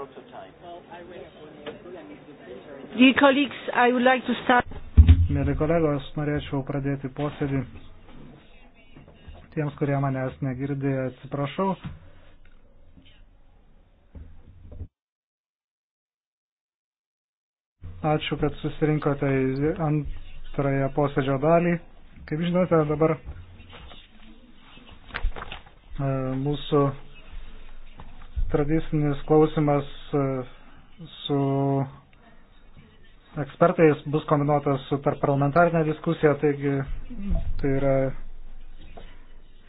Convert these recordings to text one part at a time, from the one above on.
prototype. Well, I wait for you. Dear colleagues, I would like to start. Mėly kolegos, norėčiau pradėti posėdį. Tiems, kurie manęs negirdė, atsiprašau. Ačiū, kad susirinkote į antrąją posėdžio dalį. Kaip žinote, dabar e, mūsų tradicinis klausimas e, su ekspertais bus kombinuotas su tarp parlamentarinė diskusija, taigi tai yra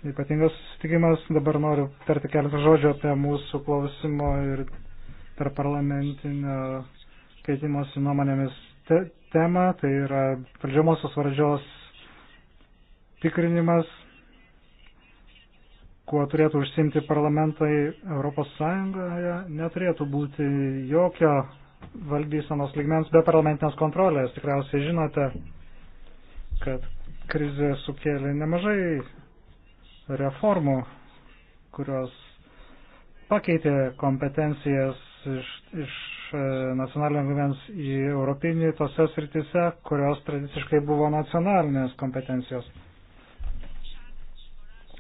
ypatingas susitikimas. Dabar noriu tarti keletą žodžių apie mūsų klausimo ir tarp parlamentinio keitimosi nuomonėmis te temą. Tai yra valdžiamosios valdžios tikrinimas kuo turėtų užsimti parlamentai Europos Sąjungoje, neturėtų būti jokio valdysenos lygmens be parlamentinės kontrolės. Tikriausiai žinote, kad krizė sukėlė nemažai reformų, kurios pakeitė kompetencijas iš, iš e, nacionalinio lygmens į europinį tose sritise, kurios tradiciškai buvo nacionalinės kompetencijos.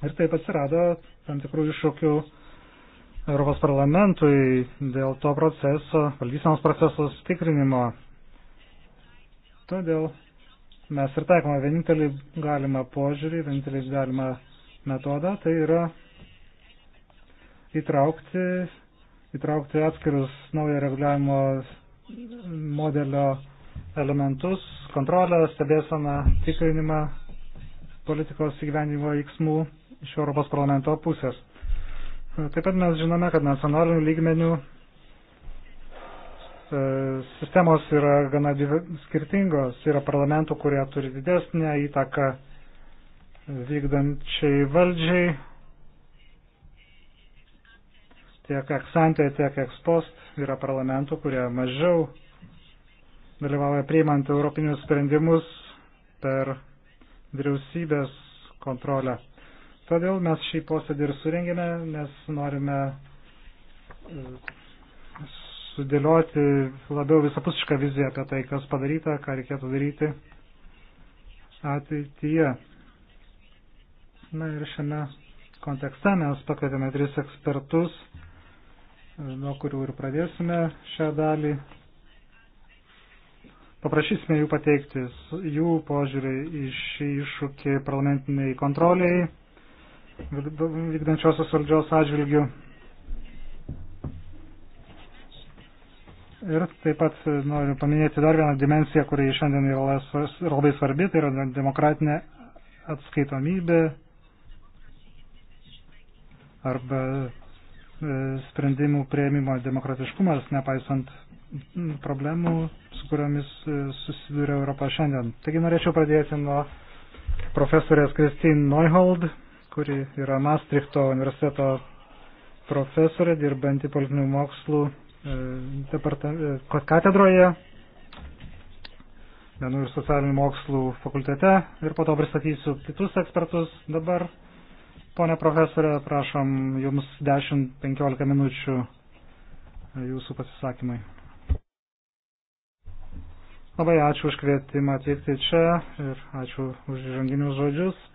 Ir taip atsirado tam tikrų iššūkių Europos parlamentui dėl to proceso, valdysenos procesos tikrinimo. Todėl mes ir taikome vienintelį galimą požiūrį, vienintelį galimą metodą, tai yra įtraukti, įtraukti atskirus naujo reguliavimo modelio elementus, kontrolę, stebėseną, tikrinimą politikos įgyvenimo veiksmų iš Europos parlamento pusės. Taip pat mes žinome, kad nacionalinių lygmenių e, sistemos yra gana skirtingos. Yra parlamentų, kurie turi didesnę įtaką vykdančiai valdžiai, tiek eksantė, tiek ekspost yra parlamentų, kurie mažiau dalyvauja priimant europinius sprendimus per vyriausybės kontrolę. Todėl mes šį posėdį ir surengėme, nes norime e, sudėlioti labiau visapusišką viziją apie tai, kas padaryta, ką reikėtų daryti ateityje. Na ir šiame kontekste mes pakvietėme tris ekspertus, e, nuo kurių ir pradėsime šią dalį. Paprašysime jų pateikti jų požiūrį į šį iššūkį parlamentiniai kontroliai vykdančiosios valdžios atžvilgių. Ir taip pat noriu paminėti dar vieną dimenciją, kuri šiandien yra labai svarbi, tai yra demokratinė atskaitomybė arba e, sprendimų prieimimo demokratiškumas, nepaisant problemų, su kuriomis e, susiduria Europa šiandien. Taigi norėčiau pradėti nuo profesorės Kristin Neuhold, kuri yra Maastrichto universiteto profesorė, dirbanti politinių mokslų e, e, katedroje, menų ir socialinių mokslų fakultete ir po to pristatysiu kitus ekspertus dabar. Pone profesorė, prašom Jums 10-15 minučių e, Jūsų pasisakymai. Labai ačiū už kvietimą atvykti čia ir ačiū už žanginius žodžius.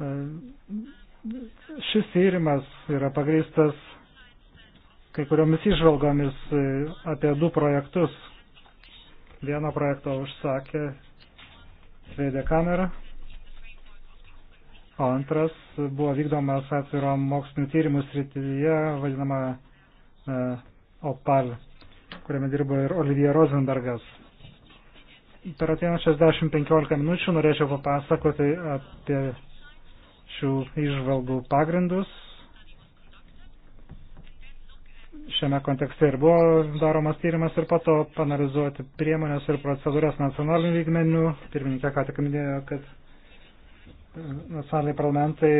E, šis tyrimas yra pagrįstas kai kuriomis išvalgomis e, apie du projektus. Vieną projektą užsakė Svedė kamera, o antras buvo vykdomas atviro mokslinio tyrimų srityje, vadinama e, OPAL, kuriame dirbo ir Olivija Rosenbergas per ateinančias 10-15 minučių norėčiau papasakoti apie šių išvalgų pagrindus. Šiame kontekste ir buvo daromas tyrimas ir po to panalizuoti priemonės ir procedūras nacionalinių lygmenių. Pirmininkė ką tik minėjo, kad e, nacionaliniai parlamentai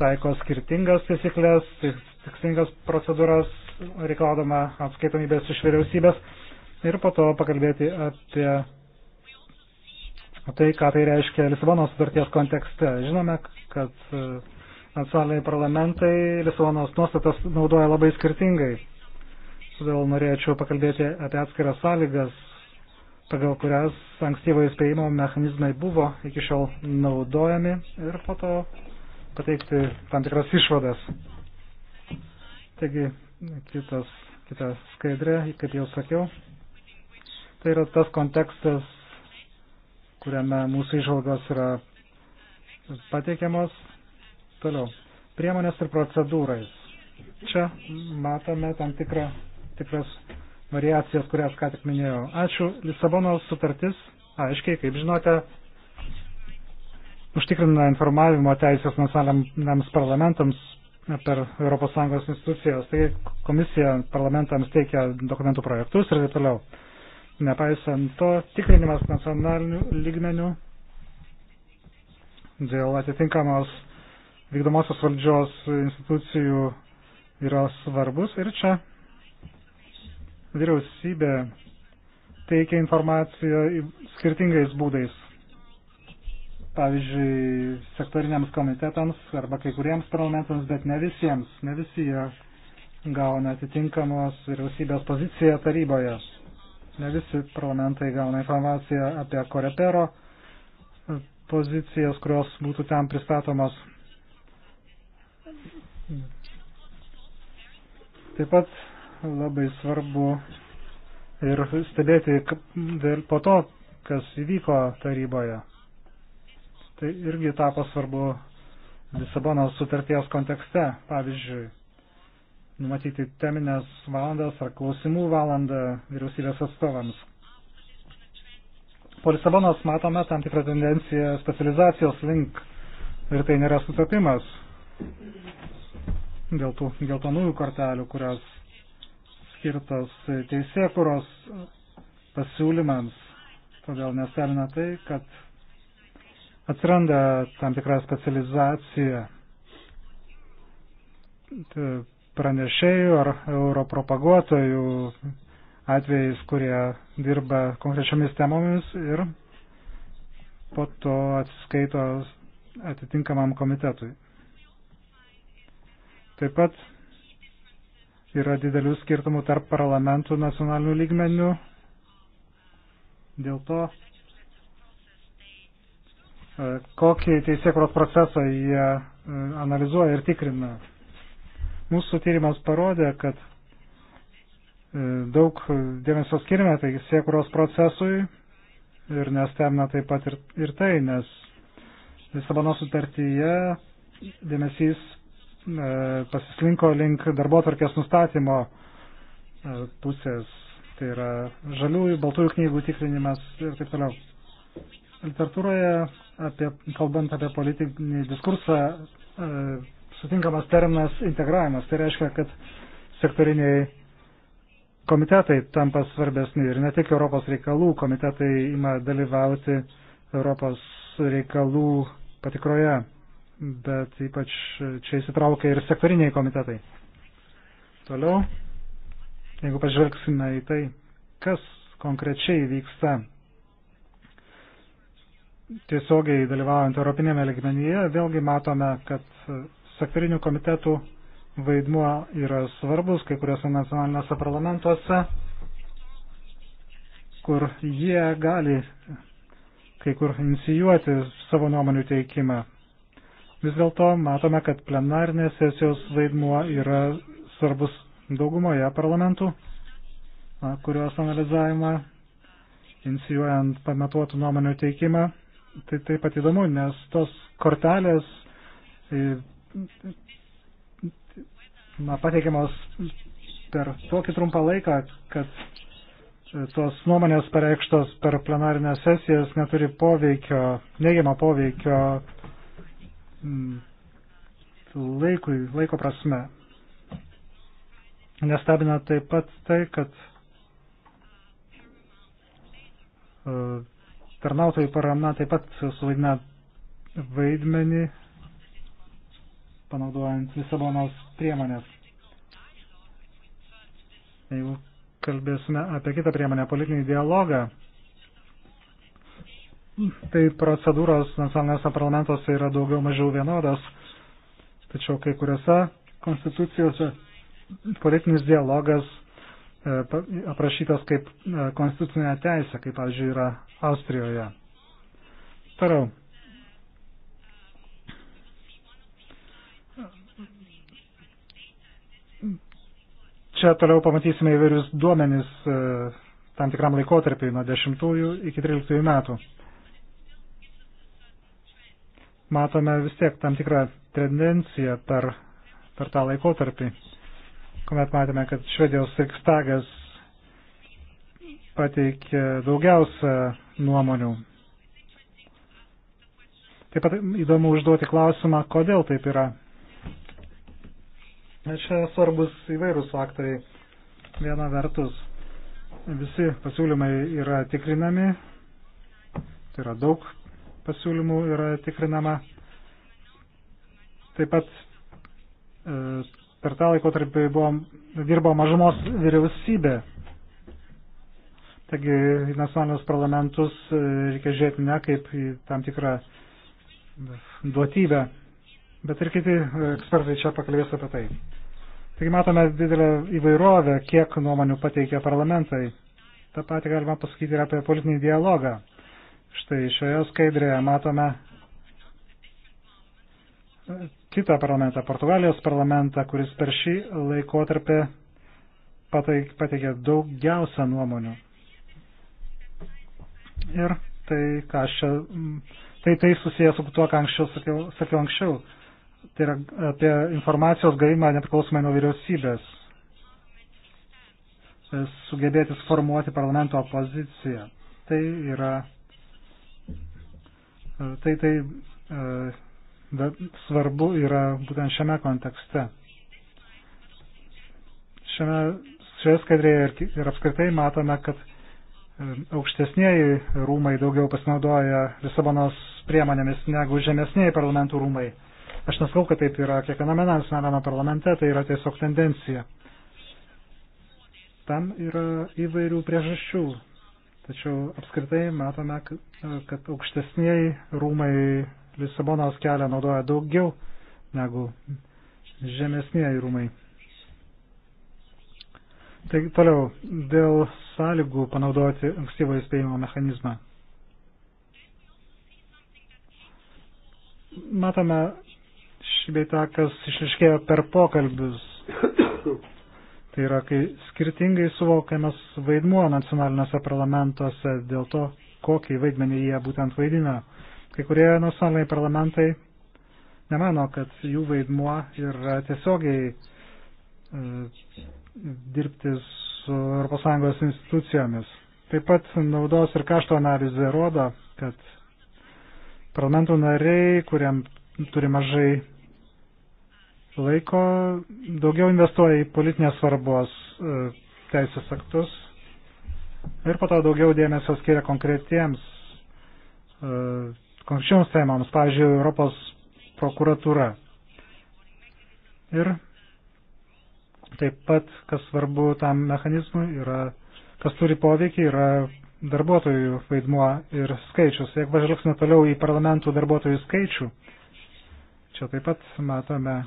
taiko skirtingas taisyklės, tikslingas procedūras, reikalaudama atskaitomybės iš vyriausybės ir po to pakalbėti apie tai, ką tai reiškia Lisabonos sutarties kontekste. Žinome, kad e, nacionaliniai parlamentai Lisabonos nuostatas naudoja labai skirtingai. Todėl norėčiau pakalbėti apie atskiras sąlygas, pagal kurias ankstyvo įspėjimo mechanizmai buvo iki šiol naudojami ir po to pateikti tam tikras išvadas. Taigi, kitas, kita skaidrė, kaip jau sakiau, tai yra tas kontekstas, kuriame mūsų išvalgos yra pateikiamos. Toliau. Priemonės ir procedūrais. Čia matome tam tikrą, tikras variacijas, kurias ką tik minėjau. Ačiū. Lisabonos sutartis, aiškiai, kaip žinote, užtikrina informavimo teisės nacionaliniams parlamentams per ES institucijas. Tai komisija parlamentams teikia dokumentų projektus ir taip toliau. Nepaisant to, tikrinimas nacionalinių lygmenių dėl atitinkamos vykdomosios valdžios institucijų yra svarbus ir čia vyriausybė teikia informaciją skirtingais būdais. Pavyzdžiui, sektoriniams komitetams arba kai kuriems parlamentams, bet ne visiems. Ne visi jie gauna atitinkamos vyriausybės poziciją taryboje. Ne visi parlamentai gauna informaciją apie korepero pozicijas, kurios būtų ten pristatomos. Taip pat labai svarbu ir stebėti po to, kas įvyko taryboje. Tai irgi tapo svarbu Lisabonos sutarties kontekste, pavyzdžiui numatyti teminės valandas ar klausimų valandą vyriausybės atstovams. Po Lisabonos matome tam tikrą tendenciją specializacijos link ir tai nėra sutapimas dėl tų geltonųjų kortelių, kurios skirtos teisėkuros pasiūlymams. Todėl nestebina tai, kad atsiranda tam tikra specializacija pranešėjų ar europropaguotojų atvejais, kurie dirba konkrečiamis temomis ir po to atsiskaito atitinkamam komitetui. Taip pat yra didelių skirtumų tarp parlamentų nacionalinių lygmenių. Dėl to, e, kokį teisėkros procesą jie e, analizuoja ir tikrina. Mūsų tyrimas parodė, kad e, daug dėmesio skirime tai siekuros procesui ir nestebina taip pat ir, ir tai, nes Lisabono sutartyje dėmesys e, pasislinko link darbo tvarkės nustatymo e, pusės, tai yra žaliųjų, baltųjų knygų tikrinimas ir taip toliau. Literatūroje, apie, kalbant apie politinį diskursą, sutinkamas terminas integravimas. Tai reiškia, kad sektoriniai komitetai tampa svarbesni ir ne tik Europos reikalų komitetai ima dalyvauti Europos reikalų patikroje, bet ypač čia įsitraukia ir sektoriniai komitetai. Toliau, jeigu pažvelgsime į tai, kas konkrečiai vyksta tiesiogiai dalyvaujant Europinėme ligmenyje, vėlgi matome, kad sektorinių komitetų vaidmuo yra svarbus kai kuriuose nacionaliniuose parlamentuose, kur jie gali kai kur inicijuoti savo nuomonių teikimą. Vis dėlto matome, kad plenarinės sesijos vaidmuo yra svarbus daugumoje parlamentų, kurios analizavimą inicijuojant pamatuotų nuomonių teikimą. Tai taip pat įdomu, nes tos kortelės na, pateikiamos per tokį trumpą laiką, kad e, tos nuomonės pareikštos per plenarinės sesijas neturi poveikio, neigiamą poveikio mm, laikui, laiko prasme. Nestebina taip pat tai, kad e, tarnautojų parama taip pat suvaidina vaidmenį panaudojant Lisabonos priemonės. Jeigu kalbėsime apie kitą priemonę, politinį dialogą, tai procedūros nacionalinėse parlamentuose yra daugiau mažiau vienodas, tačiau kai kuriuose konstitucijose politinis dialogas e, aprašytas kaip e, konstitucinė teisė, kaip, pavyzdžiui, yra Austrijoje. Tarau, Čia toliau pamatysime įvairius duomenis e, tam tikram laikotarpiai nuo 10 iki 13 metų. Matome vis tiek tam tikrą tendenciją per, per tą laikotarpį, kuomet matėme, kad Švedijos Rikstagas pateikė daugiausia nuomonių. Taip pat įdomu užduoti klausimą, kodėl taip yra. Čia svarbus įvairūs faktoriai. Viena vertus, visi pasiūlymai yra tikrinami, tai yra daug pasiūlymų yra tikrinama. Taip pat e, per tą laikotarpį buvo, dirbo mažumos vyriausybė. Taigi į nacionalinius parlamentus e, reikia žiūrėti ne kaip į tam tikrą duotybę, bet ir kiti ekspertai čia pakalbės apie tai. Taigi matome didelę įvairovę, kiek nuomonių pateikia parlamentai. Ta pati galima pasakyti ir apie politinį dialogą. Štai šioje skaidrėje matome kitą parlamentą, Portugalijos parlamentą, kuris per šį laikotarpį pateikė daugiausia nuomonių. Ir tai, ką aš čia, tai, tai susijęs su tuo, ką anksčiau sakiau, sakiau anksčiau tai yra apie informacijos gavimą nepriklausomai nuo vyriausybės, e, sugebėti sformuoti parlamento opoziciją. Tai yra, e, tai, tai e, svarbu yra būtent šiame kontekste. Šiame, šioje skaidrėje ir, ir apskritai matome, kad e, aukštesnieji rūmai daugiau pasinaudoja Lisabonos priemonėmis negu žemesnieji parlamentų rūmai. Aš nesakau, kad taip yra kiekviename nacionaliniame parlamente, tai yra tiesiog tendencija. Tam yra įvairių priežasčių. Tačiau apskritai matome, kad aukštesniai rūmai Lisabonos kelią naudoja daugiau negu žemesniai rūmai. Tai toliau, dėl sąlygų panaudoti ankstyvo įspėjimo mechanizmą. Matome šį beitą, kas išriškėjo per pokalbius. tai yra, kai skirtingai suvokiamas vaidmuo nacionaliniuose parlamentuose dėl to, kokį vaidmenį jie būtent vaidina. Kai kurie nacionaliniai parlamentai nemano, kad jų vaidmuo yra tiesiogiai e, dirbti su ES institucijomis. Taip pat naudos ir kašto analizė rodo, kad parlamentų nariai, kuriam turi mažai laiko daugiau investuoja į politinės svarbos e, teisės aktus ir po to daugiau dėmesio skiria konkretiems e, konkrečioms temams, pavyzdžiui, Europos prokuratūra. Ir taip pat, kas svarbu tam mechanizmui, yra, kas turi poveikį, yra darbuotojų vaidmuo ir skaičius. Jeigu pažvelgsime toliau į parlamentų darbuotojų skaičių, čia taip pat matome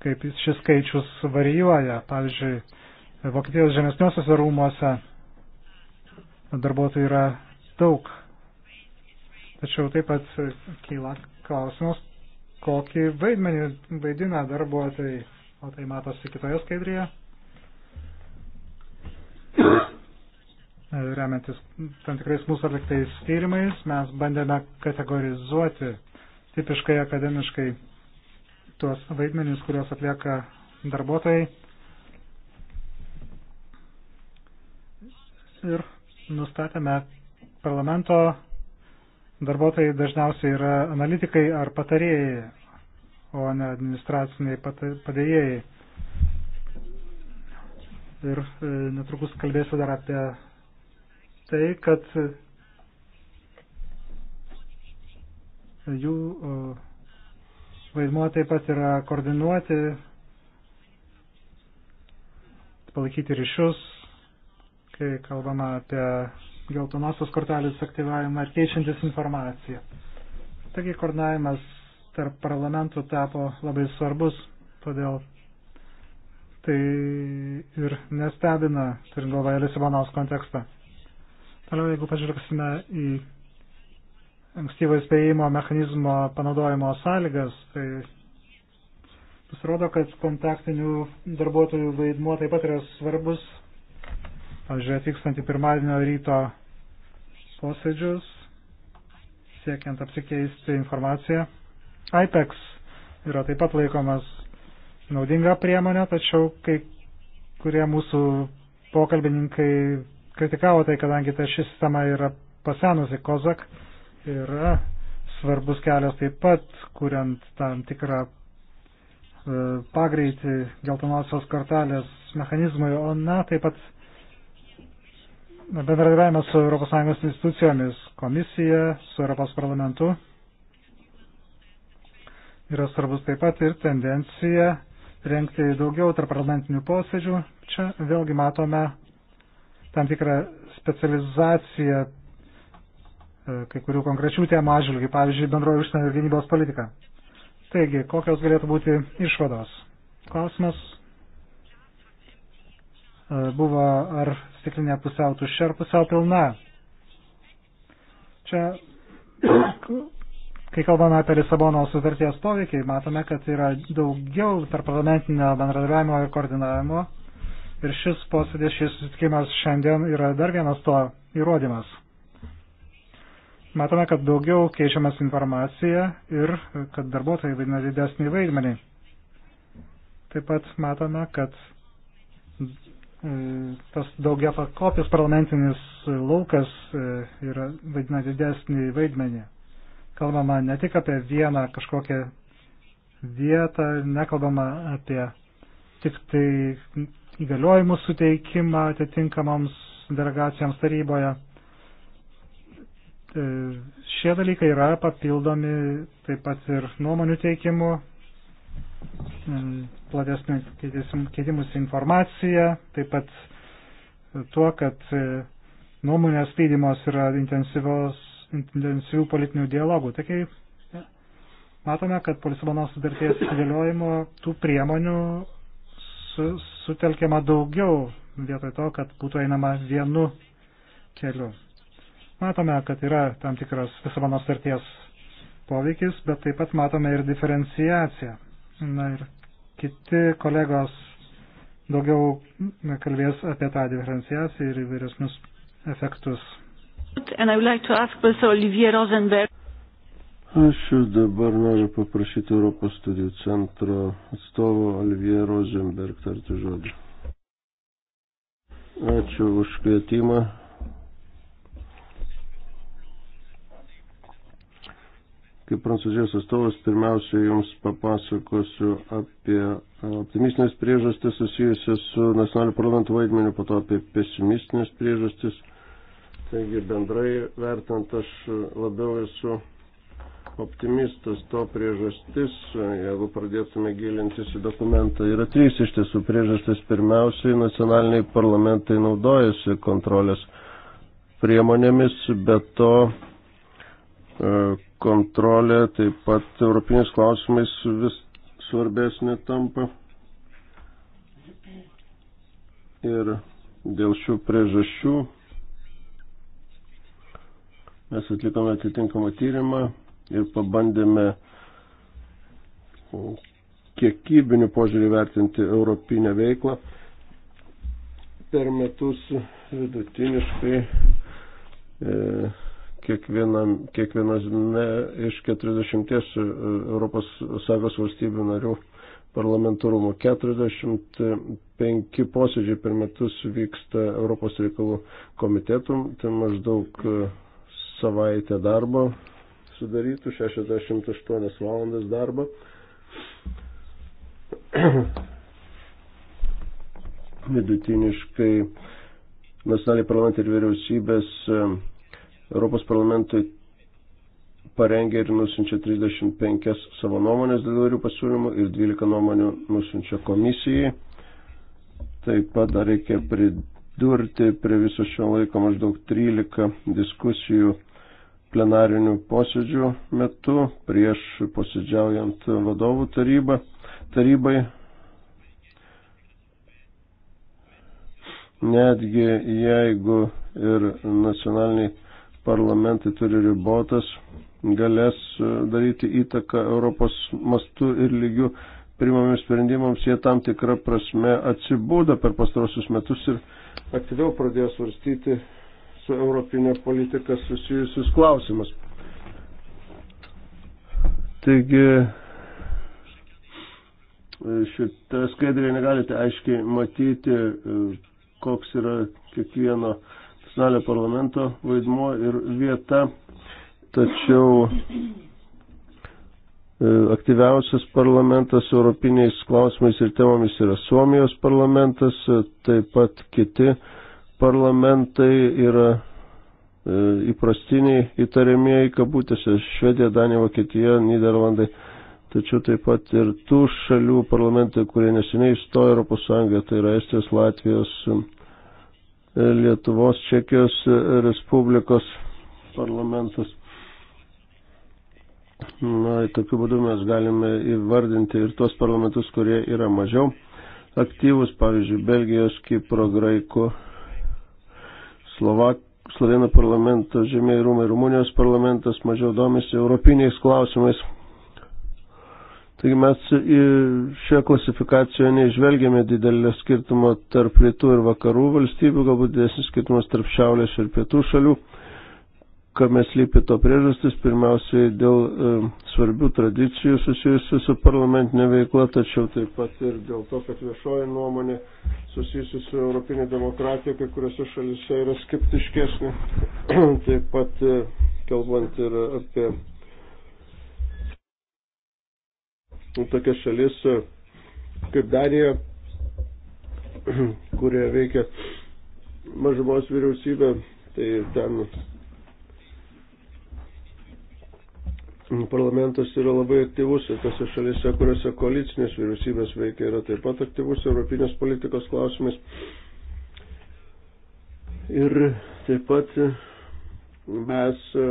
kaip šis skaičius varijuoja. Pavyzdžiui, Vokietijos žemesniuosiuose rūmuose darbuotojų yra daug. Tačiau taip pat kyla klausimas, kokį vaidmenį vaidina darbuotojai, o tai matosi kitoje skaidrėje. Remiantis tam tikrais mūsų atliktais tyrimais, mes bandėme kategorizuoti tipiškai akademiškai tuos vaidmenis, kuriuos atlieka darbuotojai. Ir nustatėme parlamento darbuotojai dažniausiai yra analitikai ar patarėjai, o ne administraciniai padėjėjai. Ir e, netrukus kalbėsiu dar apie tai, kad jų uh, vaidmuo taip pat yra koordinuoti, palaikyti ryšius, kai kalbama apie geltonosios kortelės aktyvavimą ir keičiantis informaciją. Taigi koordinavimas tarp parlamentų tapo labai svarbus, todėl tai ir nestebina, turint galvoje Lisabonos kontekstą. Toliau, jeigu pažiūrėsime į ankstyvo įspėjimo mechanizmo panaudojimo sąlygas, tai pasirodo, kad kontaktinių darbuotojų vaidmuo taip pat yra svarbus. Pavyzdžiui, atvykstant į pirmadienio ryto posėdžius, siekiant apsikeisti informaciją. IPEX yra taip pat laikomas naudinga priemonė, tačiau kai kurie mūsų pokalbininkai kritikavo tai, kadangi ta ši sistema yra pasenusi COSAC yra svarbus kelias taip pat, kuriant tam tikrą e, pagreitį geltonosios kortelės mechanizmui, o na taip pat bendradarbiavimas su ES institucijomis, komisija, su ES parlamentu yra svarbus taip pat ir tendencija rengti daugiau tarparlamentinių posėdžių. Čia vėlgi matome tam tikrą specializaciją kai kurių konkrečių temų atžvilgių, pavyzdžiui, bendroji užsienio ir gynybos politika. Taigi, kokios galėtų būti išvados? Klausimas e, buvo, ar stiklinė pusiau tuščia ar pusiau pilna. Čia, kai kalbame apie Lisabono sutarties poveikį, matome, kad yra daugiau tarp parlamentinio bendradarbiavimo ir koordinavimo. Ir šis posėdės, šis susitikimas šiandien yra dar vienas to įrodymas. Matome, kad daugiau keičiamas informacija ir kad darbuotojai vaidina didesnį vaidmenį. Taip pat matome, kad e, tas daugia pakopis parlamentinis laukas e, yra, vaidina didesnį vaidmenį. Kalbama ne tik apie vieną kažkokią vietą, nekalbama apie tik tai įgaliojimų suteikimą atitinkamoms delegacijoms taryboje E, šie dalykai yra papildomi taip pat ir nuomonių teikimu, platesnių keitimus informaciją, taip pat tuo, kad e, nuomonės lydimos yra intensyvių politinių dialogų. Taigi matome, kad po Lisabonos sudarties įsigaliojimo tų priemonių su, sutelkiama daugiau vietoj to, kad būtų einama vienu keliu. Matome, kad yra tam tikras Lisabono starties poveikis, bet taip pat matome ir diferenciaciją. Na ir kiti kolegos daugiau kalbės apie tą diferenciaciją ir įvairesnius efektus. Like Aš dabar noriu paprašyti Europos studijų centro atstovo Olivier Rosenberg tarti žodį. Ačiū už kvietimą kaip prancūzijos atstovas, pirmiausia, jums papasakosiu apie e, optimistinės priežastis susijusias su nacionaliniu parlamentu vaidmeniu, po to apie pesimistinės priežastis. Taigi bendrai vertant, aš labiau esu optimistas, to priežastis, e, jeigu pradėtume gilintis į dokumentą, yra trys iš tiesų priežastis. Pirmiausiai, nacionaliniai parlamentai naudojasi kontrolės priemonėmis, bet to e, kontrolė taip pat europinės klausimais vis svarbesnė tampa. Ir dėl šių priežasčių mes atlikome atitinkamą tyrimą ir pabandėme kiekybinių požiūrį vertinti europinę veiklą. Per metus vidutiniškai e, kiekvienam, kiekviename iš 40 ES e, valstybių narių parlamentarumų. 45 posėdžiai per metus vyksta Europos reikalų komitetų, tai maždaug e, savaitę darbo sudarytų, 68 valandas darbo. Vidutiniškai nacionaliai parlamentai ir vyriausybės e, Europos parlamentui parengė ir nusinčia 35 savo nuomonės dėl įvairių pasiūlymų ir 12 nuomonių nusinčia komisijai. Taip pat dar reikia pridurti prie viso šio laiko maždaug 13 diskusijų plenarinių posėdžių metu prieš posėdžiaujant vadovų tarybą, tarybai. Netgi jeigu ir nacionaliniai parlamentai turi ribotas galės e, daryti įtaką Europos mastu ir lygių primamiams sprendimams, jie tam tikrą prasme atsibūda per pastarosius metus ir aktyviau pradėjo svarstyti su europinė politika susijusius klausimus. Taigi, e, šitą skaidrį negalite aiškiai matyti, e, koks yra kiekvieno uh, nacionalinio parlamento vaidmuo ir vieta, tačiau e, aktyviausias parlamentas europiniais klausimais ir temomis yra Suomijos parlamentas, e, taip pat kiti parlamentai yra e, įprastiniai įtariamieji kabutėse Švedija, Danija, Vokietija, Niderlandai, tačiau taip pat ir tų šalių parlamentai, kurie neseniai įstojo Europos Sąjungą, tai yra Estijos, Latvijos, Lietuvos Čekijos Respublikos parlamentus. Na, tokiu būdu mes galime įvardinti ir tuos parlamentus, kurie yra mažiau aktyvus, pavyzdžiui, Belgijos, Kipro, Graikų, Slovak, Slovėnų parlamento, Žemėjų rūmai, Rumunijos parlamentas mažiau domisi europiniais klausimais. Taigi mes šioje klasifikacijoje neižvelgėme didelio skirtumo tarp rytų ir vakarų valstybių, galbūt didesnis skirtumas tarp šiaurės ir pietų šalių, kame slypi to priežastis, pirmiausiai dėl e, svarbių tradicijų susijusių su parlamentinė veikla, tačiau taip pat ir dėl to, kad viešoji nuomonė susijusi su europinė demokratija kai kuriuose šalise yra skeptiškesnė, taip pat e, kalbant ir apie tokia šalis e, kaip Danija, kurioje veikia mažumos vyriausybė, tai ten parlamentas yra labai aktyvus ir tose šalise, kuriuose koalicinės vyriausybės veikia, yra taip pat aktyvus europinės politikos klausimais. Ir taip pat mes e,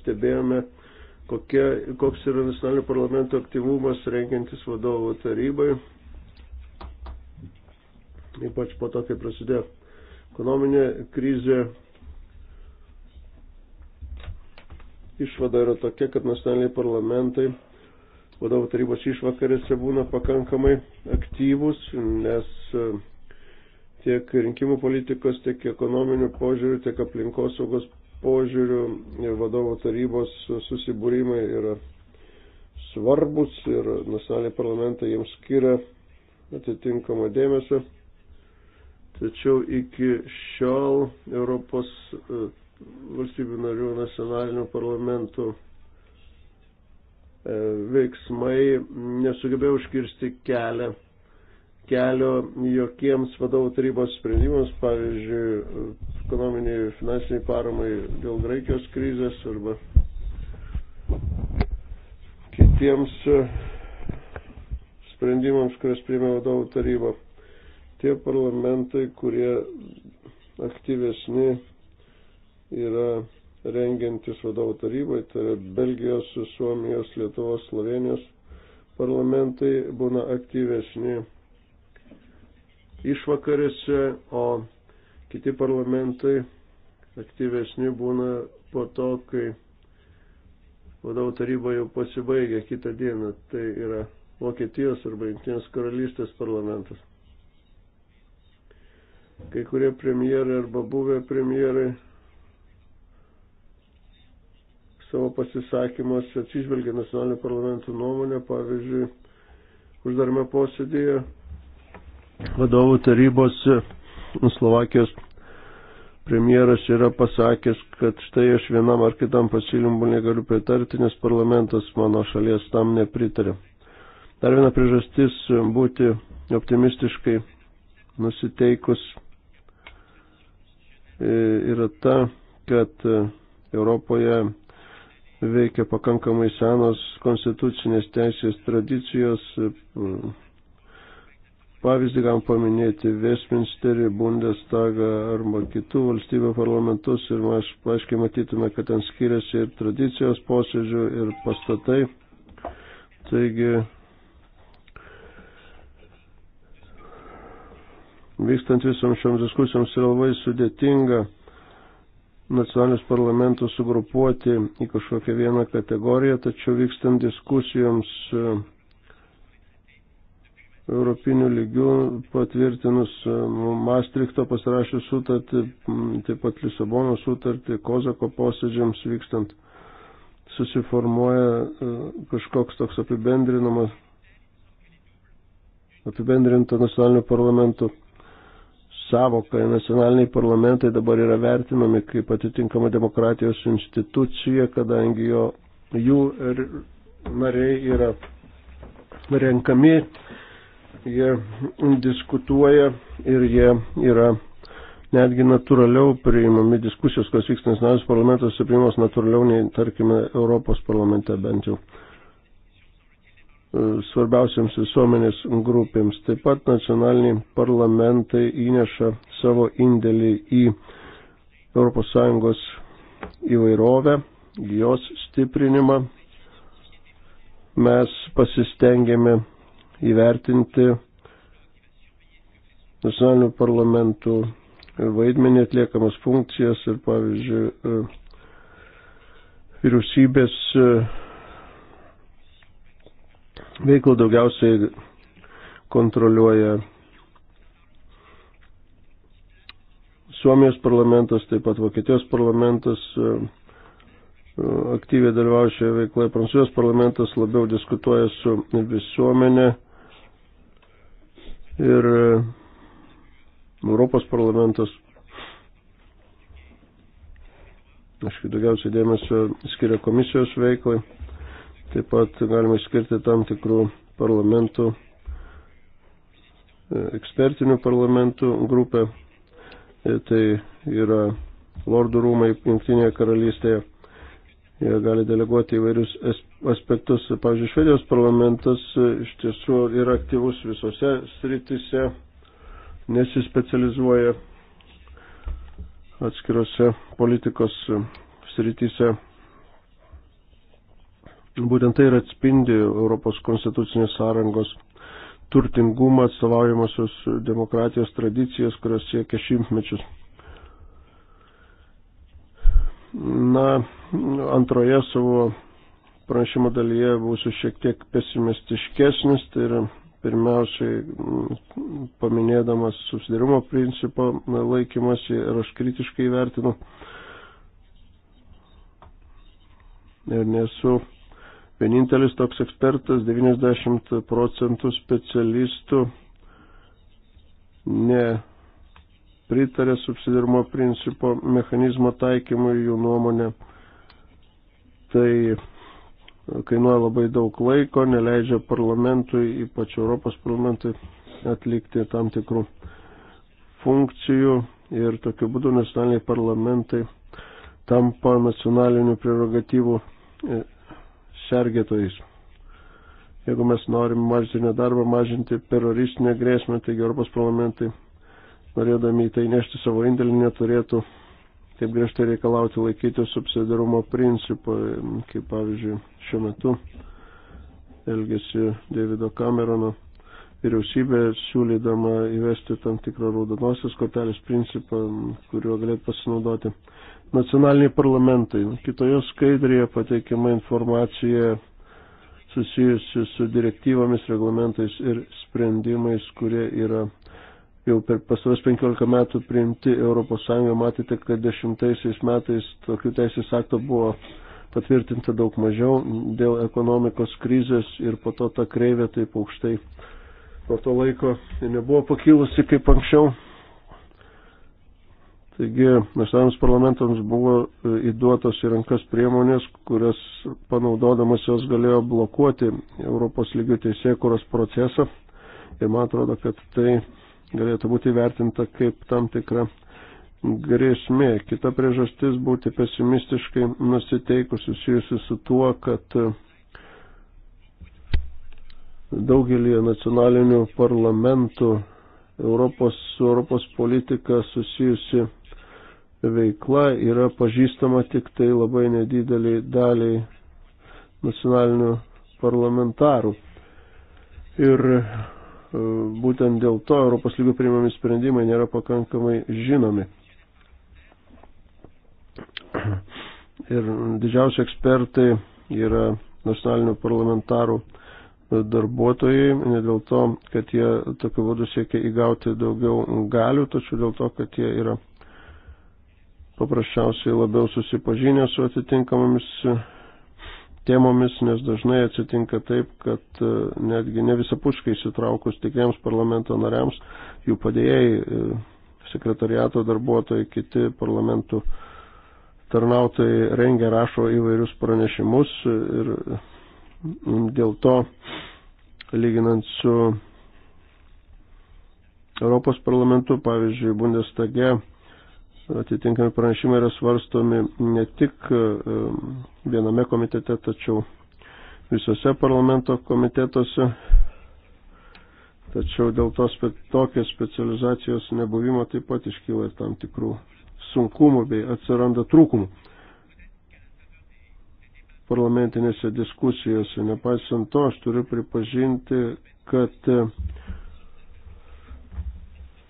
stebėjome kokia, koks yra nacionalinio parlamento aktyvumas rengiantis vadovo tarybai, ypač po to, kai prasidėjo ekonominė krizė. Išvada yra tokia, kad nacionaliniai parlamentai vadovų tarybos išvakarėse būna pakankamai aktyvus, nes e, tiek rinkimų politikos, tiek ekonominių požiūrių, tiek aplinkosaugos požiūrių vadovo tarybos susibūrimai yra svarbus ir nacionaliniai parlamentai jiems skiria atitinkamą dėmesį. Tačiau iki šiol Europos e, valstybių narių nacionalinių parlamentų e, veiksmai nesugebėjo užkirsti kelią kelio jokiems vadovų tarybos sprendimams, pavyzdžiui, ekonominiai ir finansiniai paramai dėl Graikijos krizės arba kitiems e, sprendimams, kurias priėmė vadovų taryba. Tie parlamentai, kurie aktyvesni yra rengiantis vadovų tarybai, tai yra Belgijos, Suomijos, Lietuvos, Slovenijos parlamentai būna aktyvesni išvakarėse, o kiti parlamentai aktyvesni būna po to, kai vadovų taryba jau pasibaigė kitą dieną. Tai yra Vokietijos arba Junktinės karalystės parlamentas. Kai kurie premjerai arba buvę premjerai savo pasisakymuose atsižvelgia nacionalinių parlamentų nuomonę, pavyzdžiui, uždarme posėdėje vadovų tarybos e, Slovakijos premjeras yra pasakęs, kad štai aš vienam ar kitam pasiūlymui negaliu pritarti, nes parlamentas mano šalies tam nepritarė. Dar viena priežastis e, būti optimistiškai nusiteikus e, yra ta, kad Europoje veikia pakankamai senos konstitucinės teisės tradicijos, Pavyzdį galim paminėti Westminsterį, Bundestagą arba kitų valstybių parlamentus ir mes aiškiai matytume, kad ten skiriasi ir tradicijos posėdžių, ir pastatai. Taigi vykstant visoms šioms diskusijoms yra labai sudėtinga nacionalinius parlamentus sugrupuoti į kažkokią vieną kategoriją, tačiau vykstant diskusijoms europinių lygių patvirtinus e, Maastrichto pasirašius sutartį, taip pat Lisabono sutartį, Kozako posėdžiams vykstant susiformuoja e, kažkoks toks apibendrinamas, apibendrinta nacionalinių parlamentų savoka. Nacionaliniai parlamentai dabar yra vertinami kaip atitinkama demokratijos institucija, kadangi jo, jų nariai yra renkami jie diskutuoja ir jie yra netgi natūraliau priimami diskusijos, kas vyksta nacionalinis parlamentas, priimamas natūraliau nei, tarkime, Europos parlamente bent jau svarbiausiams visuomenės grupėms. Taip pat nacionaliniai parlamentai įneša savo indėlį į ES įvairovę, jos stiprinimą. Mes pasistengėme įvertinti nacionalinių parlamentų vaidmenį atliekamas funkcijas ir pavyzdžiui e, vyriausybės e, veiklą daugiausiai kontroliuoja Suomijos parlamentas, taip pat Vokietijos parlamentas e, aktyviai dalyvauja šioje veikloje. Prancūzijos parlamentas labiau diskutuoja su visuomenė ir e, Europos parlamentas. Aš kai daugiausiai dėmesio skiria komisijos veiklai, taip pat galima skirti tam tikrų parlamentų, e, ekspertinių parlamentų grupę, e, tai yra Lordų rūmai Junktinėje karalystėje Jie gali deleguoti įvairius aspektus. Pavyzdžiui, Švedijos parlamentas e, iš tiesų yra aktyvus visose sritise, nesispecializuoja atskirose politikos e, sritise. Būtent tai ir atspindi Europos konstitucinės sąrangos turtingumą, atstovaujamosios demokratijos tradicijas, kurios siekia šimtmečius. Na, antroje savo pranešimo dalyje būsiu šiek tiek pesimistiškesnis, tai yra pirmiausiai mm, paminėdamas susidarimo principą laikymasi ir aš kritiškai vertinu. Ir nesu vienintelis toks ekspertas, 90 procentų specialistų ne pritarė subsidirmo principo mechanizmo taikymui, jų nuomonė tai kainuoja labai daug laiko, neleidžia parlamentui, ypač Europos parlamentui, atlikti tam tikrų funkcijų ir tokiu būdu nacionaliniai parlamentai tampa nacionalinių prerogatyvų e, sergėtojais. Jeigu mes norim mažinti nedarbą, mažinti teroristinę grėsmę, taigi Europos parlamentai norėdami į tai nešti savo indėlį, neturėtų taip griežtai reikalauti laikyti subsidarumo principą, kaip pavyzdžiui šiuo metu elgesi Davido Camerono vyriausybė siūlydama įvesti tam tikrą raudonosios kortelės principą, kuriuo galėtų pasinaudoti nacionaliniai parlamentai. Kitoje skaidrėje pateikiama informacija susijusi su direktyvomis, reglamentais ir sprendimais, kurie yra jau per pasaros 15 metų priimti ES, matėte, kad dešimtaisiais metais tokių teisės akto buvo patvirtinta daug mažiau dėl ekonomikos krizės ir po to ta kreivė taip aukštai nuo to laiko nebuvo pakilusi kaip anksčiau. Taigi nacionaliniams parlamentams buvo e, įduotos į rankas priemonės, kurias panaudodamas jos galėjo blokuoti Europos lygių teisėkuros procesą. Ir man atrodo, kad tai galėtų būti vertinta kaip tam tikra grėsmė. Kita priežastis būti pesimistiškai nusiteikus susijusi su tuo, kad daugelį nacionalinių parlamentų Europos, Europos politika susijusi veikla yra pažįstama tik tai labai nedideliai daliai nacionalinių parlamentarų. Ir E, būtent dėl to Europos lygių priimami sprendimai nėra pakankamai žinomi. Ir didžiausi ekspertai yra nacionalinių parlamentarų darbuotojai, ne dėl to, kad jie tokiu būdu siekia įgauti daugiau galių, tačiau dėl to, kad jie yra paprasčiausiai labiau susipažinę su atitinkamomis temomis, nes dažnai atsitinka taip, kad e, netgi ne visapuškai įsitraukus tikriems parlamento nariams, jų padėjai, e, sekretariato darbuotojai, kiti parlamentų tarnautojai rengia, rašo įvairius pranešimus ir dėl to, lyginant su Europos parlamentu, pavyzdžiui, Bundestage, atitinkami pranešimai yra svarstomi ne tik e, viename komitete, tačiau visose parlamento komitetuose. Tačiau dėl tos tokios specializacijos nebuvimo taip pat iškyla ir tam tikrų sunkumų bei atsiranda trūkumų parlamentinėse diskusijose. Nepaisant to, aš turiu pripažinti, kad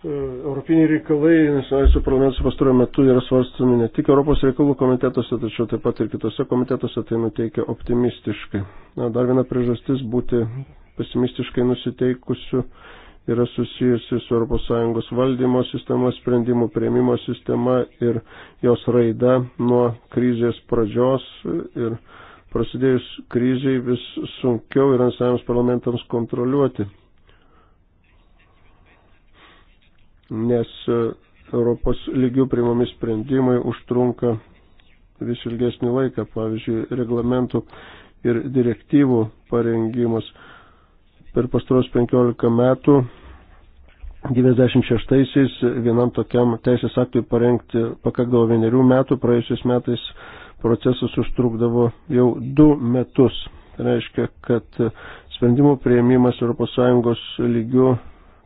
E, Europiniai reikalai, nacionalinių parlamentų pastaruoju metu yra svarstami ne tik Europos reikalų komitetuose, tačiau taip pat ir kitose komitetuose tai nuteikia optimistiškai. Na, dar viena priežastis būti pesimistiškai nusiteikusiu yra susijusi su ES valdymo sistema, sprendimų prieimimo sistema ir jos raida nuo krizės pradžios ir prasidėjus kriziai vis sunkiau yra nacionaliniams parlamentams kontroliuoti nes e, Europos lygių priimami sprendimai užtrunka vis ilgesnį laiką, pavyzdžiui, reglamentų ir direktyvų parengimas. Per pastaros 15 metų 96-aisiais vienam tokiam teisės aktui parengti pakakdavo vienerių metų, praėjusiais metais procesas užtrukdavo jau du metus. Tai reiškia, kad sprendimų prieimimas ES lygių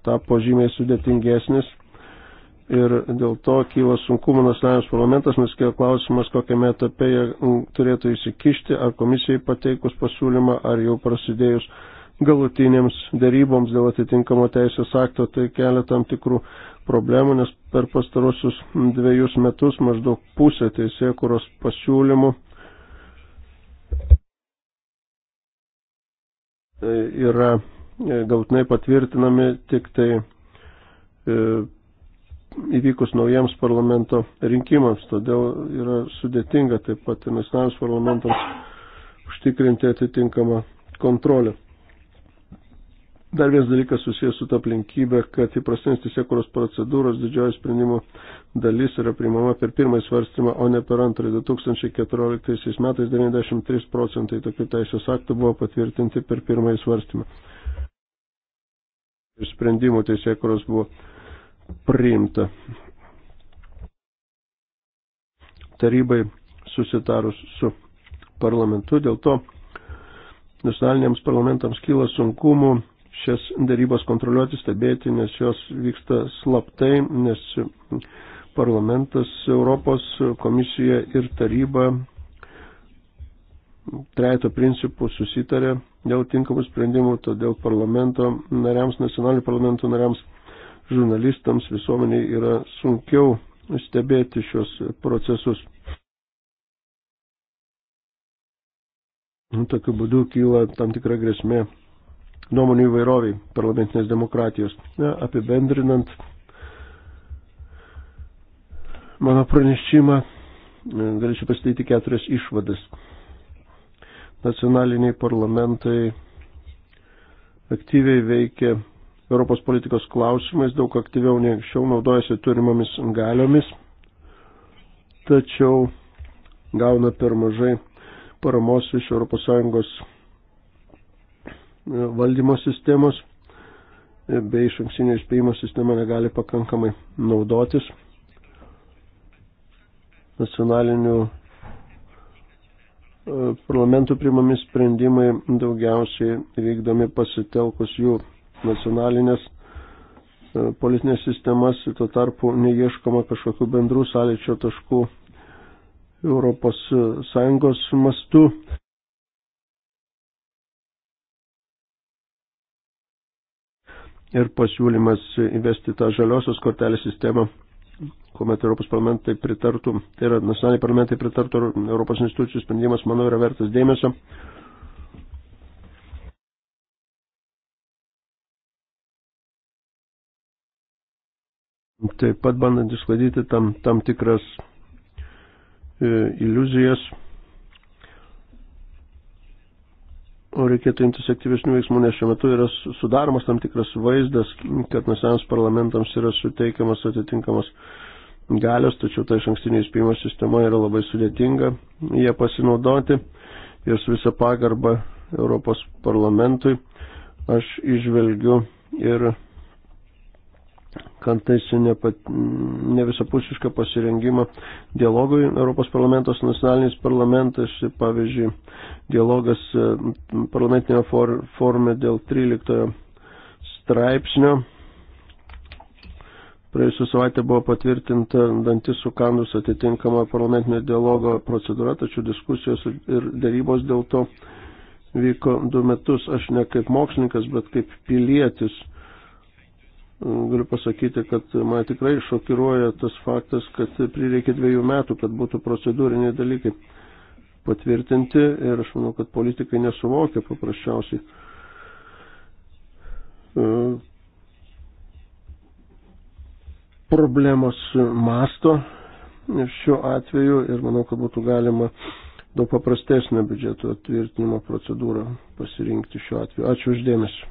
tapo žymiai sudėtingesnis ir dėl to kyla sunkumų nacionalinis parlamentas, nes kyla klausimas, kokiame etape jie turėtų įsikišti, ar komisijai pateikus pasiūlymą, ar jau prasidėjus galutinėms daryboms dėl atitinkamo teisės akto, tai kelia tam tikrų problemų, nes per pastarosius dviejus metus maždaug pusė teisėkuros pasiūlymų e, yra E, gautinai patvirtinami tik tai e, įvykus naujiems parlamento rinkimams. Todėl yra sudėtinga taip pat ir nacionaliniams parlamentams užtikrinti atitinkamą kontrolę. Dar vienas dalykas susijęs su ta aplinkybė, kad įprastinės teisėkuros procedūros didžioji sprendimų dalis yra priimama per pirmąjį svarstymą, o ne per antrąjį. 2014 metais 93 procentai tokių teisės aktų buvo patvirtinti per pirmąjį svarstymą ir sprendimų teisė, kurios buvo priimta. Tarybai susitarus su parlamentu, dėl to nacionaliniams parlamentams kyla sunkumų šias darybas kontroliuoti, stebėti, nes jos vyksta slaptai, nes parlamentas Europos komisija ir taryba trejato principų susitarė dėl tinkamų sprendimų, todėl parlamento nariams, nacionalinių parlamentų nariams, žurnalistams, visuomeniai yra sunkiau stebėti šios procesus. Tokiu būdu kyla tam tikra grėsmė nuomonių įvairoviai parlamentinės demokratijos. Ne, apibendrinant mano pranešimą, galėčiau pasidėti keturias išvadas nacionaliniai parlamentai aktyviai veikia Europos politikos klausimais, daug aktyviau nei anksčiau naudojasi turimomis galiomis, tačiau gauna per mažai paramos iš ES e, valdymo sistemos e, bei iš anksinio įspėjimo sistema negali pakankamai naudotis nacionalinių parlamentų primami sprendimai daugiausiai vykdomi pasitelkus jų nacionalinės e, politinės sistemas, tuo tarpu neieškoma kažkokių bendrų sąlyčio taškų Europos e, Sąjungos mastu. Ir pasiūlymas įvesti tą žaliosios kortelės sistemą kuomet Europos parlamentai pritartų, tai yra nacionaliniai parlamentai pritartų Europos institucijų sprendimas, manau, yra vertas dėmesio. Taip pat bandant išsklaidyti tam, tam tikras e, iliuzijas, o reikėtų imtis aktyvesnių veiksmų, nes šiuo metu yra sudaromas tam tikras vaizdas, kad nacionaliniams parlamentams yra suteikiamas atitinkamas galios, tačiau ta iš ankstinė įspėjimo sistema yra labai sudėtinga jie pasinaudoti ir su visą pagarbą Europos parlamentui aš išvelgiu ir kantais ne, ne visapusišką pasirengimą dialogui Europos parlamentos, nacionalinis parlamentas, pavyzdžiui, dialogas parlamentinėme for, forme dėl 13 straipsnio Praėjusią savaitę buvo patvirtinta dantis sukandus atitinkama parlamentinio dialogo procedūra, tačiau diskusijos ir dėrybos dėl to vyko du metus. Aš ne kaip mokslininkas, bet kaip pilietis e, galiu pasakyti, kad mane tikrai šokiruoja tas faktas, kad prireikė dviejų metų, kad būtų procedūriniai dalykai patvirtinti ir aš manau, kad politikai nesuvokia paprasčiausiai e, problemos masto šiuo atveju ir manau, kad būtų galima daug paprastesnę biudžeto atvirtinimo procedūrą pasirinkti šiuo atveju. Ačiū uždėmesi.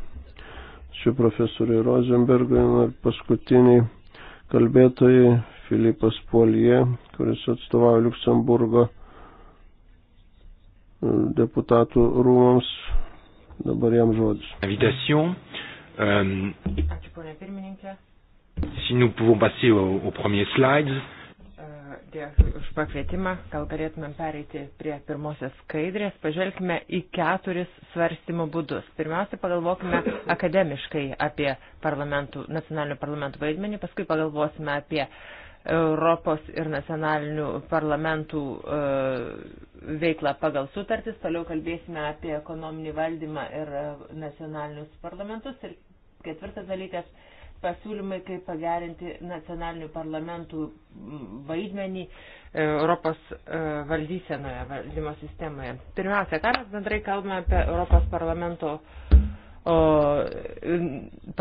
Ačiū profesoriui Rosenbergui ir paskutiniai kalbėtojai Filipas Polie, kuris atstovauja Luksemburgo deputatų rūmams. Dabar jam žodis. Ačiū, um, ponė pirmininkė. Si nous pouvons passer au, au premier slide. Dėkui už pakvietimą. Gal galėtumėm pereiti prie pirmosios skaidrės. Pažvelkime į keturis svarstymų būdus. Pirmiausia, pagalvokime akademiškai apie parlamentų, nacionalinių parlamentų vaidmenį, paskui pagalvosime apie Europos ir nacionalinių parlamentų e, veiklą pagal sutartis, toliau kalbėsime apie ekonominį valdymą ir e, nacionalinius parlamentus ir ketvirtas dalykas pasiūlymai, kaip pagerinti nacionalinių parlamentų vaidmenį e, Europos e, valdysenoje, valdymo sistemoje. Pirmiausia, ką mes bendrai kalbame apie Europos parlamento o,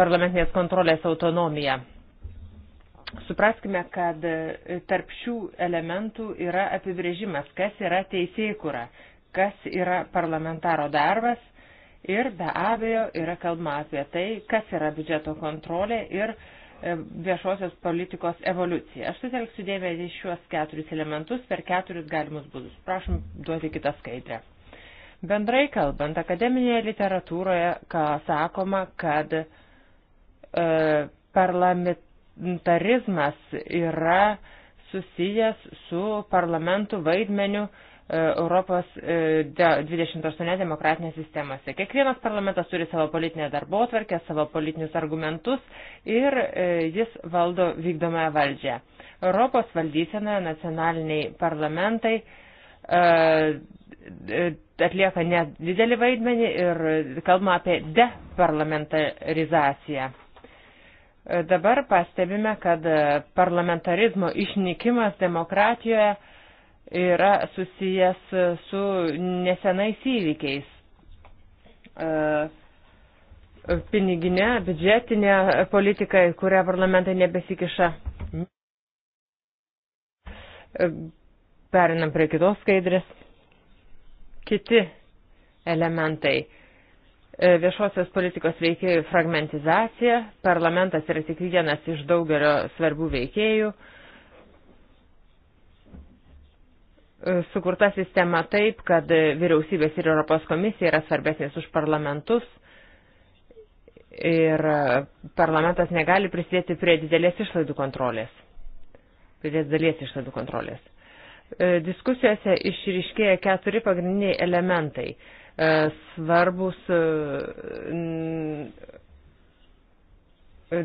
parlamentinės kontrolės autonomiją. Supraskime, kad e, tarp šių elementų yra apibrėžimas, kas yra teisėjai kūra, kas yra parlamentaro darbas Ir be abejo yra kalbama apie tai, kas yra biudžeto kontrolė ir e, viešosios politikos evoliucija. Aš sutelksiu dėmesį į šiuos keturis elementus per keturis galimus būdus. Prašom duoti kitą skaidrę. Bendrai kalbant, akademinėje literatūroje ką sakoma, kad e, parlamentarizmas yra susijęs su parlamentų vaidmeniu e, E, Europos 28 e, demokratinės sistemose. Kiekvienas parlamentas turi savo politinę darbo atvarkę, savo politinius argumentus ir e, jis valdo vykdomąją valdžią. Europos valdysenoje nacionaliniai parlamentai atlieka nedidelį vaidmenį ir kalbama apie deparlamentarizaciją. Dabar pastebime, kad parlamentarizmo išnykimas demokratijoje yra susijęs su nesenais įvykiais. E, piniginė, biudžetinė politika, į kurią parlamentai nebesikiša. E, perinam prie kitos skaidrės. Kiti elementai e, viešosios politikos veikėjų fragmentizacija, parlamentas yra tik vienas iš daugelio svarbių veikėjų, E, sukurta sistema taip, kad vyriausybės ir Europos komisija yra svarbesnės už parlamentus ir parlamentas negali prisidėti prie didelės išlaidų kontrolės, didelės dalies išlaidų kontrolės. E, diskusijose išryškėja keturi pagrindiniai elementai. E, svarbus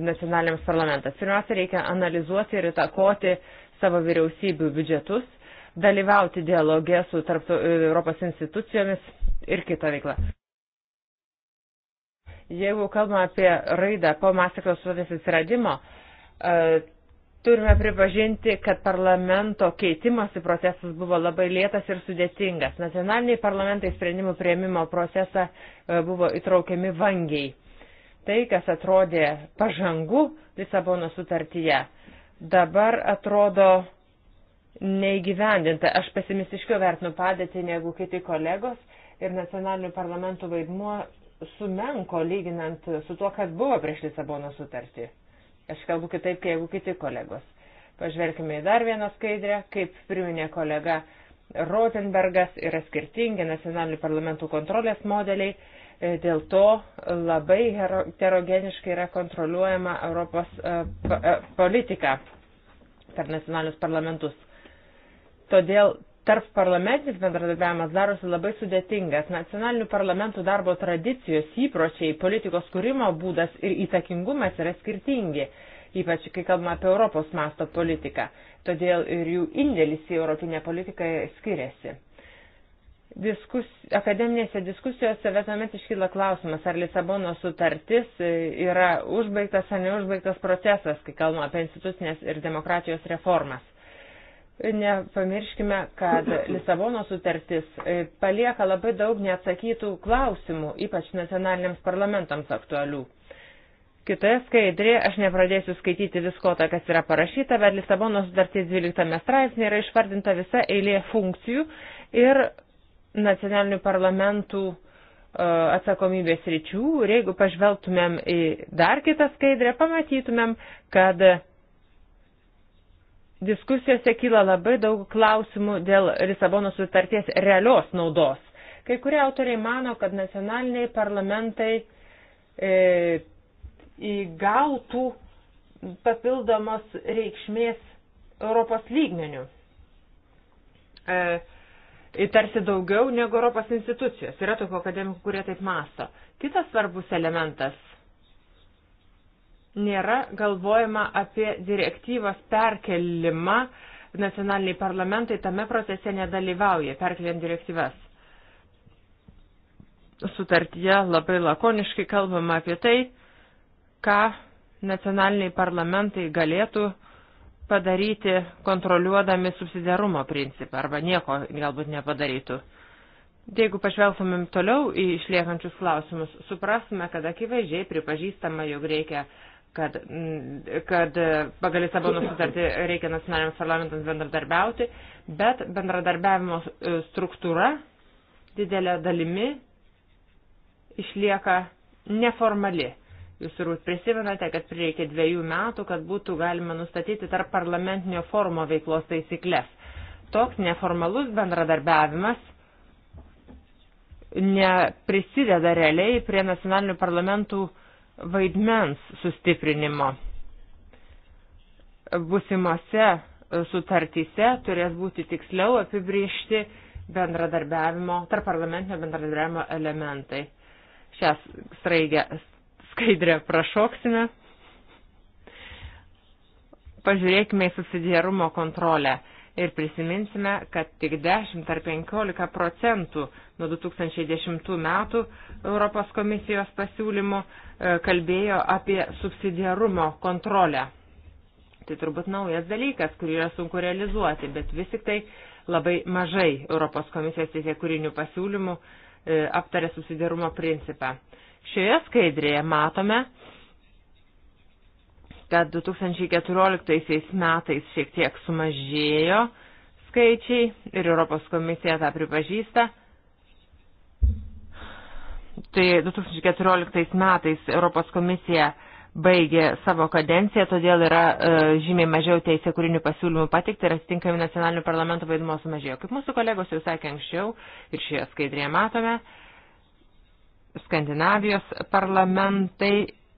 nacionaliniams parlamentas. Pirmiausia, reikia analizuoti ir įtakoti savo vyriausybių biudžetus dalyvauti dialogė su tarptų, Europos institucijomis ir kitą veiklą. Jeigu kalbame apie raidą po Masiklos sutarties atsiradimo, e, turime pripažinti, kad parlamento keitimosi procesas buvo labai lėtas ir sudėtingas. Nacionaliniai parlamentai sprendimų prieimimo procesą e, buvo įtraukiami vangiai. Tai, kas atrodė pažangu Lisabono sutartyje, dabar atrodo neįgyvendinta. Aš pesimistiškiau vertinu padėtį negu kiti kolegos ir nacionalinių parlamentų vaidmuo sumenko lyginant su tuo, kas buvo prieš Lisabono sutartį. Aš kalbu kitaip, jeigu kiti kolegos. Pažvelkime į dar vieną skaidrę, kaip priminė kolega Rotenbergas, yra skirtingi nacionalinių parlamentų kontrolės modeliai, e, dėl to labai heterogeniškai yra kontroliuojama Europos e, e, politika per nacionalinius parlamentus. Todėl tarp parlamentinis bendradarbiavimas darosi labai sudėtingas. Nacionalinių parlamentų darbo tradicijos, įpročiai, politikos kūrimo būdas ir įtakingumas yra skirtingi, ypač kai kalbame apie Europos masto politiką. Todėl ir jų indėlis į europinę politiką skiriasi. Diskus, akademinėse diskusijose visuomet iškyla klausimas, ar Lisabono sutartis yra užbaigtas ar neužbaigtas procesas, kai kalbame apie institucinės ir demokratijos reformas Nepamirškime, kad Lisabono sutartis e, palieka labai daug neatsakytų klausimų, ypač nacionaliniams parlamentams aktualių. Kitoje skaidrėje aš nepradėsiu skaityti visko, tai kas yra parašyta, bet Lisabono sutarties 12 straipsnė yra išvardinta visa eilė funkcijų ir nacionalinių parlamentų e, atsakomybės ryčių ir jeigu pažvelgtumėm į dar kitą skaidrę, pamatytumėm, kad diskusijose kyla labai daug klausimų dėl Lisabono sutarties realios naudos. Kai kurie autoriai mano, kad nacionaliniai parlamentai e, įgautų papildomos reikšmės Europos lygmenių. E, tarsi daugiau negu Europos institucijos. Yra tokių akademikų, kurie taip masto. Kitas svarbus elementas nėra galvojama apie direktyvos perkelimą, nacionaliniai parlamentai tame procese nedalyvauja, perkeliant direktyvas. Sutartyje labai lakoniškai kalbama apie tai, ką nacionaliniai parlamentai galėtų padaryti kontroliuodami subsidiarumo principą arba nieko galbūt nepadarytų. Jeigu pažvelgtumėm toliau į išliekančius klausimus, suprasime, kad akivaizdžiai pripažįstama, jog reikia kad, mm, kad e, pagal Lisabono sutartį reikia nacionaliniams parlamentams bendradarbiauti, bet bendradarbiavimo e, struktūra didelė dalimi išlieka neformali. Jūs turbūt prisimenate, kad prireikė dviejų metų, kad būtų galima nustatyti tarp parlamentinio forumo veiklos taisyklės. Toks neformalus bendradarbiavimas neprisideda realiai prie nacionalinių parlamentų uh, vaidmens sustiprinimo. Busimose sutartyse turės būti tiksliau apibriežti bendradarbiavimo, tarp parlamentinio bendradarbiavimo elementai. Šią straigę, skaidrę prašoksime. Pažiūrėkime į subsidiarumo kontrolę ir prisiminsime, kad tik 10 ar 15 procentų nuo 2010 metų Europos komisijos pasiūlymų e, kalbėjo apie subsidiarumo kontrolę. Tai turbūt naujas dalykas, kurį yra sunku realizuoti, bet vis tik tai labai mažai Europos komisijos teisėkūrinių pasiūlymų e, aptarė subsidiarumo principą. Šioje skaidrėje matome, kad 2014 metais šiek tiek sumažėjo skaičiai ir Europos komisija tą pripažįsta. Tai 2014 metais Europos komisija baigė savo kadenciją, todėl yra e, žymiai mažiau teisė kūrinių pasiūlymų patikti ir atitinkami nacionalinių parlamentų vaidmuo sumažėjo. Kaip mūsų kolegos jau sakė anksčiau ir šioje skaidrėje matome, Skandinavijos parlamentai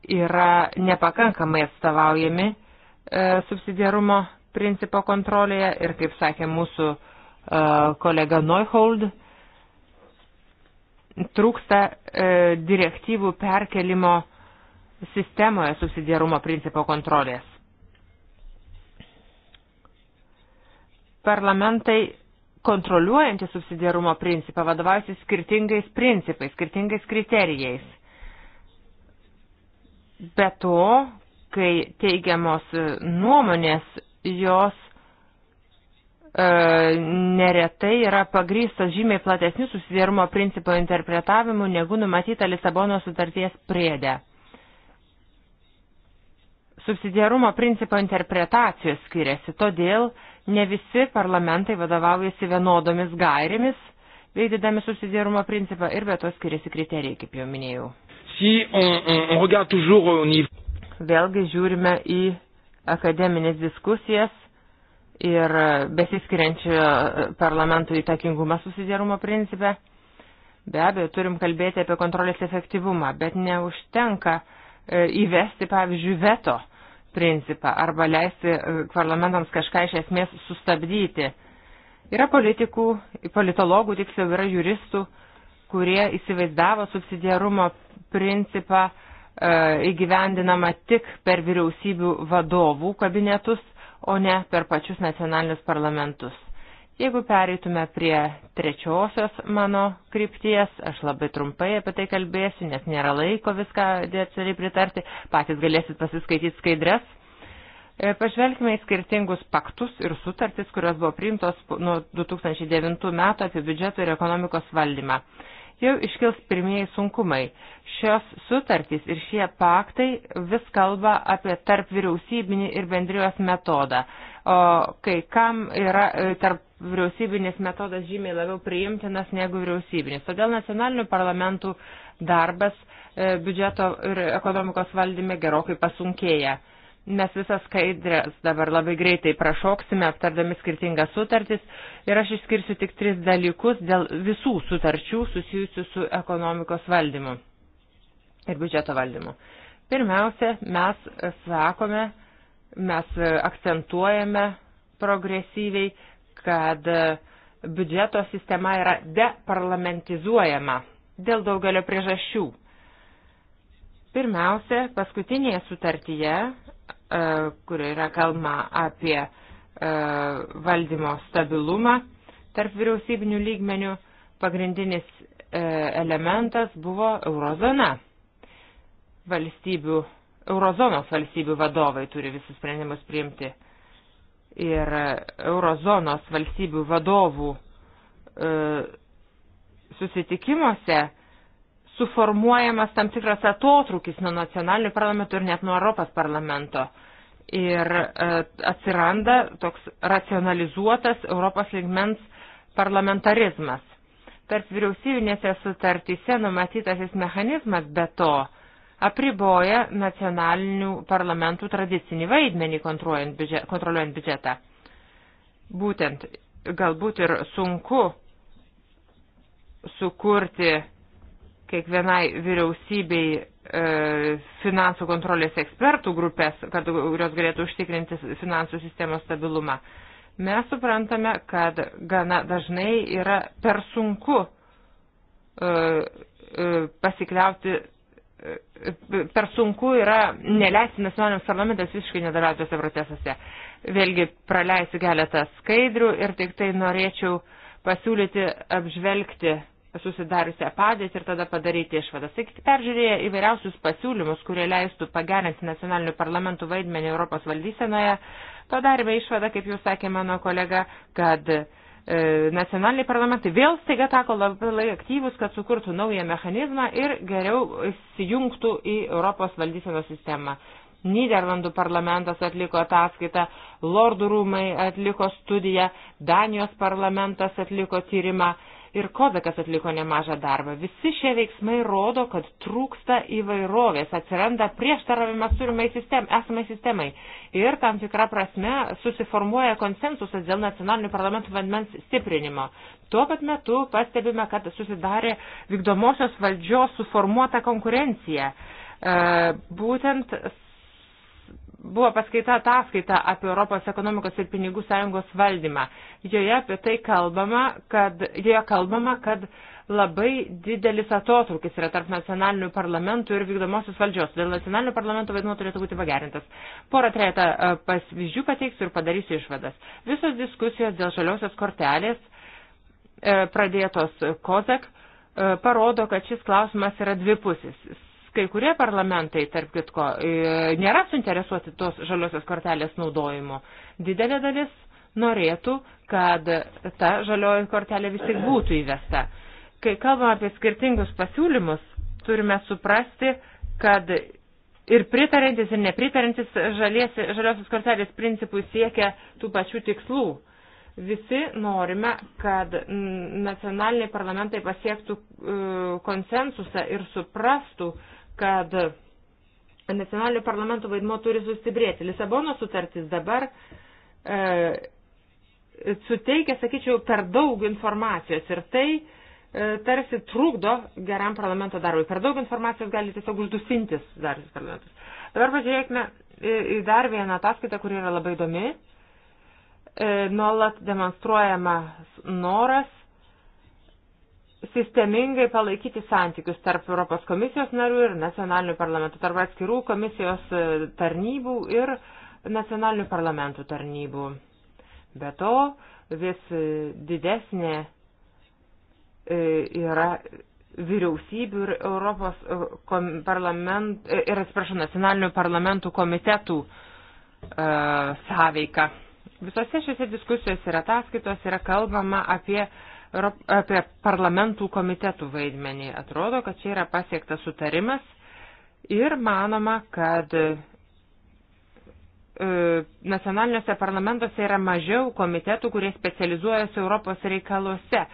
yra nepakankamai atstovaujami e, subsidiarumo principo kontrolėje ir, kaip sakė mūsų e, kolega Neuhold, trūksta e, direktyvų perkelimo sistemoje subsidiarumo principo kontrolės. Parlamentai kontroliuojantį subsidiarumo principą vadovaujasi skirtingais principais, skirtingais kriterijais Be to, kai teigiamos nuomonės, jos e, neretai yra pagrystos žymiai platesnių susidėrimo principo interpretavimu, negu numatyta Lisabono sutarties priedė. Subsidiarumo principo interpretacijos skiriasi, todėl ne visi parlamentai vadovaujasi vienodomis gairėmis, veidydami subsidiarumo principą ir be to skiriasi kriterijai, kaip jau minėjau si on, on, on regarde toujours euh, au niveau. Vėlgi žiūrime į akademinės diskusijas ir e, besiskiriančio e, parlamento įtakingumą susidėrumo principę. Be abejo, turim kalbėti apie kontrolės efektyvumą, bet neužtenka e, įvesti, pavyzdžiui, veto principą arba leisti parlamentams kažką iš esmės sustabdyti. Yra politikų, politologų, tiksliau yra juristų, kurie įsivaizdavo subsidiarumo principą e, įgyvendinama tik per vyriausybių vadovų kabinetus, o ne per pačius nacionalinius parlamentus. Jeigu pereitume prie trečiosios mano krypties, aš labai trumpai apie tai kalbėsiu, nes nėra laiko viską dėtseliai pritarti, patys galėsit pasiskaityti skaidres. E, pažvelkime į skirtingus paktus ir sutartis, kurios buvo priimtos nuo 2009 metų apie biudžeto ir ekonomikos valdymą. Jau iškils pirmieji sunkumai. Šios sutartys ir šie paktai vis kalba apie tarp vyriausybinį ir bendrijos metodą, o kai kam yra e, tarp vyriausybinis metodas žymiai labiau priimtinas negu vyriausybinis. Todėl nacionalinių parlamentų darbas e, biudžeto ir ekonomikos valdyme gerokai pasunkėja Mes visas skaidrės dabar labai greitai prašoksime, aptardami skirtingas sutartis ir aš išskirsiu tik tris dalykus dėl visų sutarčių susijusių su ekonomikos valdymu ir biudžeto valdymu. Pirmiausia, mes sakome, mes akcentuojame progresyviai, kad biudžeto sistema yra deparlamentizuojama dėl daugelio priežasčių. Pirmiausia, paskutinėje sutartyje E, kur yra kalbama apie e, valdymo stabilumą tarp vyriausybinių lygmenių, pagrindinis e, elementas buvo eurozona. Valstybių, eurozonos valstybių vadovai turi visus sprendimus priimti. Ir eurozonos valstybių vadovų susitikimuose suformuojamas tam tikras atotrukis nuo nacionalinių parlamentų ir net nuo Europos parlamento. Ir e, atsiranda toks racionalizuotas Europos lygmens parlamentarizmas. Tarp vyriausybinėse sutartyse numatytasis mechanizmas be to apriboja nacionalinių parlamentų tradicinį vaidmenį kontroliuojant biudžetą. Būtent galbūt ir sunku sukurti kiekvienai vyriausybei e, finansų kontrolės ekspertų grupės, kad kurios galėtų užtikrinti finansų sistemos stabilumą. Mes suprantame, kad gana dažnai yra per sunku e, e, pasikliauti, per sunku yra neleisti nacionaliniams parlamentams visiškai nedalyvauti procesuose. Vėlgi praleisiu keletą skaidrių ir tik tai norėčiau pasiūlyti apžvelgti susidariusią padėtį ir tada padaryti išvadas. Sakyti, peržiūrėję įvairiausius pasiūlymus, kurie leistų pagerinti nacionalinių parlamentų vaidmenį Europos valdysenoje, padarėme išvadą, kaip jau sakė mano kolega, kad e, nacionaliniai parlamentai vėl staiga tako labai aktyvus, kad sukurtų naują mechanizmą ir geriau įsijungtų į Europos valdysenos sistemą. Niderlandų parlamentas atliko ataskaitą, Lordų rūmai atliko studiją, Danijos parlamentas atliko tyrimą ir Kobekas atliko nemažą darbą. Visi šie veiksmai rodo, kad trūksta įvairovės, atsiranda prieštaravimas turimai sistem, esamai sistemai ir tam tikrą prasme susiformuoja konsensusas dėl nacionalinių parlamentų vandmens stiprinimo. Tuo pat metu pastebime, kad susidarė vykdomosios valdžios suformuota konkurencija. E, būtent buvo paskaita ataskaita apie Europos ekonomikos ir pinigų sąjungos valdymą. Joje apie tai kalbama, kad, joje kalbama, kad labai didelis atotrukis yra tarp nacionalinių parlamentų ir vykdomosios valdžios. Dėl nacionalinių parlamentų vaidmuo turėtų būti pagerintas. Porą trejata e, pavyzdžių pateiksiu ir padarysiu išvadas. Visos diskusijos dėl žaliosios kortelės e, pradėtos COSEC parodo, kad šis klausimas yra dvipusis kai kurie parlamentai, tarp kitko, e, nėra suinteresuoti tos žaliosios kortelės naudojimo. Didelė dalis norėtų, kad ta žalioji kortelė vis tik būtų įvesta. Kai kalbam apie skirtingus pasiūlymus, turime suprasti, kad ir pritarantis, ir nepritarantis žalies, žaliosios kortelės principui siekia tų pačių tikslų. Visi norime, kad nacionaliniai parlamentai pasiektų e, konsensusą ir suprastų, kad nacionalinių parlamentų vaidmo turi sustiprėti. Lisabono sutartis dabar e, suteikia, sakyčiau, per daug informacijos ir tai e, tarsi trukdo geram parlamento darbui. Per daug informacijos gali tiesiog uždusintis daris parlamentus. Dabar pažiūrėkime į dar vieną ataskaitą, kuri yra labai įdomi. E, nuolat demonstruojamas noras sistemingai palaikyti santykius tarp Europos komisijos narių ir nacionalinių parlamentų, tarp atskirų komisijos e, tarnybų ir nacionalinių parlamentų tarnybų. Be to, vis didesnė e, yra vyriausybių ir Europos e, parlamentų, ir atsiprašau, nacionalinių parlamentų komitetų e, sąveika. Visose šiose diskusijose ir ataskaitos yra kalbama apie e, apie parlamentų komitetų vaidmenį. Atrodo, kad čia yra pasiektas sutarimas ir manoma, kad e, nacionaliniuose parlamentuose yra mažiau komitetų, kurie specializuojasi Europos reikaluose.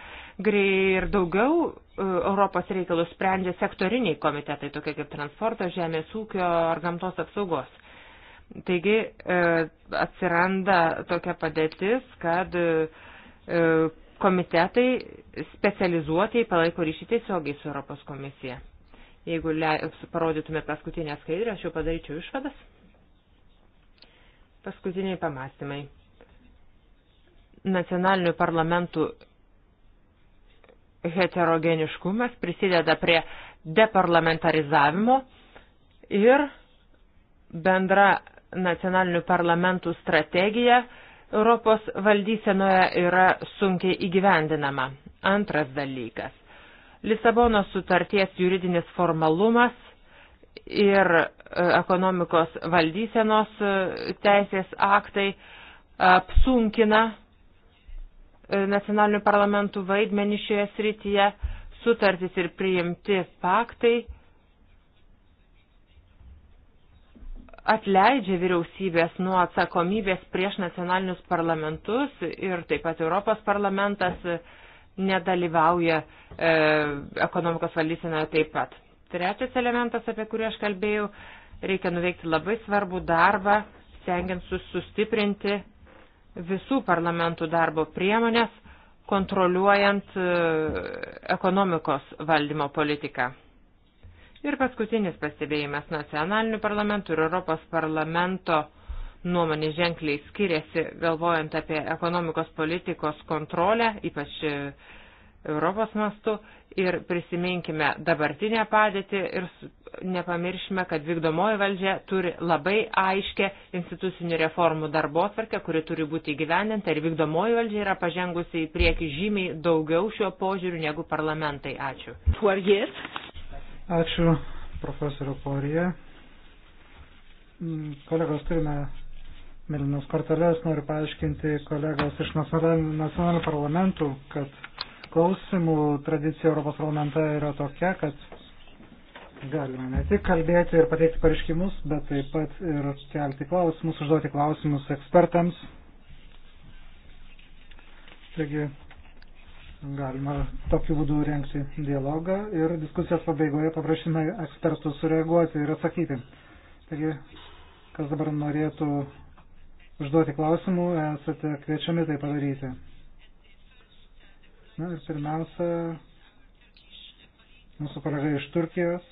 Ir daugiau e, Europos reikalus sprendžia sektoriniai komitetai, tokie kaip transporto, žemės ūkio ar gamtos apsaugos. Taigi e, atsiranda tokia padėtis, kad komitetai specializuotai palaiko ryšį tiesiogiai su Europos komisija. Jeigu le, parodytume paskutinę skaidrę, aš jau padaryčiau išvadas. Paskutiniai pamastymai. Nacionalinių parlamentų heterogeniškumas prisideda prie deparlamentarizavimo ir bendra nacionalinių parlamentų strategija uh, Europos valdysenoje yra sunkiai įgyvendinama. Antras dalykas. Lisabonos sutarties juridinis formalumas ir e, ekonomikos valdysenos e, teisės aktai apsunkina e, nacionalinių parlamentų vaidmenį šioje srityje, sutartys ir priimti faktai atleidžia vyriausybės nuo atsakomybės prieš nacionalinius parlamentus ir taip pat Europos parlamentas nedalyvauja e, ekonomikos valdysenoje taip pat. Trečias elementas, apie kurį aš kalbėjau, reikia nuveikti labai svarbų darbą, stengiant sustiprinti visų parlamentų darbo priemonės, kontroliuojant e, ekonomikos valdymo politiką. Ir paskutinis pastebėjimas nacionalinių parlamentų ir Europos parlamento nuomonė ženkliai skiriasi, galvojant apie ekonomikos politikos kontrolę, ypač e, Europos mastu. Ir prisiminkime dabartinę padėtį ir nepamiršime, kad vykdomoji valdžia turi labai aiškę institucinių reformų darbo atvarkę, kuri turi būti įgyvendinta ir vykdomoji valdžia yra pažengusi į priekį žymiai daugiau šiuo požiūriu negu parlamentai. Ačiū. Ačiū, profesoriu Porija. Mm, kolegos, turime mėlynas korteles. Noriu paaiškinti kolegos iš nacionalinių parlamentų, kad klausimų tradicija Europos parlamente yra tokia, kad galime ne tik kalbėti ir pateikti pareiškimus, bet taip pat ir kelti klausimus, užduoti klausimus ekspertams. Taigi, Galima tokiu būdu renkti dialogą ir diskusijos pabaigoje paprašyme ekspertų sureaguoti ir atsakyti. Taigi, kas dabar norėtų užduoti klausimų, esate kviečiami tai padaryti. Na ir pirmiausia, mūsų kolega iš Turkijos,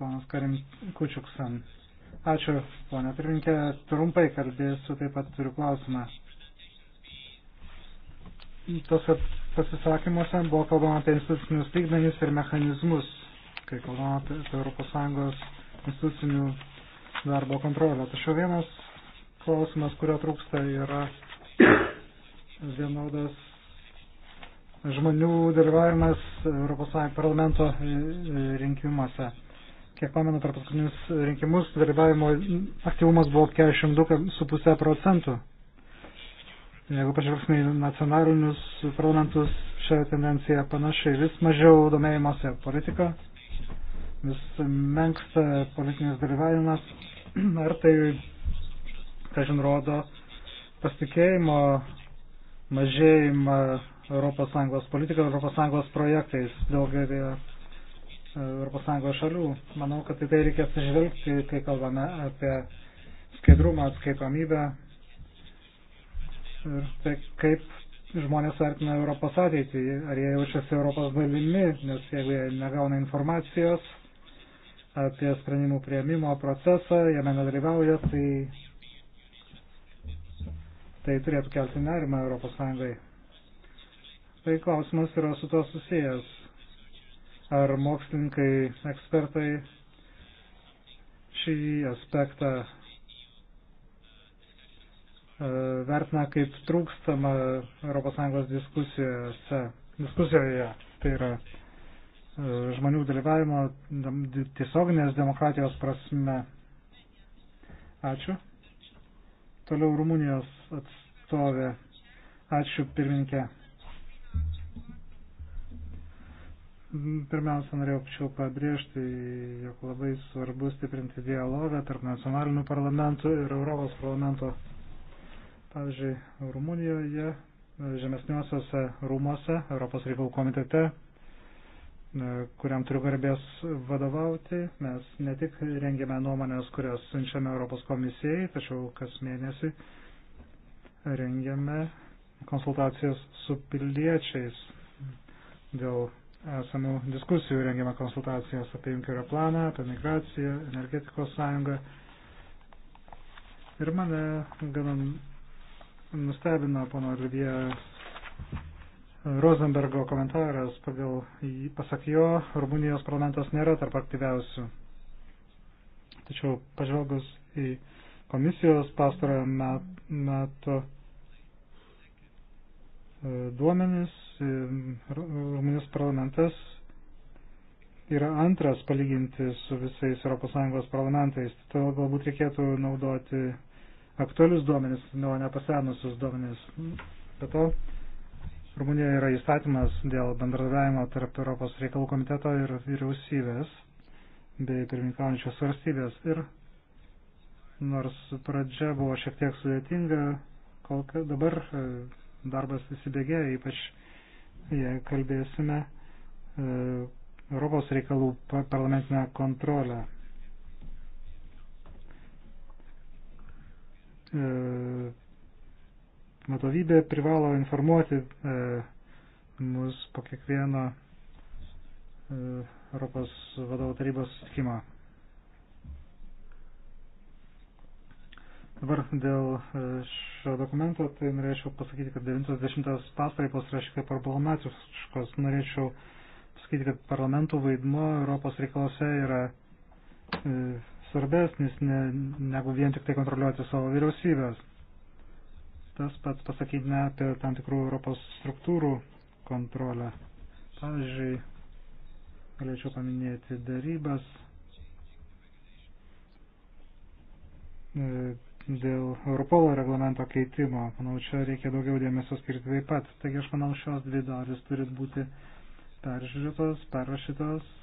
ponas Karim Kučiuksan. Ačiū, ponė pirminkė, trumpai kalbėsiu, taip pat turiu klausimą tose pasisakymuose buvo kalbama apie institucinius lygmenis ir mechanizmus, kai kalbama apie ES institucinių darbo kontrolę. Tačiau vienas klausimas, kurio trūksta, yra vienodas žmonių dalyvavimas ES parlamento e, e, rinkimuose. Kiek pamenu, per paskutinius rinkimus dalyvavimo aktyvumas buvo 42,5 procentų Jeigu pažvelgsime į nacionalinius parlamentus, šią tendenciją panašiai vis mažiau domėjimuose politika, vis menksta politinis dalyvavimas. Ar tai, kažin, rodo pasitikėjimo mažėjimą ES politiką, ES projektais daugelį ES šalių. Manau, kad į tai reikia atsižvelgti, kai kalbame apie skaidrumą, atskaitomybę ir tai kaip žmonės vertina Europos ateitį, ar jie jaučiasi Europos dalimi, nes jeigu jie negauna informacijos apie sprendimų prieimimo procesą, jame nedalyvauja, tai tai turėtų kelti nerimą Europos Sąjungai. Tai klausimas yra su to susijęs. Ar mokslininkai, ekspertai šį aspektą E, vertina kaip trūkstama ES diskusijose, diskusijoje. Tai yra e, žmonių dalyvavimo tiesioginės demokratijos prasme. Ačiū. Toliau Rumunijos atstovė. Ačiū pirmininkė. Pirmiausia, norėjau pabrėžti, jog labai svarbu stiprinti dialogą tarp nacionalinių parlamentų ir Europos parlamento Pavyzdžiui, Rumunijoje, e, žemesniuosiuose rūmose, Europos reikalų komitete, e, kuriam turiu garbės vadovauti, mes ne tik rengiame nuomonės, kurias siunčiame Europos komisijai, tačiau kas mėnesį rengiame konsultacijas su piliečiais dėl esamų diskusijų rengiame konsultacijas apie Junkerio planą, apie migraciją, energetikos sąjungą. Ir mane gana nustebino pono Olivie Rosenbergo komentaras, pagal jį, pasak jo, Rumunijos parlamentas nėra tarp aktyviausių. Tačiau pažvelgus į komisijos pastarą metų e, duomenis, e, Rumunijos parlamentas yra antras palyginti su visais ES parlamentais. Todėl galbūt reikėtų naudoti aktualius duomenis, o ne pasenusius duomenis. Be to, Rumunijoje yra įstatymas dėl bendradarbiavimo tarp Europos reikalų komiteto ir vyriausybės bei pirmininkaujančios valstybės. Ir nors pradžia buvo šiek tiek sudėtinga, kol kas dabar e, darbas įsibėgėja, ypač jei kalbėsime e, Europos reikalų parlamentinę kontrolę. matovybė e, privalo informuoti e, mus po kiekvieno e, Europos vadovų tarybos susitikimą. Dabar dėl šio dokumento, tai norėčiau pasakyti, kad 90 pastraipos reiškia problematiškos. Norėčiau pasakyti, kad parlamentų vaidmo Europos reikalose yra svarbesnis ne, negu vien tik tai kontroliuoti savo vyriausybės. Tas pats pasakytina apie tam tikrų Europos struktūrų kontrolę. Pavyzdžiui, galėčiau paminėti darybas e, dėl Europolo reglamento keitimo. Manau, čia reikia daugiau dėmesio skirti taip pat. Taigi aš manau, šios dvi dalis turi būti peržiūrėtos, perrašytos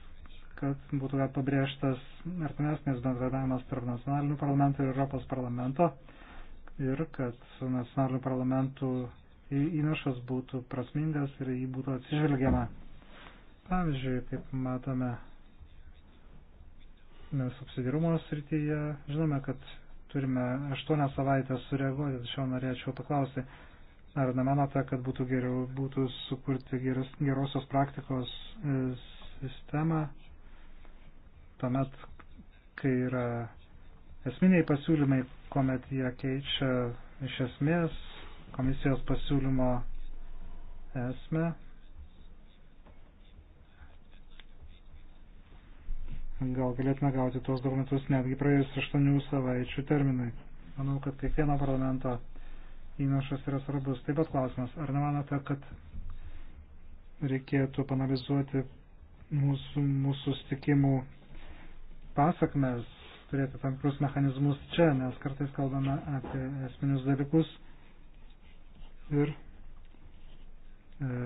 kad būtų pabrėžtas artimesnis bendradavimas tarp nacionalinių parlamentų ir Europos parlamento ir kad nacionalinių parlamentų įnašas būtų prasmingas ir jį būtų atsižvelgiama. Pavyzdžiui, kaip matome subsidirumo srityje, žinome, kad turime aštuonią savaitę sureaguoti, tačiau norėčiau paklausti, ar nemanote, kad būtų geriau būtų sukurti geros, gerosios praktikos e, sistemą tuomet, kai yra esminiai pasiūlymai, kuomet jie keičia iš esmės komisijos pasiūlymo esmę. Gal galėtume gauti tuos dokumentus netgi praėjus 8 savaičių terminai. Manau, kad kiekvieno parlamento įnašas yra svarbus. Taip pat klausimas, ar nemanote, kad reikėtų panalizuoti mūsų, mūsų stikimų pasakmes, turėti tam tikrus mechanizmus čia, nes kartais kalbame apie esminius dalykus ir e,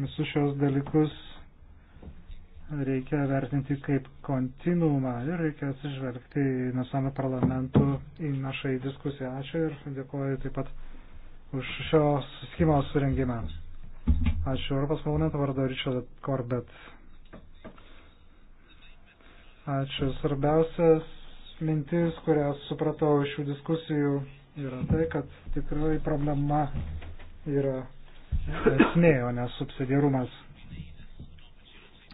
visus šios dalykus reikia vertinti kaip kontinuumą ir reikia atsižvelgti į nacionalinių parlamentų įnašą į diskusiją. Ačiū ir dėkoju taip pat už šio susikimo surengimą. Ačiū Europos parlamento vardu Richard Corbett. Ačiū. Svarbiausias mintis, kurią supratau iš šių diskusijų, yra tai, kad tikrai problema yra esmė, o ne subsidiarumas.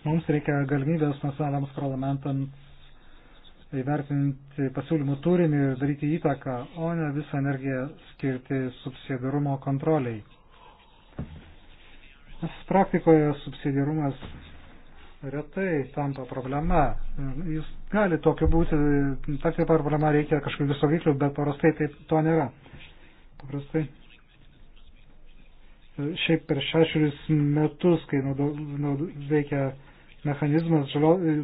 Mums reikia galimybės nacionaliniams parlamentams įvertinti pasiūlymų turinį ir daryti įtaką, o ne visą energiją skirti subsidiarumo kontroliai. Nes praktikoje subsidiarumas retai tampa problema. Jis gali tokiu būti, tapti problema reikia kažkokių saugiklių, bet paprastai taip to nėra. Paprastai. Šiaip per šešerius metus, kai naudo, naudo, veikia mechanizmas,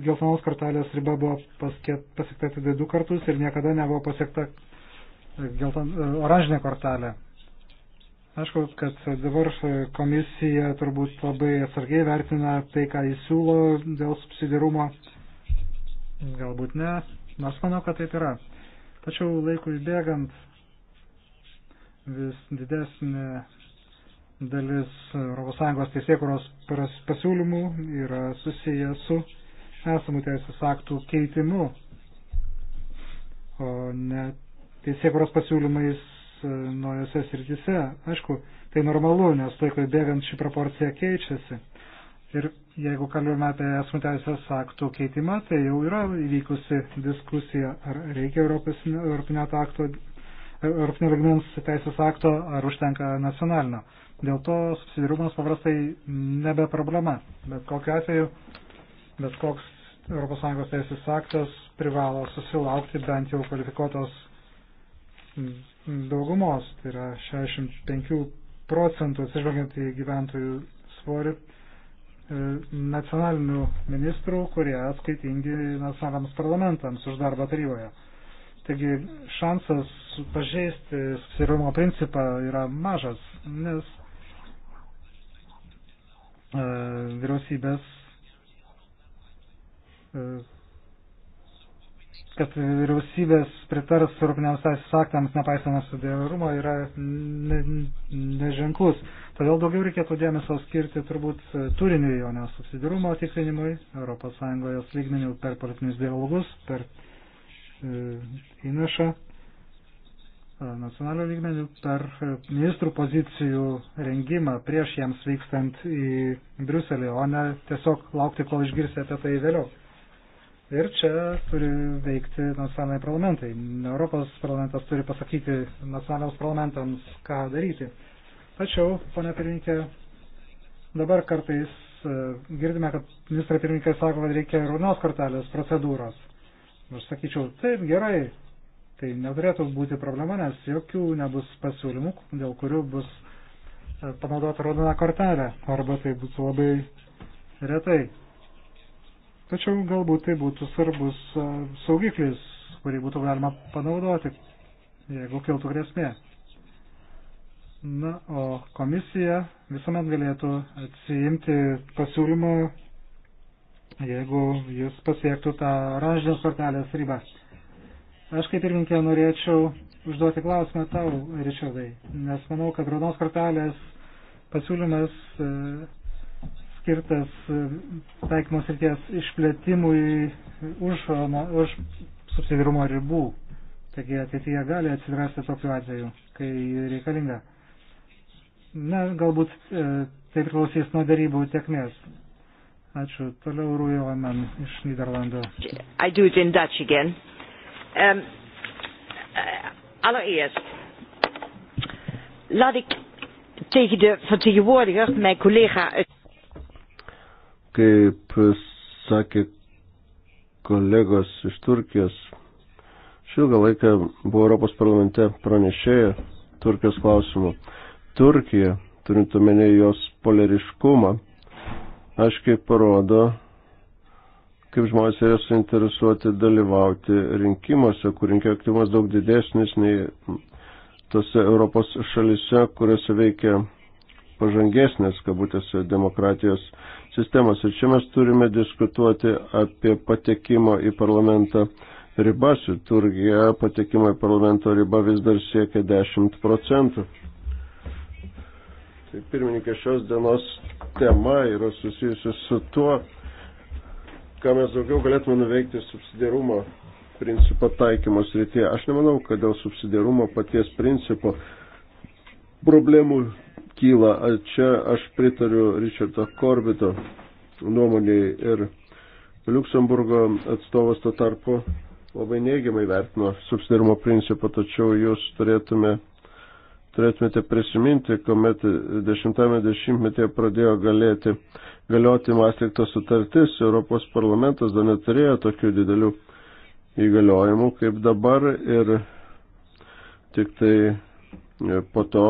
geltonos kortelės riba buvo pasiekta tik du kartus ir niekada nebuvo pasiekta gelton, oranžinė kortelė. Aišku, kad dabar komisija turbūt labai atsargiai vertina tai, ką jis siūlo dėl subsidirumo. Galbūt ne, nors manau, kad taip yra. Tačiau laikui bėgant vis didesnė dalis ES teisėkuros pasiūlymų yra susiję su esamų teisės aktų keitimu, o ne teisėkuros pasiūlymais E, naujose srityse. Aišku, tai normalu, nes laikui bėgant ši proporcija keičiasi. Ir jeigu kalbame apie esmų teisės aktų keitimą, tai jau yra įvykusi diskusija, ar reikia Europos, Europinio, akto, Europinio ligmens teisės akto, ar užtenka nacionalinio. Dėl to subsidirumas paprastai nebe problema. Bet kokiu atveju, bet koks ES teisės aktas privalo susilaukti bent jau kvalifikuotos daugumos, tai yra 65 procentų atsižvelgiant į gyventojų svorį e, nacionalinių ministrų, kurie atskaitingi nacionaliniams parlamentams už darbą taryboje. Taigi šansas pažeisti susirūmo principą yra mažas, nes e, vyriausybės e, kad vyriausybės pritars europiniams teisės aktams nepaisamas sudėrumo yra neženklus. Ne, ne Todėl daugiau reikėtų dėmesio skirti turbūt turiniui, o ne subsidirumo tikrinimui ES lygmenių per politinius dialogus, per e, įnašą e, nacionalio lygmenių per e, ministrų pozicijų rengimą prieš jiems vykstant į Briuselį, o ne tiesiog laukti, kol išgirsi apie tai vėliau. Ir čia turi veikti nacionaliniai parlamentai. Europos parlamentas turi pasakyti nacionaliniams parlamentams, ką daryti. Tačiau, ponia pirmininkė, dabar kartais e, girdime, kad ministrai pirmininkė sako, kad reikia raudonos kortelės procedūros. Aš sakyčiau, taip gerai, tai neturėtų būti problema, nes jokių nebus pasiūlymų, dėl kurių bus e, panaudota raudona kortelė, arba tai būtų labai retai. Tačiau galbūt tai būtų svarbus saugiklis, kurį būtų galima panaudoti, jeigu kiltų grėsmė. Na, o komisija visuomet galėtų atsiimti pasiūlymą, jeigu jis pasiektų tą oranžinės kortelės ribą. Aš kaip pirminkė norėčiau užduoti klausimą tau, Ričardai, nes manau, kad raudonos kortelės pasiūlymas e, skirtas e, taikymos ryties išplėtimui už, už subsidirumo ribų. Taigi ateityje gali atsirasti tokiu atveju, kai reikalinga. Na, galbūt e, tai priklausys nuo darybų tiekmės. Ačiū. Toliau Rujoman iš Niderlandų. I do it in Dutch again. Um, uh, allereerst, laat ik tegen de vertegenwoordiger, mijn collega uit. Eh, Kaip sakė kolegos iš Turkijos, šį ilgą laiką buvo Europos parlamente pranešėję Turkijos klausimų. Turkija, turint omenyje jos poleriškumą, aiškiai parodo, kaip žmonės yra suinteresuoti dalyvauti rinkimuose, kur rinkėjų aktyvumas daug didesnis nei tose Europos šalise, kuriuose veikia pažangesnės, kabutėse, demokratijos sistemos. Ir čia mes turime diskutuoti apie patekimo į parlamentą ribas. Turgija patekimo į parlamento riba vis dar siekia 10 procentų. Tai pirmininkė šios dienos tema yra susijusi su tuo, ką mes daugiau galėtume nuveikti subsidiarumo principo taikymo srityje. Aš nemanau, kad dėl subsidiarumo paties principo problemų kyla. Čia aš pritariu Richardo Korbito nuomonėje ir Luxemburgo atstovas to tarpu labai neigiamai vertino subsidirimo principą, tačiau jūs turėtume, turėtumėte prisiminti, kuomet 10-metėje pradėjo galėti, galioti Mastrikto sutartis, Europos parlamentas dar neturėjo tokių didelių įgaliojimų kaip dabar ir tik tai po to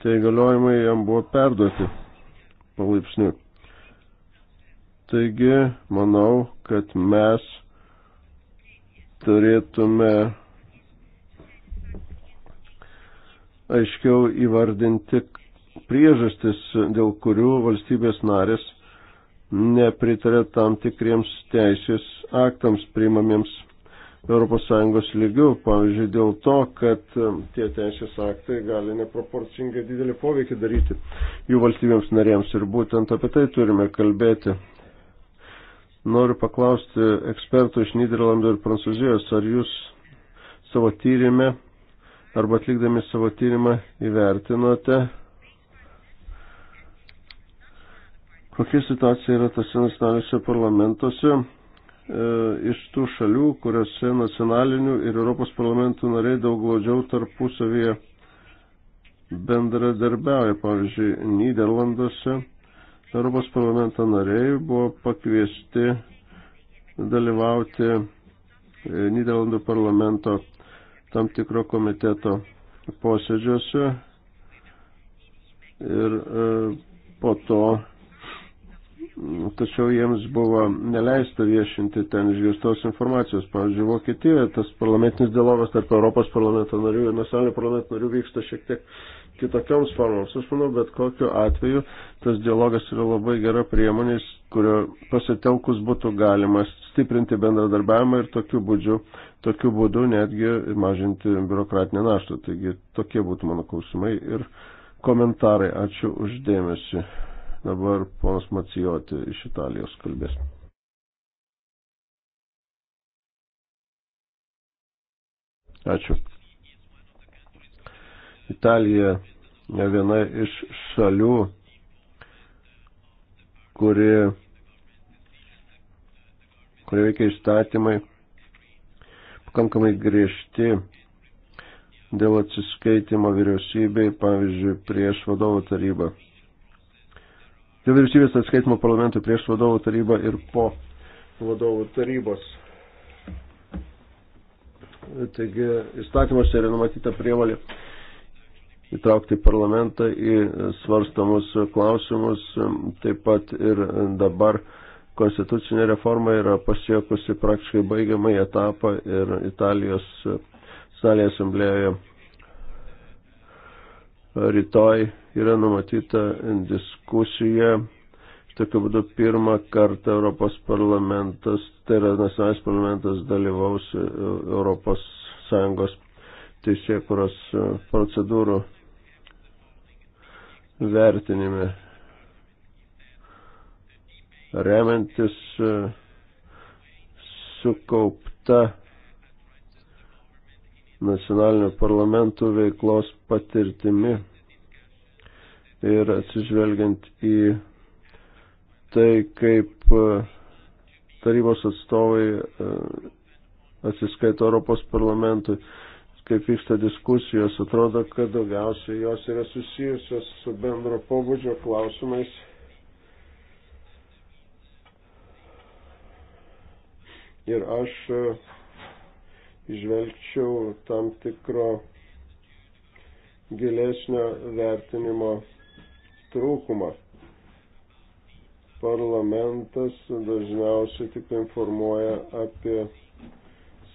tie įgaliojimai jam buvo perduoti palaipsniui. Taigi, manau, kad mes turėtume aiškiau įvardinti priežastis, dėl kurių valstybės narės nepritarė tam tikriems teisės aktams priimamiems ES lygių, pavyzdžiui, dėl to, kad e, tie teisės aktai gali neproporcingai didelį poveikį daryti jų valstybėms narėms ir būtent apie tai turime kalbėti. Noriu paklausti ekspertų iš Niderlandų ir Prancūzijos, ar jūs savo tyrimę arba atlikdami savo tyrimą įvertinote, kokia situacija yra tose nacionaliniuose parlamentuose E, iš tų šalių, kuriuose nacionalinių ir Europos parlamentų nariai daug glaudžiau tarpusavyje bendradarbiauja. Pavyzdžiui, Niderlanduose Europos parlamento nariai buvo pakviesti dalyvauti e, Niderlandų parlamento tam tikro komiteto posėdžiuose ir e, po to tačiau jiems buvo neleista viešinti ten išgirstos informacijos. Pavyzdžiui, Vokietijoje tas parlamentinis dialogas tarp Europos parlamento narių ir nacionalinio parlamento narių vyksta šiek tiek kitokioms formoms. Aš manau, bet kokiu atveju tas dialogas yra labai gera priemonė, kurio pasitelkus būtų galima stiprinti bendradarbiavimą ir tokiu būdžiu, tokiu būdu netgi mažinti biurokratinę naštą. Taigi tokie būtų mano klausimai ir komentarai. Ačiū uždėmesi. Dabar ponas Macijoti iš Italijos kalbės. Ačiū. Italija viena iš šalių, kuri, kuri veikia įstatymai pakankamai griežti dėl atsiskaitimo vyriausybei, pavyzdžiui, prieš vadovų tarybą dėl vyriausybės atskaitimo parlamentui prieš vadovų tarybą ir po vadovų tarybos. Taigi įstatymuose yra numatyta prievalė įtraukti parlamentą į svarstamus klausimus, taip pat ir dabar konstitucinė reforma yra pasiekusi praktiškai baigiamąjį etapą ir Italijos salėje asamblėjoje rytoj yra numatyta diskusija. Tokiu būdu pirmą kartą Europos parlamentas, tai yra nacionalinis parlamentas, dalyvaus Europos Sąjungos teisėkuros procedūrų vertinime. Remiantis sukaupta nacionalinių parlamentų veiklos patirtimi ir atsižvelgiant į tai, kaip e, tarybos atstovai e, atsiskaito Europos parlamentui, kaip vyksta diskusijos, atrodo, kad daugiausiai jos yra susijusios su bendro pobūdžio klausimais. Ir aš e, išvelgčiau tam tikro gilesnio vertinimo trūkumą. Parlamentas dažniausiai tik informuoja apie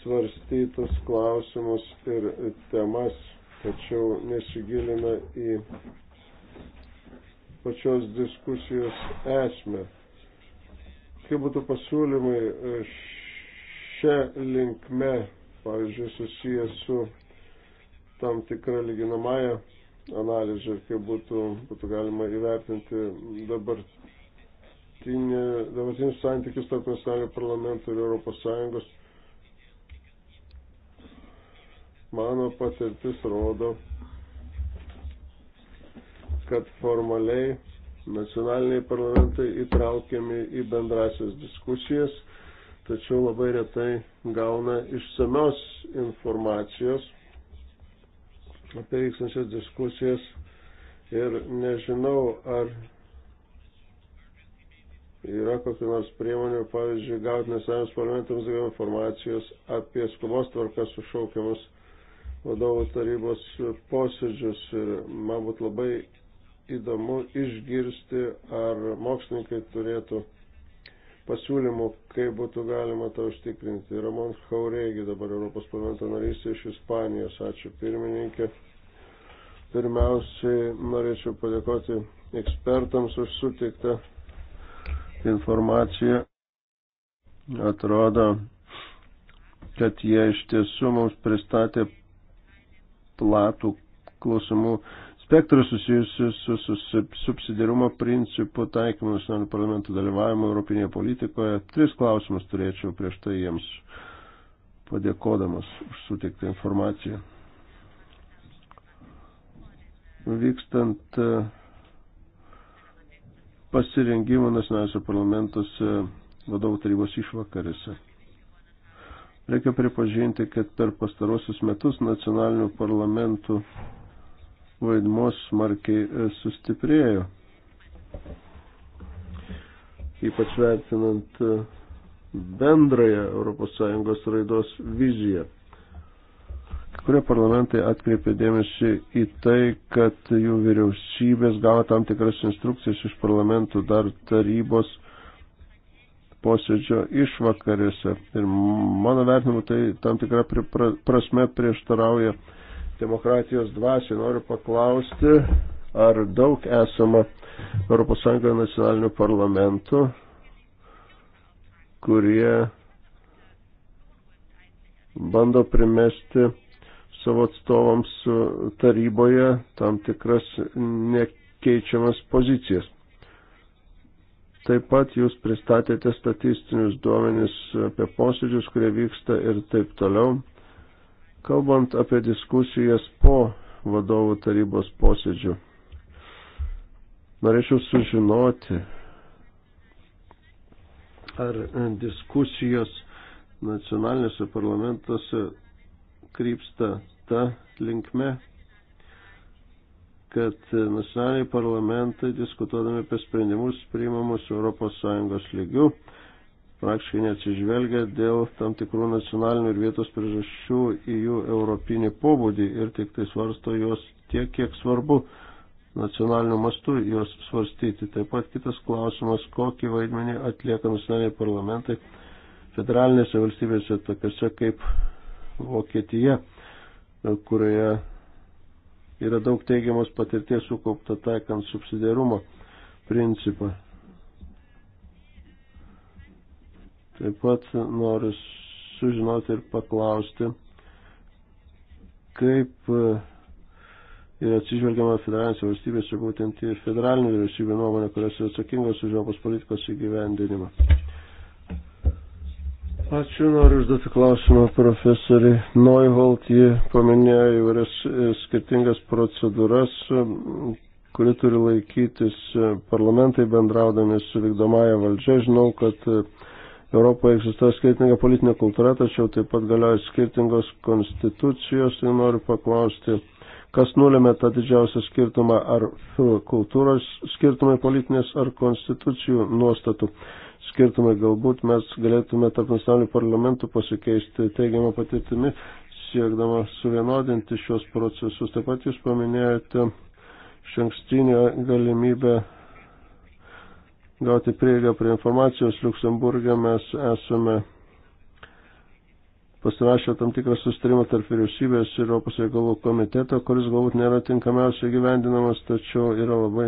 svarstytus klausimus ir temas, tačiau nesigilina į pačios diskusijos esmę. Kaip būtų pasiūlymai e, šią linkme pavyzdžiui, susijęs su tam tikra lyginamąją analizę, kaip būtų, būtų galima įvertinti dabartinį, dabartinius santykius tarp nacionalinio parlamento ir Europos Sąjungos. Mano patirtis rodo, kad formaliai nacionaliniai parlamentai įtraukiami į bendrasias diskusijas, tačiau labai retai gauna išsamios informacijos apie vykstančias diskusijas ir nežinau, ar yra kokių nors priemonių, pavyzdžiui, gauti nesąjams parlamentams daugiau informacijos apie skubos tvarką sušaukiamus vadovų tarybos posėdžius. Ir man būtų labai įdomu išgirsti, ar mokslininkai turėtų pasiūlymų, kaip būtų galima tą užtikrinti. Ramon Haurėgi, dabar Europos parlamento narys iš Ispanijos. Ačiū pirmininkė. Pirmiausiai norėčiau padėkoti ekspertams už sutiktą informaciją. Atrodo, kad jie iš tiesų mums pristatė platų klausimų spektrą susijusiu su, su, su subsidiarumo principu taikymu nacionalinių parlamentų dalyvavimu Europinėje politikoje. Tris klausimus turėčiau prieš tai jiems padėkodamas už suteiktą informaciją. Vykstant e, pasirengimo nacionaliniuose parlamentuose e, vadovų tarybos išvakarėse. Reikia pripažinti, kad per pastarosius metus nacionalinių parlamentų vaidmuo smarkiai e, sustiprėjo. Ypač vertinant e, bendrąją ES raidos viziją. Kurie parlamentai atkreipė dėmesį į tai, kad jų vyriausybės gavo tam tikras instrukcijas iš parlamentų dar tarybos posėdžio išvakarėse. Ir mano vertinimu tai tam tikra prasme prieštarauja uh, demokratijos dvasią. Noriu paklausti, ar daug esama ES nacionalinių parlamentų, kurie bando primesti savo atstovams taryboje tam tikras nekeičiamas pozicijas. Taip pat jūs pristatėte statistinius duomenis apie posėdžius, kurie vyksta ir taip toliau. Kalbant apie diskusijas po vadovų tarybos posėdžių, norėčiau sužinoti, ar diskusijos nacionalinėse parlamentuose krypsta ta linkme, kad nacionaliniai parlamentai diskutuodami apie sprendimus priimamus ES lygių praktiškai neatsižvelgia dėl tam tikrų nacionalinių ir vietos priežasčių į jų europinį pobūdį ir tik tai svarsto juos tiek, kiek svarbu nacionaliniu mastu juos svarstyti. Taip pat kitas klausimas, kokį vaidmenį atlieka nacionaliniai parlamentai federalinėse valstybėse, tokiuose kaip Vokietija, kurioje yra daug teigiamos patirties sukaupta taikant subsidiarumo principą. Taip pat noriu sužinoti ir paklausti, kaip ir e, atsižvelgiama federalinės valstybės ir būtent į federalinių vyriausybių nuomonę, kurios yra atsakingos už Europos politikos įgyvendinimą. Ačiū, noriu užduoti klausimą profesoriai Neuholt, ji paminėjo įvairias e, skirtingas procedūras, e, kuri turi laikytis parlamentai bendraudami su vykdomąją valdžia. Žinau, kad Europoje egzistuoja skirtinga politinė kultūra, tačiau taip pat galioja skirtingos konstitucijos ir noriu paklausti, kas nulėmė tą didžiausią skirtumą, ar kultūros skirtumai politinės, ar konstitucijų nuostatų skirtumai. Galbūt mes galėtume tarp nacionalinių parlamentų pasikeisti teigiamą patirtimi, siekdama suvienodinti šios procesus. Taip pat jūs paminėjote iš ankstinę galimybę gauti prieigą prie informacijos. Luksemburgė mes esame pasirašė tam tikrą sustarimą tarp vyriausybės ir Europos reikalų komiteto, kuris galbūt nėra tinkamiausiai gyvendinamas, tačiau yra labai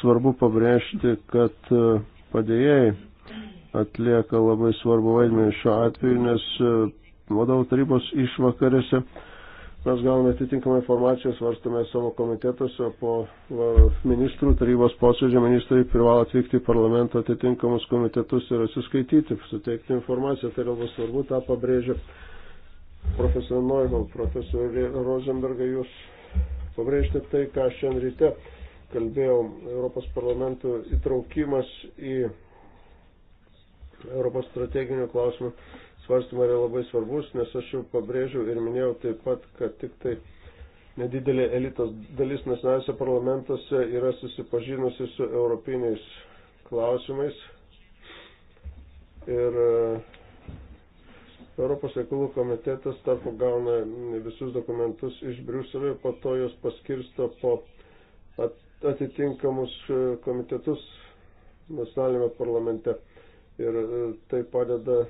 svarbu pabrėžti, kad e, padėjėjai atlieka labai svarbu vaidmenį šiuo atveju, nes e, vadovų tarybos išvakarėse Mes gauname atitinkamą informaciją, svarstame savo komitetuose, po ministrų tarybos posėdžio ministrai privalo atvykti į parlamento atitinkamus komitetus ir atsiskaityti, suteikti informaciją, tai labai svarbu, tą pabrėžia profesorė Neumann, profesorė Rosenberga, jūs pabrėžti tai, ką šiandien ryte kalbėjau, Europos parlamento įtraukimas į Europos strateginių klausimų svarstymai yra labai svarbus, nes aš jau pabrėžiau ir minėjau taip pat, kad tik tai nedidelė elitos dalis nacionaliniuose parlamentuose yra susipažinusi su europiniais klausimais. Ir e, Europos reikalų komitetas tarpu gauna visus dokumentus iš Briuselio, po to jos paskirsto po atitinkamus e, komitetus nacionalinėme parlamente. Ir e, tai padeda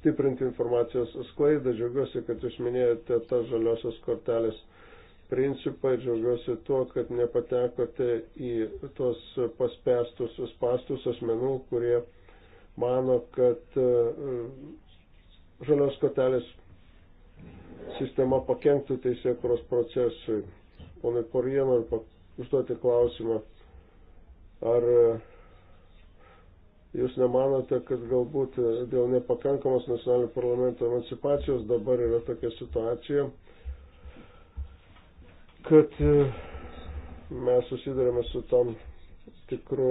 stiprinti informacijos sklaidą. Džiaugiuosi, kad jūs minėjote tą žaliosios kortelės principą ir džiaugiuosi tuo, kad nepatekote į tuos paspestus spastus asmenų, kurie mano, kad e, žalios kortelės sistema pakenktų teisėkuros procesui. Ponai Korien, noriu užduoti klausimą, ar Jūs nemanote, kad galbūt e, dėl nepakankamos nacionalinio parlamento emancipacijos dabar yra tokia situacija, kad e, mes susidarėme su tam tikru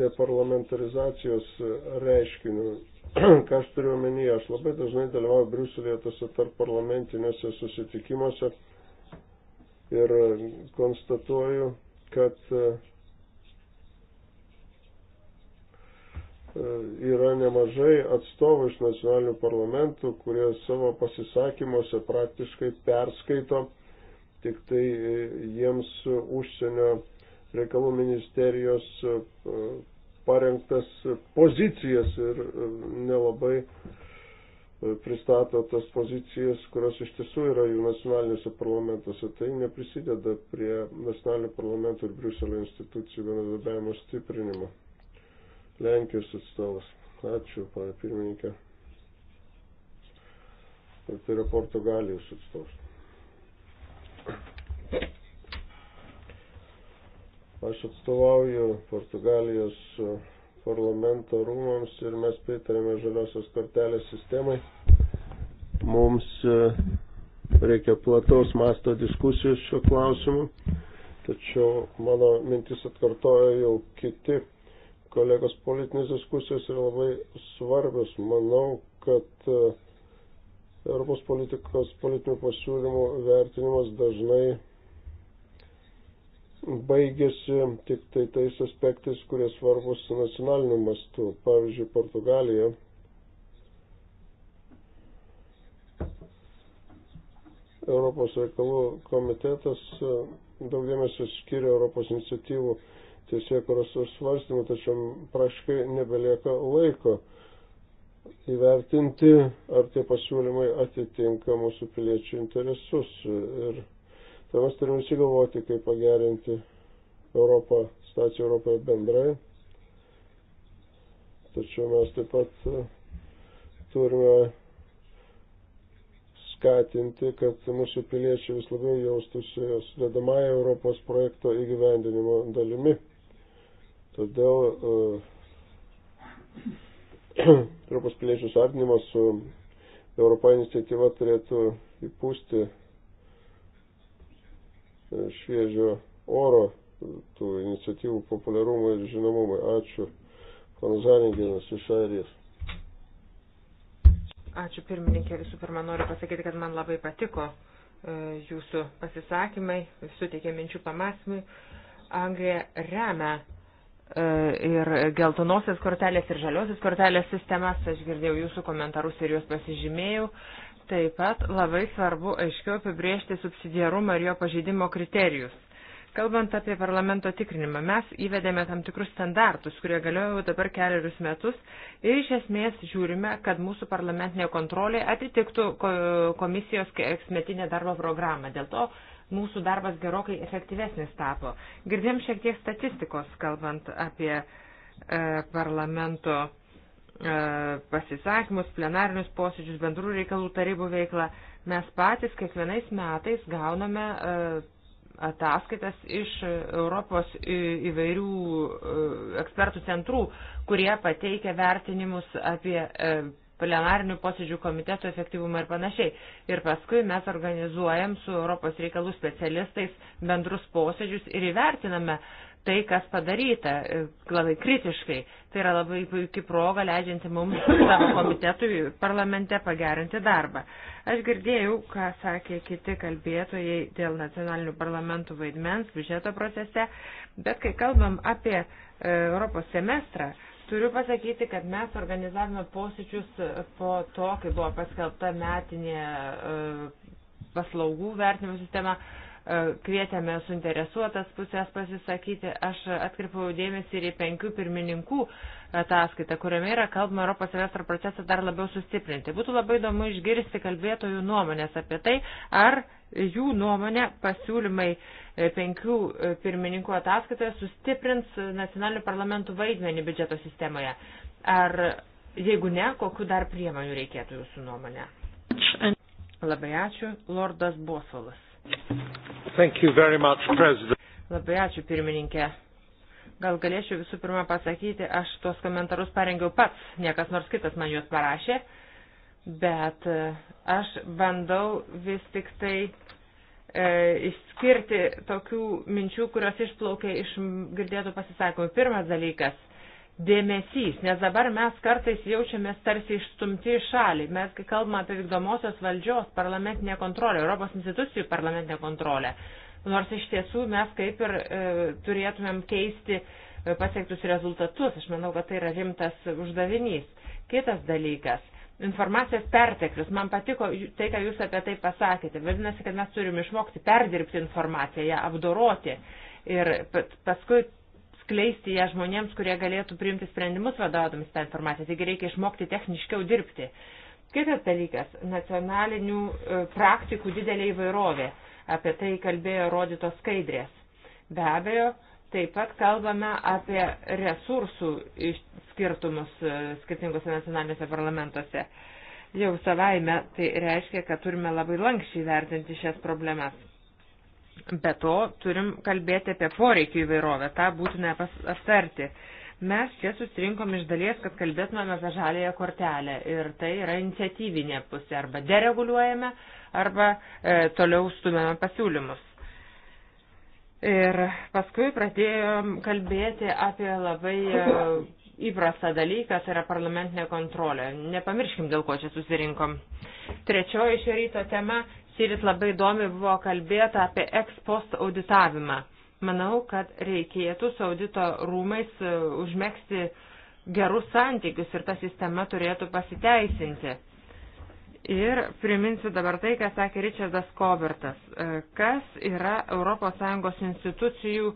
deparlamentarizacijos e, reiškiniu. Ką aš turiu omenyje, aš labai dažnai dalyvauju Briuselėje tose tarp parlamentinėse susitikimuose ir konstatuoju, kad E, yra nemažai atstovų iš nacionalinių parlamentų, kurie savo pasisakymuose praktiškai perskaito tik tai e, jiems užsienio reikalų ministerijos e, parengtas pozicijas ir nelabai pristato tas pozicijas, kurios iš tiesų yra jų nacionaliniuose parlamentuose. Tai neprisideda prie nacionalinių parlamentų ir Briuselio institucijų bendradarbiavimo stiprinimo. Lenkijos atstovas. Ačiū, pana pirmininkė. Ir tai yra Portugalijos atstovas. Aš atstovauju Portugalijos parlamento rūmams ir mes pritarėme žaliosios kortelės sistemai. Mums e, reikia plataus masto diskusijos šiuo klausimu, tačiau mano mintis atkartoja jau kiti kolegos, politinės diskusijos yra labai svarbios. Manau, kad e, Europos politikos politinių pasiūlymų vertinimas dažnai baigėsi tik tai tais aspektais, kurie svarbus nacionaliniu mastu. Pavyzdžiui, Portugalija. Europos reikalų komitetas e, daug dėmesio skiria Europos iniciatyvų teisėkuros svarstymų, tačiau praškai nebelieka laiko įvertinti, ar tie pasiūlymai atitinka mūsų piliečių interesus. Ir tai mes turime įsigalvoti, kaip pagerinti Europą, staciją Europoje bendrai. Tačiau mes taip pat e, turime skatinti, kad mūsų piliečiai vis labiau jaustųsi sudedamąją Europos projekto įgyvendinimo dalimi. Todėl e, Europos piliečių sardinimas su Europos iniciatyva turėtų įpūsti e, šviežio oro tų iniciatyvų populiarumui ir žinomumui. Ačiū. Konzaringenas iš Airijos. Ačiū pirmininkė. Visų pirma, noriu pasakyti, kad man labai patiko e, jūsų pasisakymai, suteikė minčių pamastymui. Anglija remia E, ir geltonosios kortelės ir žaliosios kortelės sistemas. Aš girdėjau jūsų komentarus ir juos pasižymėjau. Taip pat labai svarbu aiškiau apibriežti subsidiarumą ir jo pažeidimo kriterijus. Kalbant apie parlamento tikrinimą, mes įvedėme tam tikrus standartus, kurie galiojo dabar keliarius metus ir iš esmės žiūrime, kad mūsų parlamentinė kontrolė atitiktų komisijos eksmetinę darbo programą. Dėl to mūsų darbas gerokai efektyvesnis tapo. Girdėm šiek tiek statistikos, kalbant apie e, parlamento e, pasisakymus, plenarinius posėdžius, bendrų reikalų tarybų veiklą. Mes patys kiekvienais metais gauname e, ataskaitas iš Europos įvairių e, ekspertų centrų, kurie pateikia vertinimus apie e, plenarinių posėdžių komitetų efektyvumą ir panašiai. Ir paskui mes organizuojam su Europos reikalų specialistais bendrus posėdžius ir įvertiname tai, kas padaryta, e, labai kritiškai. Tai yra labai puikiai proga leidžianti mums savo komitetui parlamente pagerinti darbą. Aš girdėjau, ką sakė kiti kalbėtojai dėl nacionalinių parlamentų vaidmens biudžeto procese, bet kai kalbam apie e, Europos semestrą, Turiu pasakyti, kad mes organizavome posėdžius po to, kai buvo paskelbta metinė e, paslaugų vertinimo sistema, e, kvietėme suinteresuotas pusės pasisakyti. Aš atkreipiau dėmesį ir į penkių pirmininkų ataskaitą, kuriame yra kalbama Europos semestro procesą dar labiau sustiprinti. Būtų labai įdomu išgirsti kalbėtojų nuomonės apie tai, ar Jų nuomonė pasiūlymai e, penkių e, pirmininkų ataskaitoje sustiprins nacionalinių parlamentų vaidmenį biudžeto sistemoje. Ar jeigu ne, kokiu dar priemonių reikėtų jūsų nuomonė? Labai ačiū, Lordas Bosvalas. Labai ačiū, pirmininkė. Gal galėčiau visų pirma pasakyti, aš tuos komentarus parengiau pats, niekas nors kitas man juos parašė bet e, aš bandau vis tik tai e, išskirti tokių minčių, kurios išplaukia iš girdėtų pasisakymų. Pirmas dalykas - dėmesys, nes dabar mes kartais jaučiamės tarsi išstumti į šalį. Mes kalbame apie vykdomosios valdžios parlamentinę kontrolę, Europos institucijų parlamentinę kontrolę. Nors iš tiesų mes kaip ir e, turėtumėm keisti e, pasiektus rezultatus. Aš manau, kad tai yra rimtas uždavinys. Kitas dalykas informacijos perteklius. Man patiko tai, ką jūs apie tai pasakėte. Vadinasi, kad mes turim išmokti perdirbti informaciją, ją apdoroti ir paskui skleisti ją žmonėms, kurie galėtų priimti sprendimus vadovaudomis tą informaciją. Taigi reikia išmokti techniškiau dirbti. Kitas dalykas - nacionalinių e, praktikų didelė įvairovė. Apie tai kalbėjo rodytos skaidrės. Be abejo, Taip pat kalbame apie resursų skirtumus e, skirtingose nacionalinėse parlamentuose. Jau savaime tai reiškia, kad turime labai lankščiai vertinti šias problemas. Be to, turim kalbėti apie poreikių įvairovę, tą būtina aptarti. Mes čia susirinkom iš dalies, kad kalbėtumėme apie žalėją kortelę ir tai yra iniciatyvinė pusė arba dereguliuojame arba e, toliau stumėme pasiūlymus Ir paskui pradėjom kalbėti apie labai e, įprastą dalyką, tai yra parlamentinė kontrolė. Nepamirškim, dėl ko čia susirinkom. Trečioji šio ryto tema, šįryt labai įdomi buvo kalbėta apie ex post auditavimą. Manau, kad reikėtų su audito rūmais e, užmėgsti gerus santykius ir ta sistema turėtų pasiteisinti. Ir priminsiu dabar tai, ką sakė Richardas Kobertas. E, kas yra ES institucijų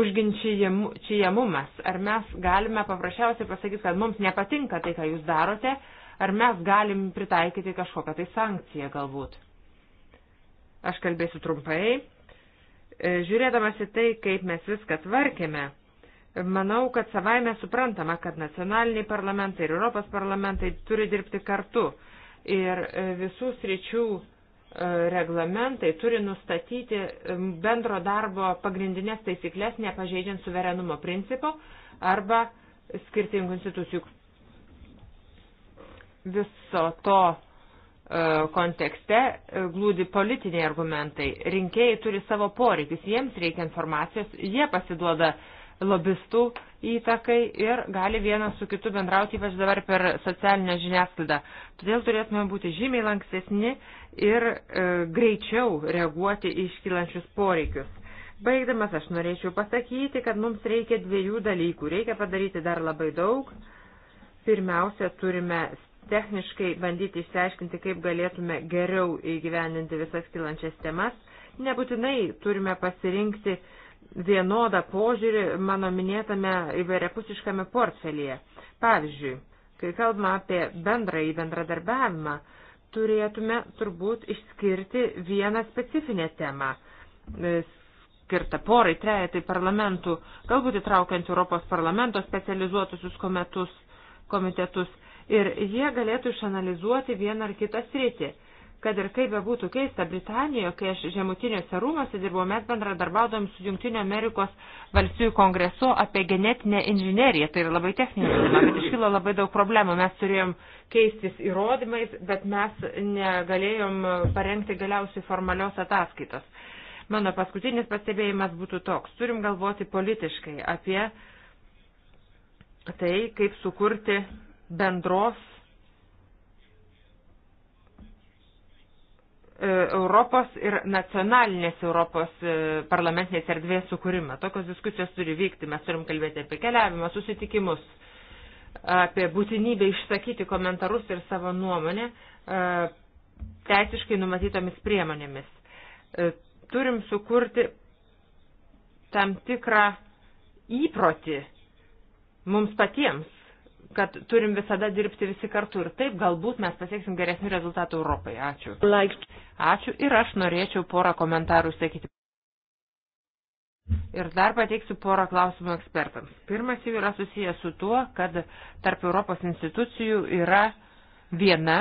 užginčiamumas? Ar mes galime paprasčiausiai pasakyti, kad mums nepatinka tai, ką jūs darote, ar mes galim pritaikyti kažkokią tai sankciją galbūt? Aš kalbėsiu trumpai. E, žiūrėdamas į tai, kaip mes viską tvarkėme, manau, kad savaime suprantama, kad nacionaliniai parlamentai ir Europos parlamentai turi dirbti kartu ir e, visų sričių e, reglamentai turi nustatyti e, bendro darbo pagrindinės taisyklės, nepažeidžiant suverenumo principo arba skirtingų institucijų. Viso to kontekste glūdi politiniai argumentai. Rinkėjai turi savo poreikius, jiems reikia informacijos, jie pasiduoda uh, lobistų įtakai ir gali vienas su kitu bendrauti, ypač dabar per socialinę žiniasklaidą. Todėl turėtume būti žymiai lankstesni ir e, greičiau reaguoti į iškylančius poreikius. Baigdamas aš norėčiau pasakyti, kad mums reikia dviejų dalykų. Reikia padaryti dar labai daug. Pirmiausia, turime techniškai bandyti išsiaiškinti, kaip galėtume geriau įgyveninti visas kilančias temas. Nebūtinai turime pasirinkti uh, vienodą požiūrį mano minėtame įvairiapusiškame portfelyje. Pavyzdžiui, kai kalbame apie bendrąjį bendradarbiavimą, turėtume turbūt išskirti vieną specifinę temą, e, skirtą porai, trejetai parlamentų, galbūt įtraukiant Europos parlamento specializuotusius kometus, komitetus ir jie galėtų išanalizuoti vieną ar kitą sritį. Kad ir kaip bebūtų keista, Britanijoje, kai aš žemutiniuose rūmose dirbau, mes bendradarbiaudom su Junktinio Amerikos valstybių kongresu apie genetinę inžineriją. Tai yra labai techninė tema, bet iškilo labai daug problemų. Mes turėjom keistis įrodymais, bet mes negalėjom parengti galiausiai formalios ataskaitos. Mano paskutinis pastebėjimas būtų toks. Turim galvoti politiškai apie tai, kaip sukurti bendros E, Europos ir nacionalinės Europos e, parlamentinės erdvės sukūrimą. Tokios diskusijos turi vykti. Mes turim kalbėti apie keliavimą, susitikimus, apie būtinybę išsakyti komentarus ir savo nuomonę e, teisiškai numatytomis priemonėmis. Turim sukurti tam tikrą įprotį mums patiems kad turim visada dirbti visi kartu ir taip galbūt mes pasieksim geresnių rezultatų Europai. Ačiū. Ačiū ir aš norėčiau porą komentarų sakyti. Ir dar pateiksiu porą klausimų ekspertams. Pirmas jau yra susijęs su tuo, kad tarp Europos institucijų yra viena,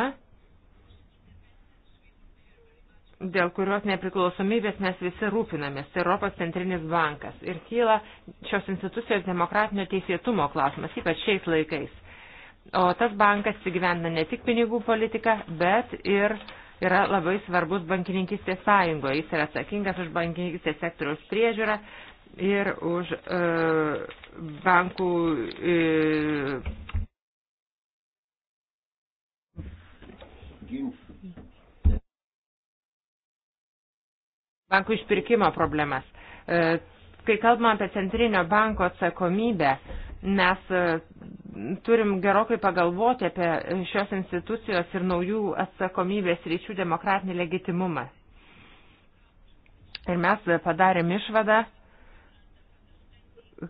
dėl kurios nepriklausomybės mes visi rūpinamės, tai Europos centrinis bankas. Ir kyla šios institucijos demokratinio teisėtumo klausimas, ypač šiais laikais. O tas bankas įgyvendina ne tik pinigų politiką, bet ir yra labai svarbus bankininkistės sąjungoje. Jis yra atsakingas už bankininkistės sektoriaus priežiūrą ir už e, bankų e, bankų išpirkimo problemas. E, kai kalbame apie centrinio banko atsakomybę, mes e, turim gerokai pagalvoti apie šios institucijos ir naujų atsakomybės ryčių demokratinį legitimumą. Ir mes padarėm išvadą,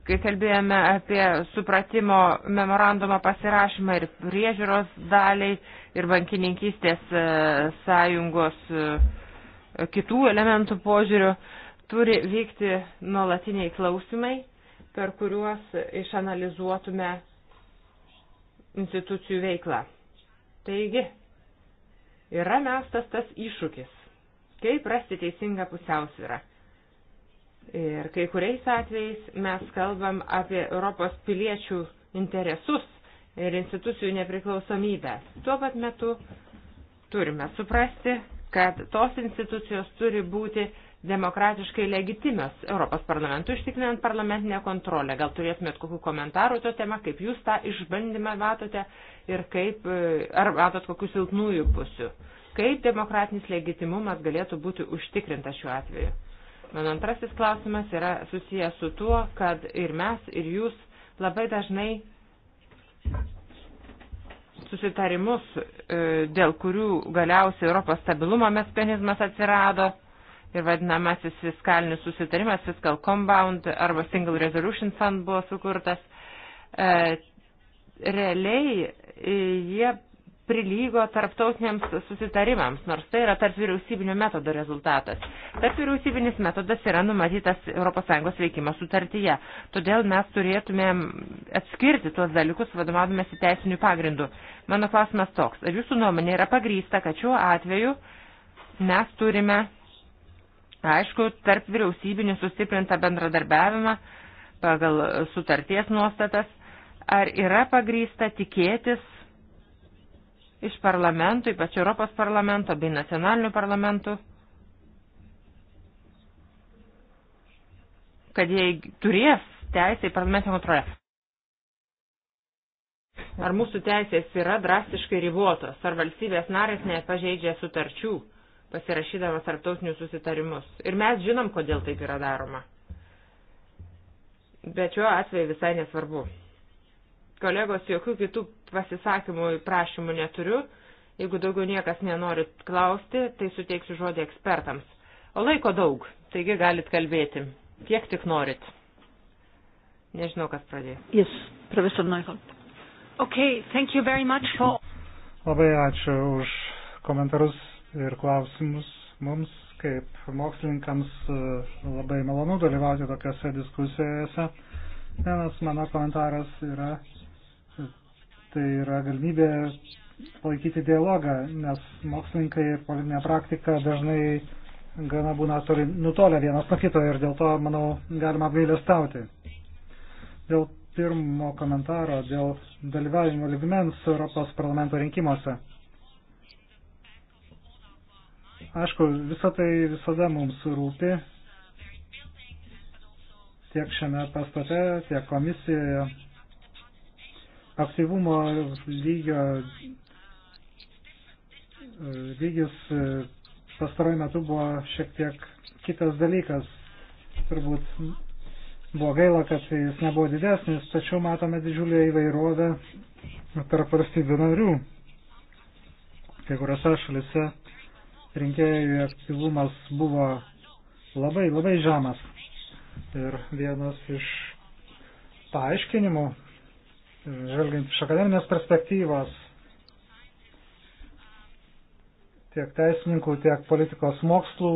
kai kalbėjome apie supratimo memorandumą pasirašymą ir priežiūros daliai ir bankininkystės e, sąjungos e, kitų elementų požiūrių, turi vykti nuolatiniai klausimai, per kuriuos išanalizuotume institucijų veiklą. Taigi, yra mestas tas iššūkis, kaip rasti teisingą pusiausvyrą. Ir kai kuriais atvejais mes kalbam apie Europos piliečių interesus ir institucijų nepriklausomybę. Tuo pat metu turime suprasti, kad tos institucijos turi būti demokratiškai legitimios Europos parlamentų ištikrinant parlamentinę kontrolę. Gal turėtumėt kokių komentarų to tema, kaip jūs tą išbandymą matote ir kaip, e, ar matot kokių silpnųjų pusių. Kaip demokratinis legitimumas galėtų būti užtikrintas šiuo atveju? Mano antrasis klausimas yra susijęs su tuo, kad ir mes, ir jūs labai dažnai susitarimus, e, dėl kurių galiausiai Europos stabilumo mechanizmas atsirado, ir vadinamasis fiskalinis susitarimas, Fiscal Compound arba Single Resolution Fund buvo sukurtas. E, realiai e, jie prilygo tarptautiniams susitarimams, nors tai yra tarp vyriausybinio metodo rezultatas. Tarp vyriausybinis metodas yra numatytas ES veikimo sutartyje, todėl mes turėtumėm atskirti tuos dalykus, vadovavomės į teisinių pagrindų. Mano klausimas toks, ar jūsų nuomonė yra pagrysta, kad šiuo atveju mes turime Aišku, tarp vyriausybinių sustiprinta bendradarbiavimą pagal sutarties nuostatas. Ar yra pagrysta tikėtis iš parlamentų, ypač Europos parlamento bei nacionalinių parlamentų, kad jie turės teisę į parlamentinę kontrolę. Ar mūsų teisės yra drastiškai ribotos, ar valstybės narės nepažeidžia sutarčių? pasirašydamas tarptautinius susitarimus. Ir mes žinom, kodėl taip yra daroma. Bet šiuo atveju visai nesvarbu. Kolegos, jokių kitų pasisakymų ir prašymų neturiu. Jeigu daugiau niekas nenori klausti, tai suteiksiu žodį ekspertams. O laiko daug, taigi galit kalbėti, kiek tik norit. Nežinau, kas pradės. Yes, profesor Neuhold. Okay, thank you very much for... Labai ačiū už komentarus ir klausimus mums, kaip mokslininkams, e, labai malonu dalyvauti tokiuose diskusijose. Vienas mano komentaras yra, tai yra galimybė palaikyti dialogą, nes mokslininkai ir politinė praktika dažnai gana būna turi nutolę vienas nuo kito ir dėl to, manau, galima apgailestauti. Dėl pirmo komentaro, dėl dalyvavimo lygmens Europos parlamento rinkimuose Aišku, visą tai visada mums rūpi, tiek šiame pastate, tiek komisijoje. Aktyvumo lygio lygis e, pastaruoju metu buvo šiek tiek kitas dalykas. Turbūt buvo gaila, kad jis nebuvo didesnis, tačiau matome didžiulę įvairovę tarp valstybių narių. Kai kuriuose šalise rinkėjų aktyvumas buvo labai, labai žemas. Ir vienas iš paaiškinimų, žvelgiant iš akademinės perspektyvos, tiek teisininkų, tiek politikos mokslų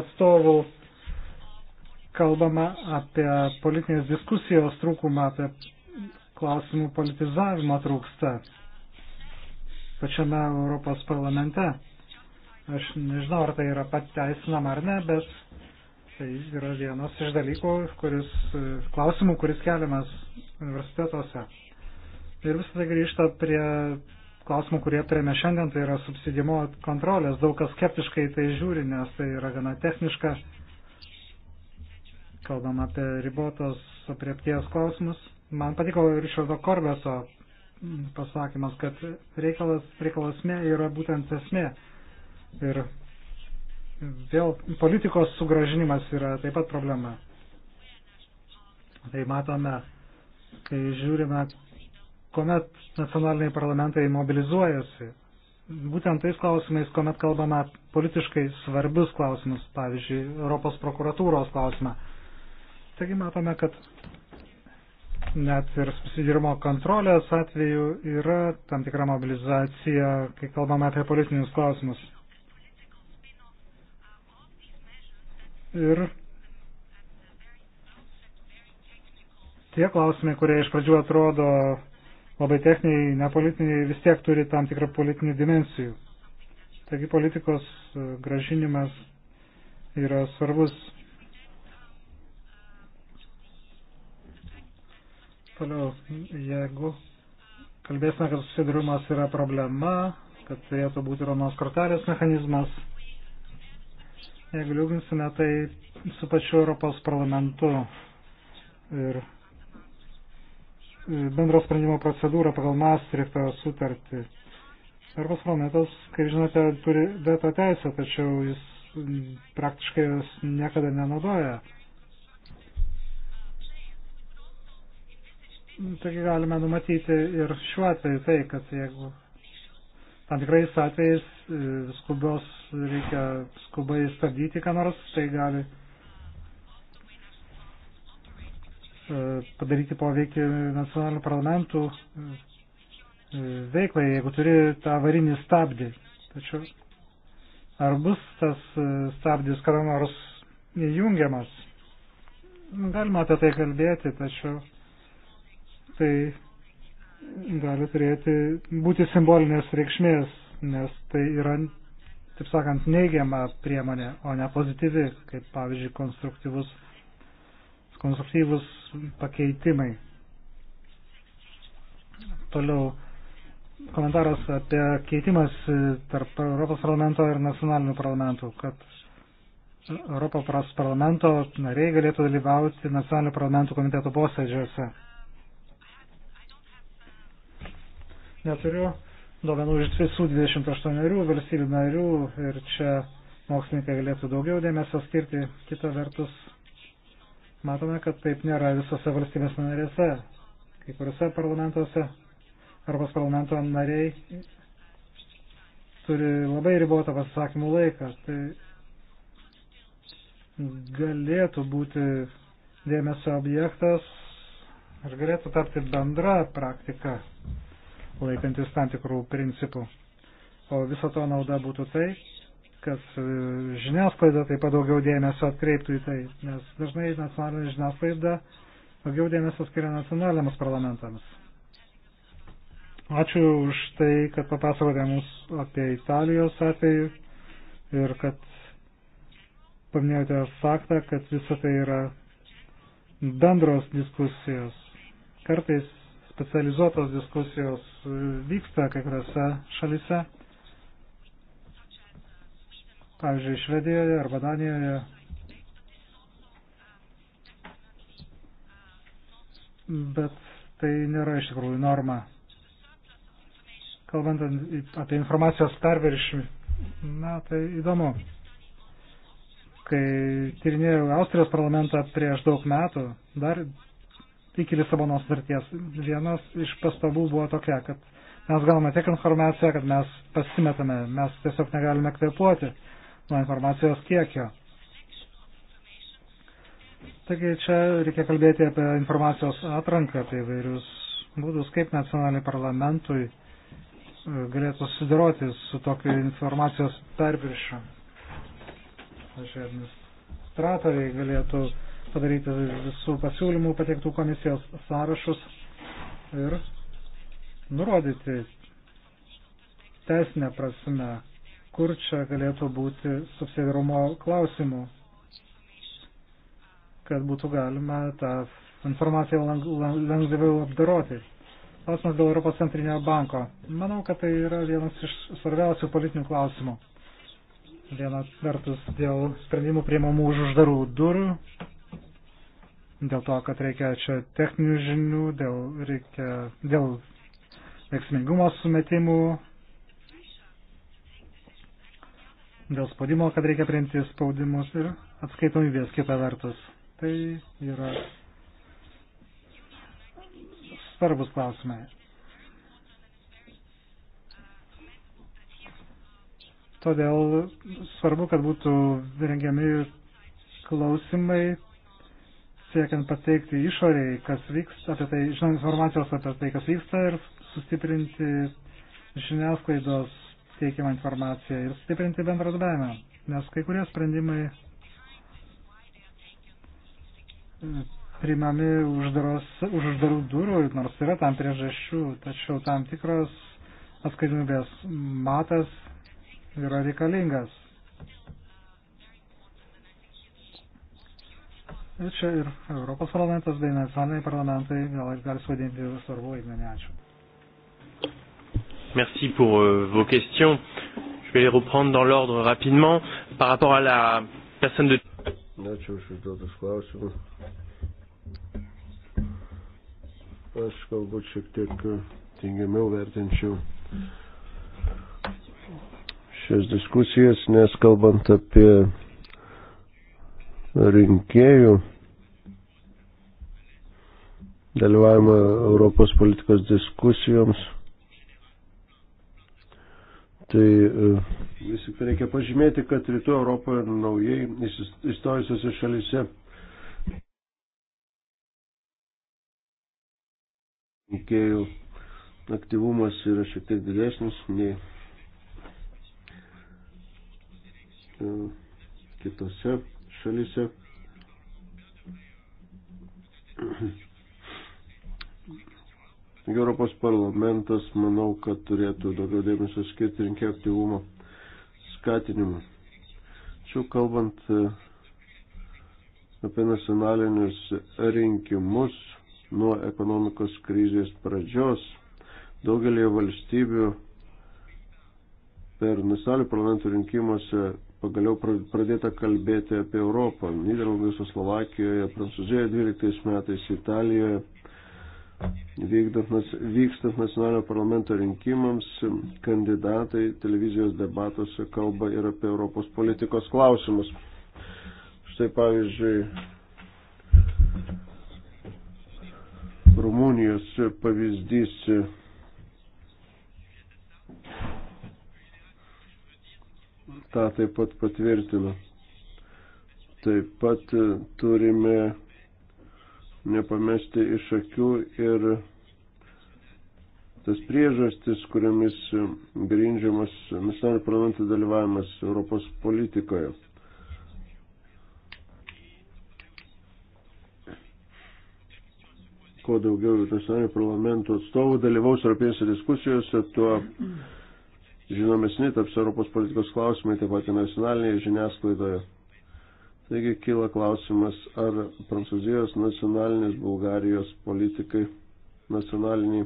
atstovų kalbama apie politinės diskusijos trūkumą, apie klausimų politizavimo trūksta pačiame Europos parlamente. Aš nežinau, ar tai yra pateisinama ar ne, bet tai yra vienas iš dalykų, kuris, klausimų, kuris keliamas universitetuose. Ir visą tai grįžta prie klausimų, kurie turime šiandien, tai yra subsidimo kontrolės. Daug kas skeptiškai tai žiūri, nes tai yra gana techniška. Kalbam apie ribotos apriepties klausimus. Man patiko Rišardo Korbeso pasakymas, kad reikalas, reikalas esmė yra būtent esmė. Ir vėl politikos sugražinimas yra taip pat problema. Tai matome, kai žiūrime, kuomet nacionaliniai parlamentai mobilizuojasi. Būtent tais klausimais, kuomet kalbame politiškai svarbius klausimus, pavyzdžiui, Europos prokuratūros klausimą. Taigi matome, kad net ir susidirimo kontrolės atveju yra tam tikra mobilizacija, kai kalbame apie politinius klausimus. Ir tie klausimai, kurie iš pradžių atrodo labai techniniai, nepolitiniai, vis tiek turi tam tikrą politinį dimensijų. Taigi politikos e, gražinimas yra svarbus. Toliau, jeigu kalbėsime, kad susidūrimas yra problema, kad turėtų būti Romos kortelės mechanizmas, jeigu lyginsime tai su pačiu Europos parlamentu ir e, bendro sprendimo procedūrą pagal Maastrichto sutartį. Europos parlamentas, kaip žinote, turi veto teisę, tačiau jis praktiškai jos niekada nenaudoja. Taigi galime numatyti ir šiuo atveju tai, kad jeigu tam tikrais atvejais e, skubos reikia skubai stabdyti, ką nors tai gali e, padaryti poveikį nacionalinių parlamentų e, veiklai, jeigu turi tą varinį stabdį. Tačiau ar bus tas stabdis kada nors įjungiamas? Galima apie tai kalbėti, tačiau tai gali turėti, būti simbolinės reikšmės, nes tai yra, taip sakant, neigiama priemonė, o ne pozityvi, kaip pavyzdžiui, konstruktyvus, konstruktyvus pakeitimai. Toliau komentaras apie keitimas tarp Europos parlamento ir nacionalinių parlamentų, kad Europos parlamento nariai galėtų dalyvauti nacionalinių parlamentų komiteto posėdžiuose. Neturiu duomenų iš visų 28 valstybių narių ir čia mokslininkai galėtų daugiau dėmesio skirti. Kita vertus, matome, kad taip nėra visose valstybės narėse. Kai kuriuose parlamentuose Europos parlamento nariai turi labai ribotą pasisakymų laiką. Tai galėtų būti dėmesio objektas ir galėtų tapti bendra praktika laikantis tam tikrų principų. O viso to nauda būtų tai, kad e, žiniasklaida taip pat daugiau dėmesio atkreiptų į tai, nes dažnai nacionalinė žiniasklaida daugiau dėmesio skiria nacionaliniams parlamentams. Ačiū už tai, kad papasakote mums apie Italijos atvejį ir kad paminėjote faktą, kad visą tai yra bendros diskusijos. Kartais specializuotos diskusijos e, vyksta kai kuriuose šalise. Pavyzdžiui, Švedijoje arba Danijoje. Bet tai nėra iš tikrųjų norma. Kalbant apie informacijos perviršį, na tai įdomu. Kai tyrinėjau Austrijos parlamentą prieš daug metų, dar iki Lisabono sutarties. Vienas iš pastabų buvo tokia, kad mes gauname tiek informaciją, kad mes pasimetame, mes tiesiog negalime kvepuoti nuo informacijos kiekio. Taigi čia reikia kalbėti apie informacijos atranką, apie vairius būdus, kaip nacionaliai parlamentui e, galėtų susidoroti su tokiu informacijos perviršiu. Pavyzdžiui, administratoriai galėtų uh, padaryti visų pasiūlymų pateiktų komisijos sąrašus ir nurodyti teisinę prasme, kur čia galėtų būti subsidiarumo klausimų, kad būtų galima tą informaciją lengviau apdaroti. Klausimas dėl Europos centrinio banko. Manau, kad tai yra vienas iš svarbiausių politinių klausimų. Vienas vertus dėl sprendimų prieimamų už uždarų durų, dėl to, kad reikia čia techninių žinių, dėl, reikia, dėl veiksmingumo sumetimų, dėl spaudimo, kad reikia priimti spaudimus ir atskaitomybės kita vertus. Tai yra svarbus klausimai. Todėl svarbu, kad būtų rengiami klausimai siekiant pateikti išoriai, kas vyksta, apie tai, žinant informacijos apie tai, kas vyksta ir sustiprinti žiniasklaidos teikiamą informaciją ir stiprinti bendradarbiavimą. Nes kai kurie sprendimai e, primami uždaros, už uždarų durų, nors yra tam priežasčių, tačiau tam tikras atskaitomybės matas yra reikalingas. Ir čia ir Europos parlamentas bei nacionaliniai parlamentai gal gali suvadinti svarbu vaidmenį. Ačiū. Merci pour euh, vos questions. Je vais les reprendre dans l'ordre rapidement. Par rapport à la personne de. Ačiū už užduotus klausimus. Aš galbūt šiek tiek tingiamiau vertinčiau šias diskusijas, nes kalbant apie rinkėjų dalyvavimą Europos politikos diskusijoms. Tai e, vis tik tai reikia pažymėti, kad Rytų Europoje naujai įstojusiose šalyse rinkėjų aktyvumas yra šiek tiek didesnis nei e, kitose šalyse. Europos parlamentas, manau, kad turėtų daugiau dėmesio skirti rinkėjų aktyvumo skatinimui. Čia kalbant e, apie nacionalinius rinkimus nuo ekonomikos krizės pradžios, daugelį valstybių per nacionalinių parlamentų rinkimuose pagaliau pradėta kalbėti apie Europą. Niderlandose, Slovakijoje, Prancūzijoje 12 metais, Italijoje, vykdant, vykstant nacionalinio parlamento rinkimams, kandidatai televizijos debatuose kalba ir apie Europos politikos klausimus. Štai pavyzdžiui, Rumunijos pavyzdys tą taip pat patvirtino. Taip pat e, turime nepamesti iš akių ir tas priežastis, kuriamis e, grindžiamas nacionalinio parlamento dalyvavimas Europos politikoje. Kuo daugiau nacionalinio parlamento atstovų dalyvaus Europinėse diskusijose, tuo žinomesni taps Europos politikos klausimai, taip pat ir nacionalinėje žiniasklaidoje. Taigi kyla klausimas, ar Prancūzijos nacionalinės Bulgarijos politikai, nacionaliniai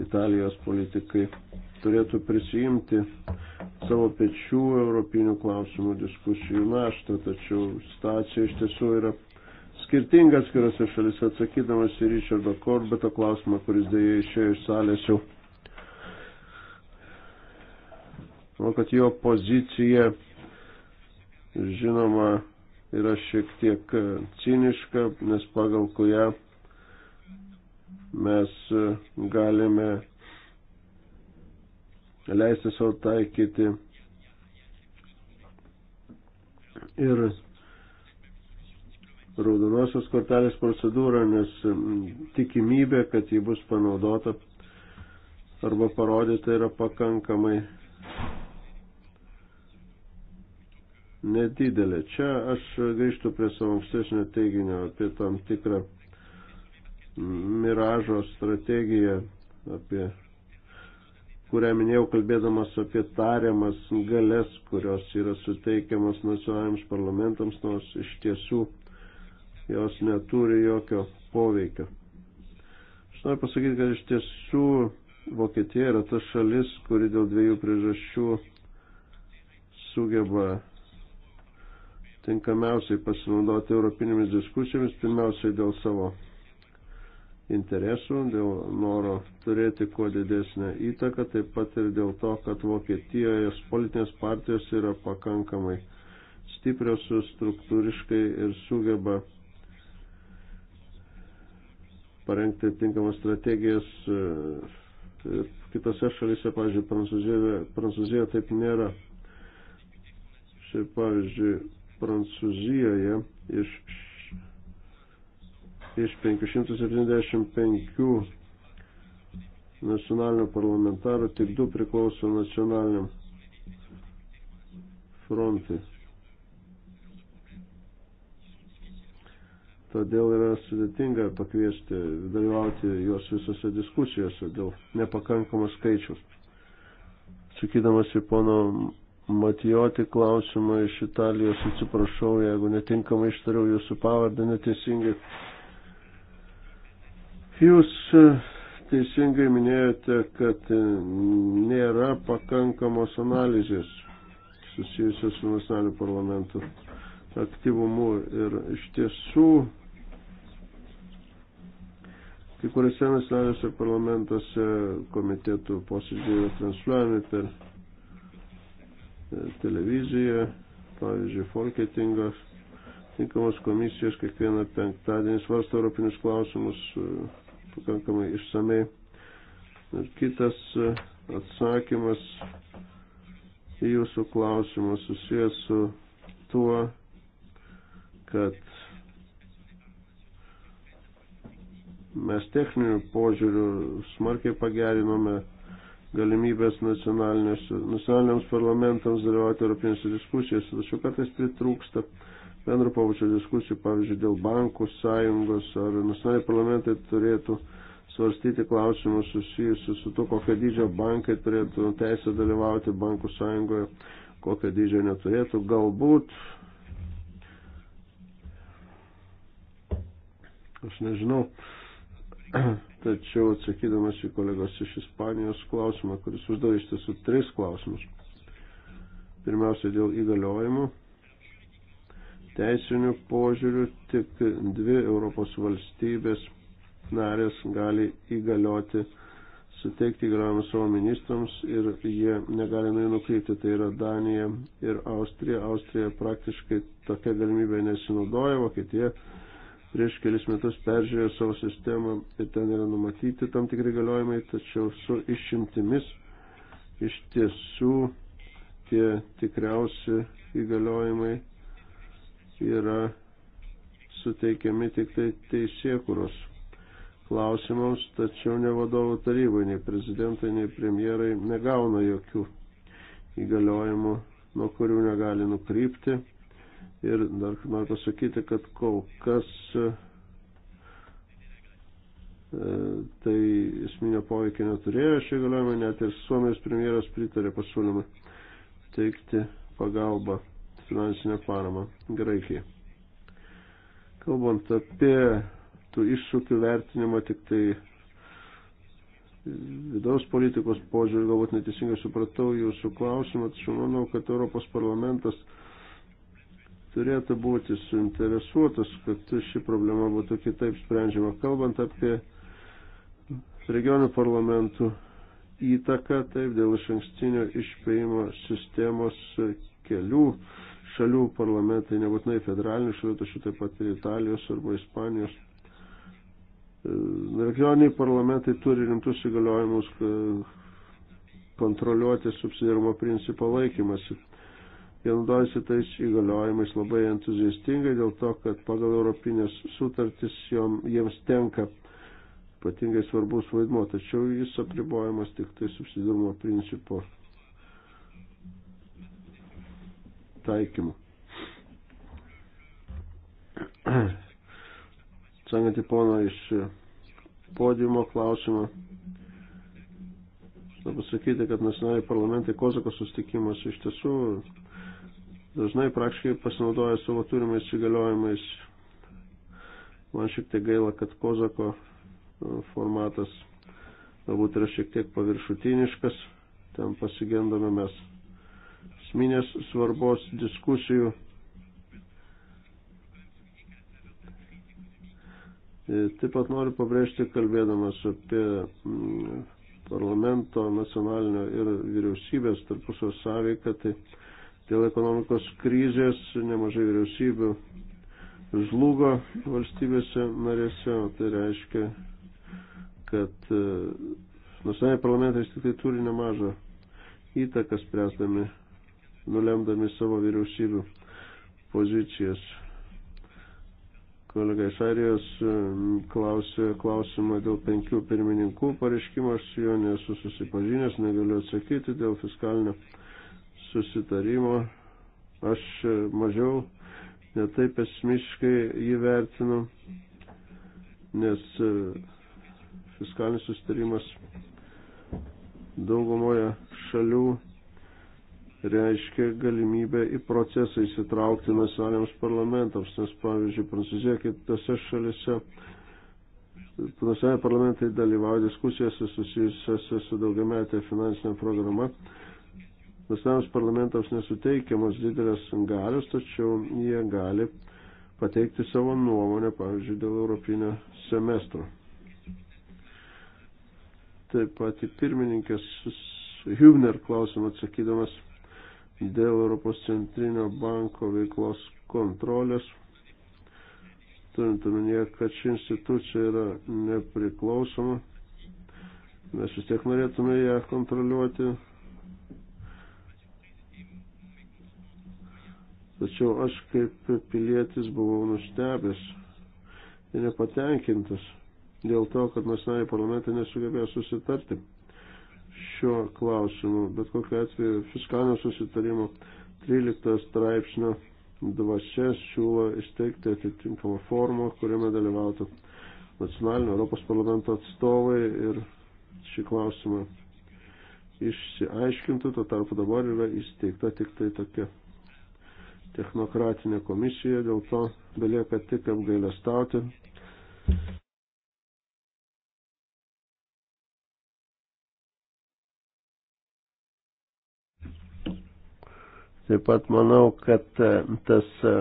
Italijos politikai turėtų prisijimti savo pečių europinių klausimų diskusijų naštą, tačiau situacija iš tiesų yra skirtinga atskirose šalise atsakydamas į Richardo Corbeto klausimą, kuris dėja išėjo iš salės jau Manau, kad jo pozicija, žinoma, yra šiek tiek e, ciniška, nes pagal kurią mes e, galime leisti savo taikyti ir raudonosios kortelės procedūrą, nes tikimybė, kad ji bus panaudota arba parodyta yra pakankamai nedidelė. Čia aš grįžtu prie savo ankstesnio teiginio apie tam tikrą miražo strategiją, apie kurią minėjau kalbėdamas apie tariamas galės, kurios yra suteikiamas nacionaliniams parlamentams, nors iš tiesų jos neturi jokio poveikio. Aš noriu pasakyti, kad iš tiesų Vokietija yra ta šalis, kuri dėl dviejų priežasčių sugeba tinkamiausiai pasinaudoti europinėmis diskusijomis, pirmiausiai dėl savo interesų, dėl noro turėti kuo didesnę įtaką, taip pat ir dėl to, kad Vokietijoje politinės partijos yra pakankamai stiprios struktūriškai ir sugeba parengti tinkamas strategijas e, ir kitose šalise, pavyzdžiui, Prancūzijoje, Prancūzijoje taip nėra. Šiaip, pavyzdžiui, Prancūzijoje iš, iš 575 nacionalinių parlamentarų tik du priklauso nacionaliniam frontui. Todėl yra sudėtinga pakviesti, dalyvauti juos visose diskusijose dėl nepakankamos skaičiaus. Sakydamas į pono Matijoti klausimą iš Italijos, atsiprašau, jeigu netinkamai ištariau jūsų pavardę neteisingai. Jūs e, teisingai minėjote, kad e, nėra pakankamos analizės susijusios su nacionaliniu parlamentu aktyvumu ir iš tiesų kai kuriuose nacionaliniuose parlamentuose komitetų posėdžiai yra transliuojami per televiziją, pavyzdžiui, folketingas, tinkamos komisijos kiekvieną penktadienį svarsto europinius klausimus e, pakankamai išsamei. Ir kitas e, atsakymas į jūsų klausimą susijęs su tuo, kad mes techninių požiūrių smarkiai pagerinome galimybės nacionaliniams parlamentams dalyvauti europinėse diskusijose, tačiau kartais pritrūksta bendro pavučio diskusijų, pavyzdžiui, dėl bankų sąjungos ar nacionaliniai parlamentai turėtų svarstyti klausimus susijusius su to, kokio dydžio bankai turėtų teisę dalyvauti bankų sąjungoje, kokio dydžio neturėtų. Galbūt, aš nežinau, Tačiau atsakydamas į kolegos iš Ispanijos klausimą, kuris uždavė iš tiesų tris klausimus. Pirmiausia, dėl įgaliojimų. Teisinių požiūrių tik dvi Europos valstybės narės gali įgalioti, suteikti įgaliojimus savo ministrams ir jie negali nuo jų nukrypti. Tai yra Danija ir Austrija. Austrija praktiškai tokia galimybė nesinaudoja, Vokietija. Tai prieš kelis metus peržiūrėjo savo sistemą ir ten yra numatyti tam tikri galiojimai, tačiau su išimtimis iš tiesų tie tikriausi įgaliojimai yra suteikiami tik tai teisėkuros klausimams, tačiau ne vadovų tarybai, nei prezidentai, nei premjerai negauna jokių įgaliojimų, nuo kurių negali nukrypti Ir dar noriu pasakyti, kad kol kas e, tai esminio poveikio neturėjo šie galiojimai, net ir Suomijos premjeras pritarė pasiūlymą teikti pagalbą, finansinę paramą Graikijai. Kalbant apie tų iššūkių vertinimą, tik tai vidaus politikos požiūrį, galbūt neteisingai supratau jūsų klausimą, tačiau manau, kad Europos parlamentas turėtų būti suinteresuotas, kad ši problema būtų kitaip sprendžiama. Kalbant apie regionų parlamentų įtaką, taip dėl iš ankstinio išspėjimo sistemos kelių šalių parlamentai, nebūtinai federalinių šalių, tačiau taip pat ir Italijos arba Ispanijos. E, regioniniai parlamentai turi rimtus įgaliojimus e, kontroliuoti subsidiarumo principą laikymasi jie naudojasi tais įgaliojimais labai entuziastingai dėl to, kad pagal Europinės sutartis jom, jiems tenka ypatingai svarbus vaidmo, tačiau jis apribojamas tik tai subsidirumo principo taikymu. Atsakant į pono iš podiumo klausimą, noriu pasakyti, kad nacionaliai parlamentai Kozako sustikimas iš tiesų dažnai praktiškai pasinaudoja savo turimais įgaliojimais. Man šiek tiek gaila, kad Kozako e, formatas galbūt yra šiek tiek paviršutiniškas, ten pasigendame mes esminės svarbos diskusijų. E, taip pat noriu pabrėžti, kalbėdamas apie mm, parlamento, nacionalinio ir vyriausybės tarpusio sąveiką, tai Dėl ekonomikos krizės nemažai vyriausybių žlugo valstybėse narėse, o tai reiškia, kad e, nacionaliniai parlamentai tik tai turi nemažą įtaką spręsdami, nulemdami savo vyriausybių pozicijas. Kolega iš Airijos e, klausė klausimą dėl penkių pirmininkų pareiškimo, aš su juo nesu susipažinęs, negaliu atsakyti dėl fiskalinio susitarimo. Aš mažiau netai pesimiškai jį vertinu, nes e, fiskalinis susitarimas daugumoje šalių reiškia galimybę į procesą įsitraukti nacionaliniams parlamentams, nes pavyzdžiui, Prancūzija kitose šalise nacionaliniai parlamentai dalyvauja diskusijose susijusiose su daugiametė finansinė programa Nacionaliniams parlamentams nesuteikiamas didelės galios, tačiau jie gali pateikti savo nuomonę, pavyzdžiui, dėl Europinio semestro. Taip pat pirmininkas Hübner klausimą atsakydamas dėl Europos centrinio banko veiklos kontrolės. Turint omenyje, kad ši institucija yra nepriklausoma, mes vis tiek norėtume ją kontroliuoti, Tačiau aš kaip pilietis buvau nustebęs ir nepatenkintas dėl to, kad nacionaliniai parlamentai nesugebėjo susitarti šiuo klausimu. Bet kokiu atveju fiskalinio susitarimo 13 straipsnio dvasia siūlo įsteigti atitinkamą formą, kuriame dalyvautų nacionalinio Europos parlamento atstovai ir šį klausimą išsiaiškintų, to tarpu dabar yra įsteigta tik tai tokia technokratinė komisija, dėl to belieka tik apgailestauti. Taip pat manau, kad e, tas e,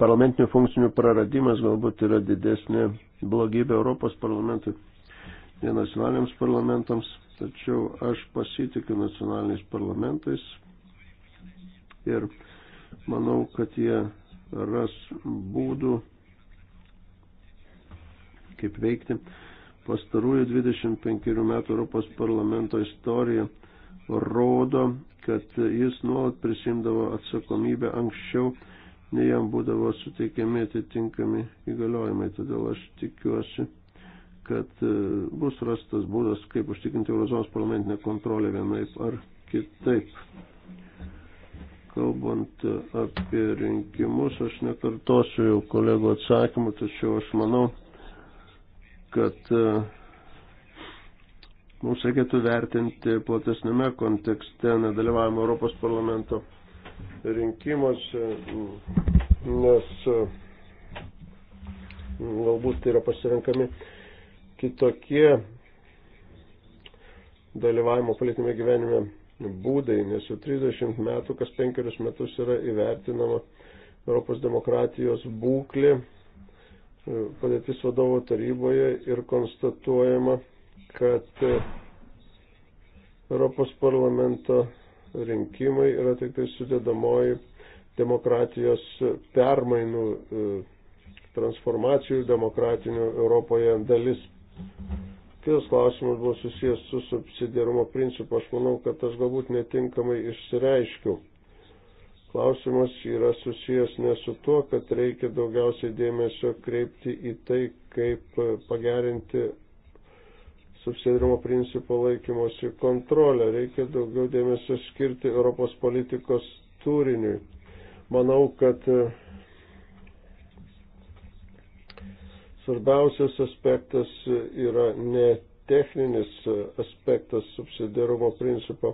parlamentinių funkcijų praradimas galbūt yra didesnė blogybė Europos parlamentui, ne nacionaliniams parlamentams, tačiau aš pasitikiu nacionaliniais parlamentais ir Manau, kad jie ras būdų, kaip veikti. Pastarųjų 25 metų Europos parlamento istorija rodo, kad jis nuolat prisimdavo atsakomybę anksčiau, nei jam būdavo suteikiami atitinkami įgaliojimai. Todėl aš tikiuosi, kad e, bus rastas būdas, kaip užtikrinti Eurozonos parlamentinę kontrolę vienaip ar kitaip kalbant apie rinkimus, aš nekartosiu jau kolego atsakymų, tačiau aš manau, kad e, mums reikėtų vertinti platesnėme kontekste nedalyvavimą Europos parlamento rinkimuose, nes e, galbūt tai yra pasirinkami kitokie dalyvavimo politinėme gyvenime būdai, nes jau 30 metų, kas penkerius metus yra įvertinama Europos demokratijos būklė, padėtis vadovo taryboje ir konstatuojama, kad Europos parlamento rinkimai yra tik tai sudėdamoji demokratijos permainų, e, transformacijų demokratinių Europoje dalis. Kitas klausimas buvo susijęs su subsidiarumo principu. Aš manau, kad aš galbūt netinkamai išsireiškiau. Klausimas yra susijęs ne su tuo, kad reikia daugiausiai dėmesio kreipti į tai, kaip pagerinti subsidiarumo principo laikymosi kontrolę. Reikia daugiau dėmesio skirti Europos politikos turiniui. Manau, kad Svarbiausias aspektas yra ne techninis aspektas subsidiarumo principo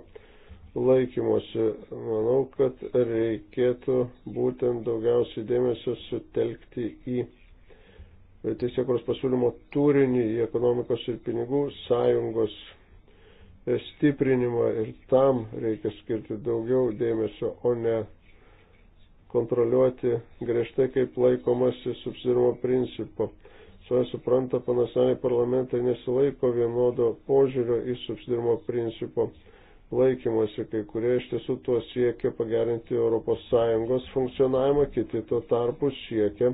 laikymosi. Manau, kad reikėtų būtent daugiausiai dėmesio sutelkti į teisėkos pasiūlymo turinį, į ekonomikos ir pinigų sąjungos stiprinimą ir tam reikia skirti daugiau dėmesio, o ne kontroliuoti griežtai kaip laikomasi subsidiarumo principo. Savai supranta, panašiai parlamentai nesilaiko vienodo požiūrio į subsidirimo principo laikymosi, kai kurie iš tiesų tuo siekia pagerinti ES funkcionavimą, kiti tuo tarpu siekia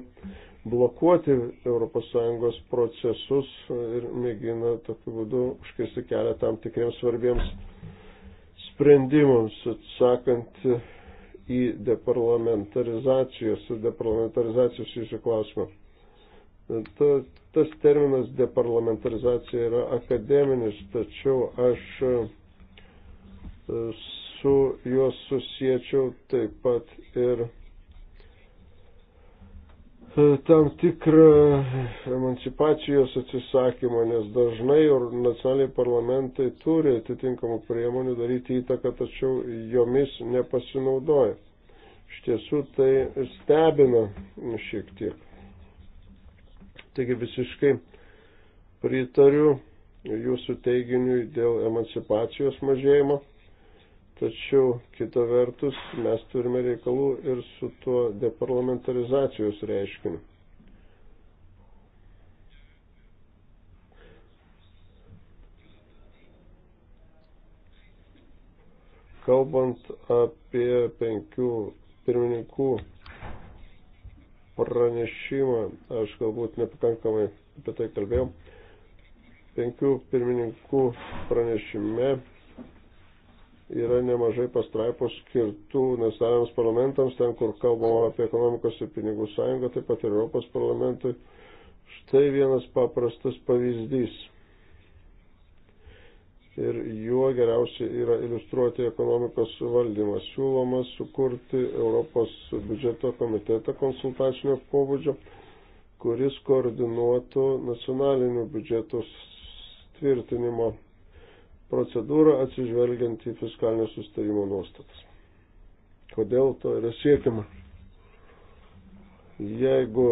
blokuoti ES procesus ir mėgina tokiu būdu užkirsti kelią tam tikriems svarbiems sprendimams, atsakant į deparlamentarizacijos ir deparlamentarizacijos jūsų klausimą. To, tas terminas deparlamentarizacija yra akademinis, tačiau aš e, su juos susiečiau taip pat ir e, tam tikrą emancipacijos atsisakymą, nes dažnai nacionaliai parlamentai turi atitinkamų priemonių daryti įtaką, tačiau jomis nepasinaudoja. Iš tiesų tai stebina šiek tiek. Taigi visiškai pritariu jūsų teiginiui dėl emancipacijos mažėjimo, tačiau kita vertus mes turime reikalų ir su tuo deparlamentarizacijos reiškiniu. Kalbant apie penkių pirmininkų pranešimą. Aš galbūt nepakankamai apie tai kalbėjau. Penkių pirmininkų pranešime yra nemažai pastraipų skirtų nacionaliniams parlamentams, ten kur kalbama apie ekonomikos ir pinigų sąjungą, taip pat ir Europos parlamentui. Štai vienas paprastas pavyzdys ir juo geriausiai yra iliustruoti ekonomikos valdymas. Siūloma sukurti Europos biudžeto komitetą konsultacinio pobūdžio, kuris koordinuotų nacionalinių biudžetų tvirtinimo procedūrą atsižvelgiant į fiskalinio sustarimo nuostatas. Kodėl to yra siekiama? Jeigu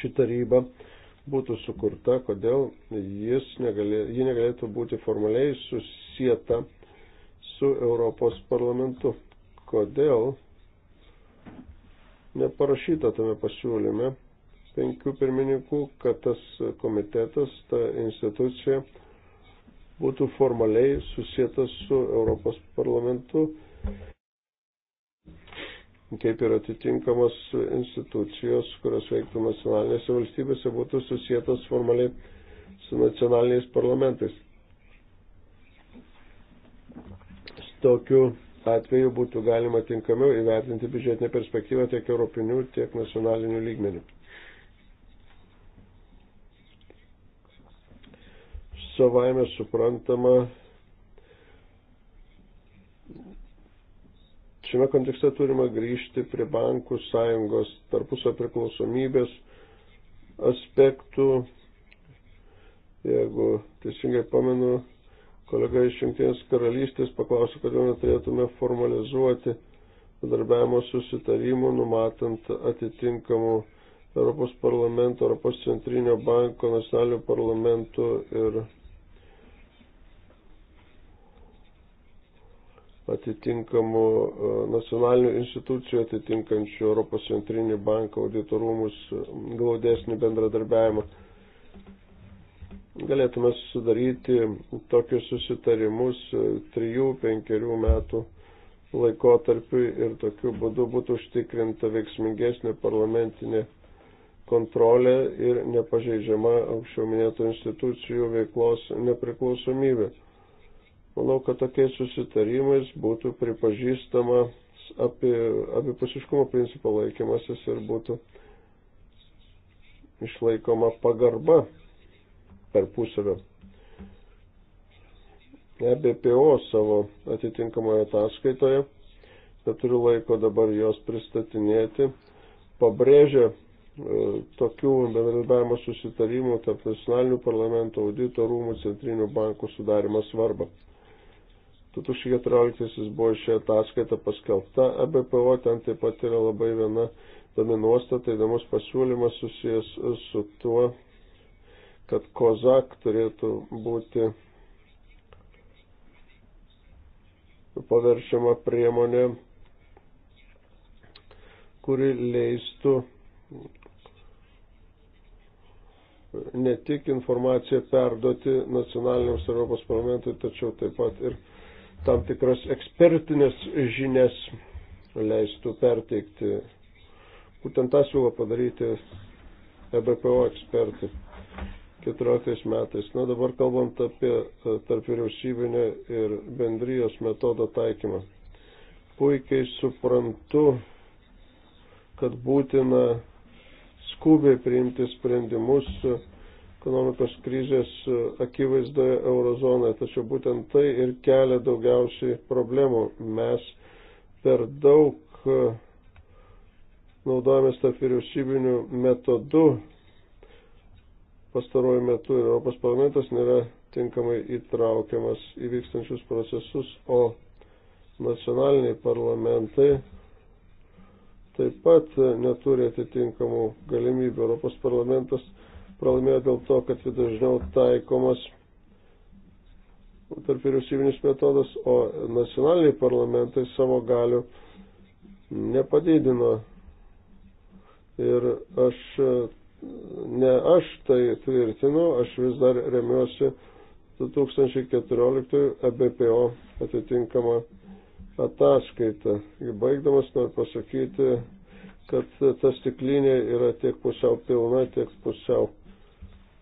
ši taryba būtų sukurta, kodėl jis negalė, ji negalėtų būti formaliai susieta su Europos parlamentu. Kodėl neparašyta tame pasiūlyme penkių pirmininkų, kad tas komitetas, ta institucija būtų formaliai susijęta su Europos parlamentu kaip ir atitinkamos institucijos, kurios veiktų nacionalinėse valstybėse, būtų susijėtos formaliai su nacionaliniais parlamentais. Tokiu atveju būtų galima tinkamiau įvertinti biudžetinę perspektyvą tiek europinių, tiek nacionalinių lygmenių. Savaime suprantama, Šiame kontekste turime grįžti prie bankų sąjungos tarpusio priklausomybės aspektų. Jeigu teisingai pamenu, kolega iš Junktinės karalystės paklausė, kodėl neturėtume formalizuoti darbiavimo susitarimų, numatant atitinkamų Europos parlamento, Europos centrinio banko, nacionalinių parlamentų ir atitinkamų e, nacionalinių institucijų, atitinkančių Europos centrinį banką, auditorumus, glaudesnį bendradarbiavimą. Galėtume sudaryti tokius susitarimus 3-5 e, metų laikotarpiu ir tokiu būdu būtų užtikrinta veiksmingesnė parlamentinė kontrolė ir nepažeidžiama anksčiau minėtų institucijų veiklos nepriklausomybė. Manau, kad tokiais susitarimais būtų pripažįstama apie abipusiškumo principo laikymasis ir būtų išlaikoma pagarba per pusavę. EBPO savo atitinkamoje ataskaitoje, neturiu laiko dabar jos pristatinėti, pabrėžia e, tokių bendradarbiavimo susitarimų tarp nacionalinių parlamento audito rūmų centrinių bankų sudarimo svarbą. 2014 buvo ši ataskaita paskelbta ABPO, e ten taip pat yra labai viena įdomi nuostata, įdomus pasiūlymas susijęs su tuo, kad COSAC turėtų būti paverčiama priemonė, kuri leistų ne tik informaciją perduoti nacionaliniams Europos parlamentui, tačiau taip pat ir tam tikras ekspertinės žinias leistų perteikti. Būtent tą siūlo padaryti EBPO ekspertai 14 metais. Na dabar kalbant apie e, tarp vyriausybinę ir bendrijos metodo taikymą. Puikiai suprantu, kad būtina skubiai priimti sprendimus ekonomikos krizės e, akivaizdoje eurozonoje, tačiau būtent tai ir kelia daugiausiai problemų. Mes per daug e, naudojamės tą vyriausybinių metodų pastaruoju metu ir Europos parlamentas nėra tinkamai įtraukiamas į vykstančius procesus, o nacionaliniai parlamentai taip pat e, neturi atitinkamų galimybių. Europos parlamentas pralaimėjo dėl to, kad vis dažniau taikomas tarp vyriausybinis metodas, o nacionaliniai parlamentai savo galių nepadidino. Ir aš, ne aš tai tvirtinu, aš vis dar remiuosi 2014 ABPO e atitinkamą ataskaitą. Baigdamas noriu pasakyti, kad ta stiklinė yra tiek pusiau pilna, tiek pusiau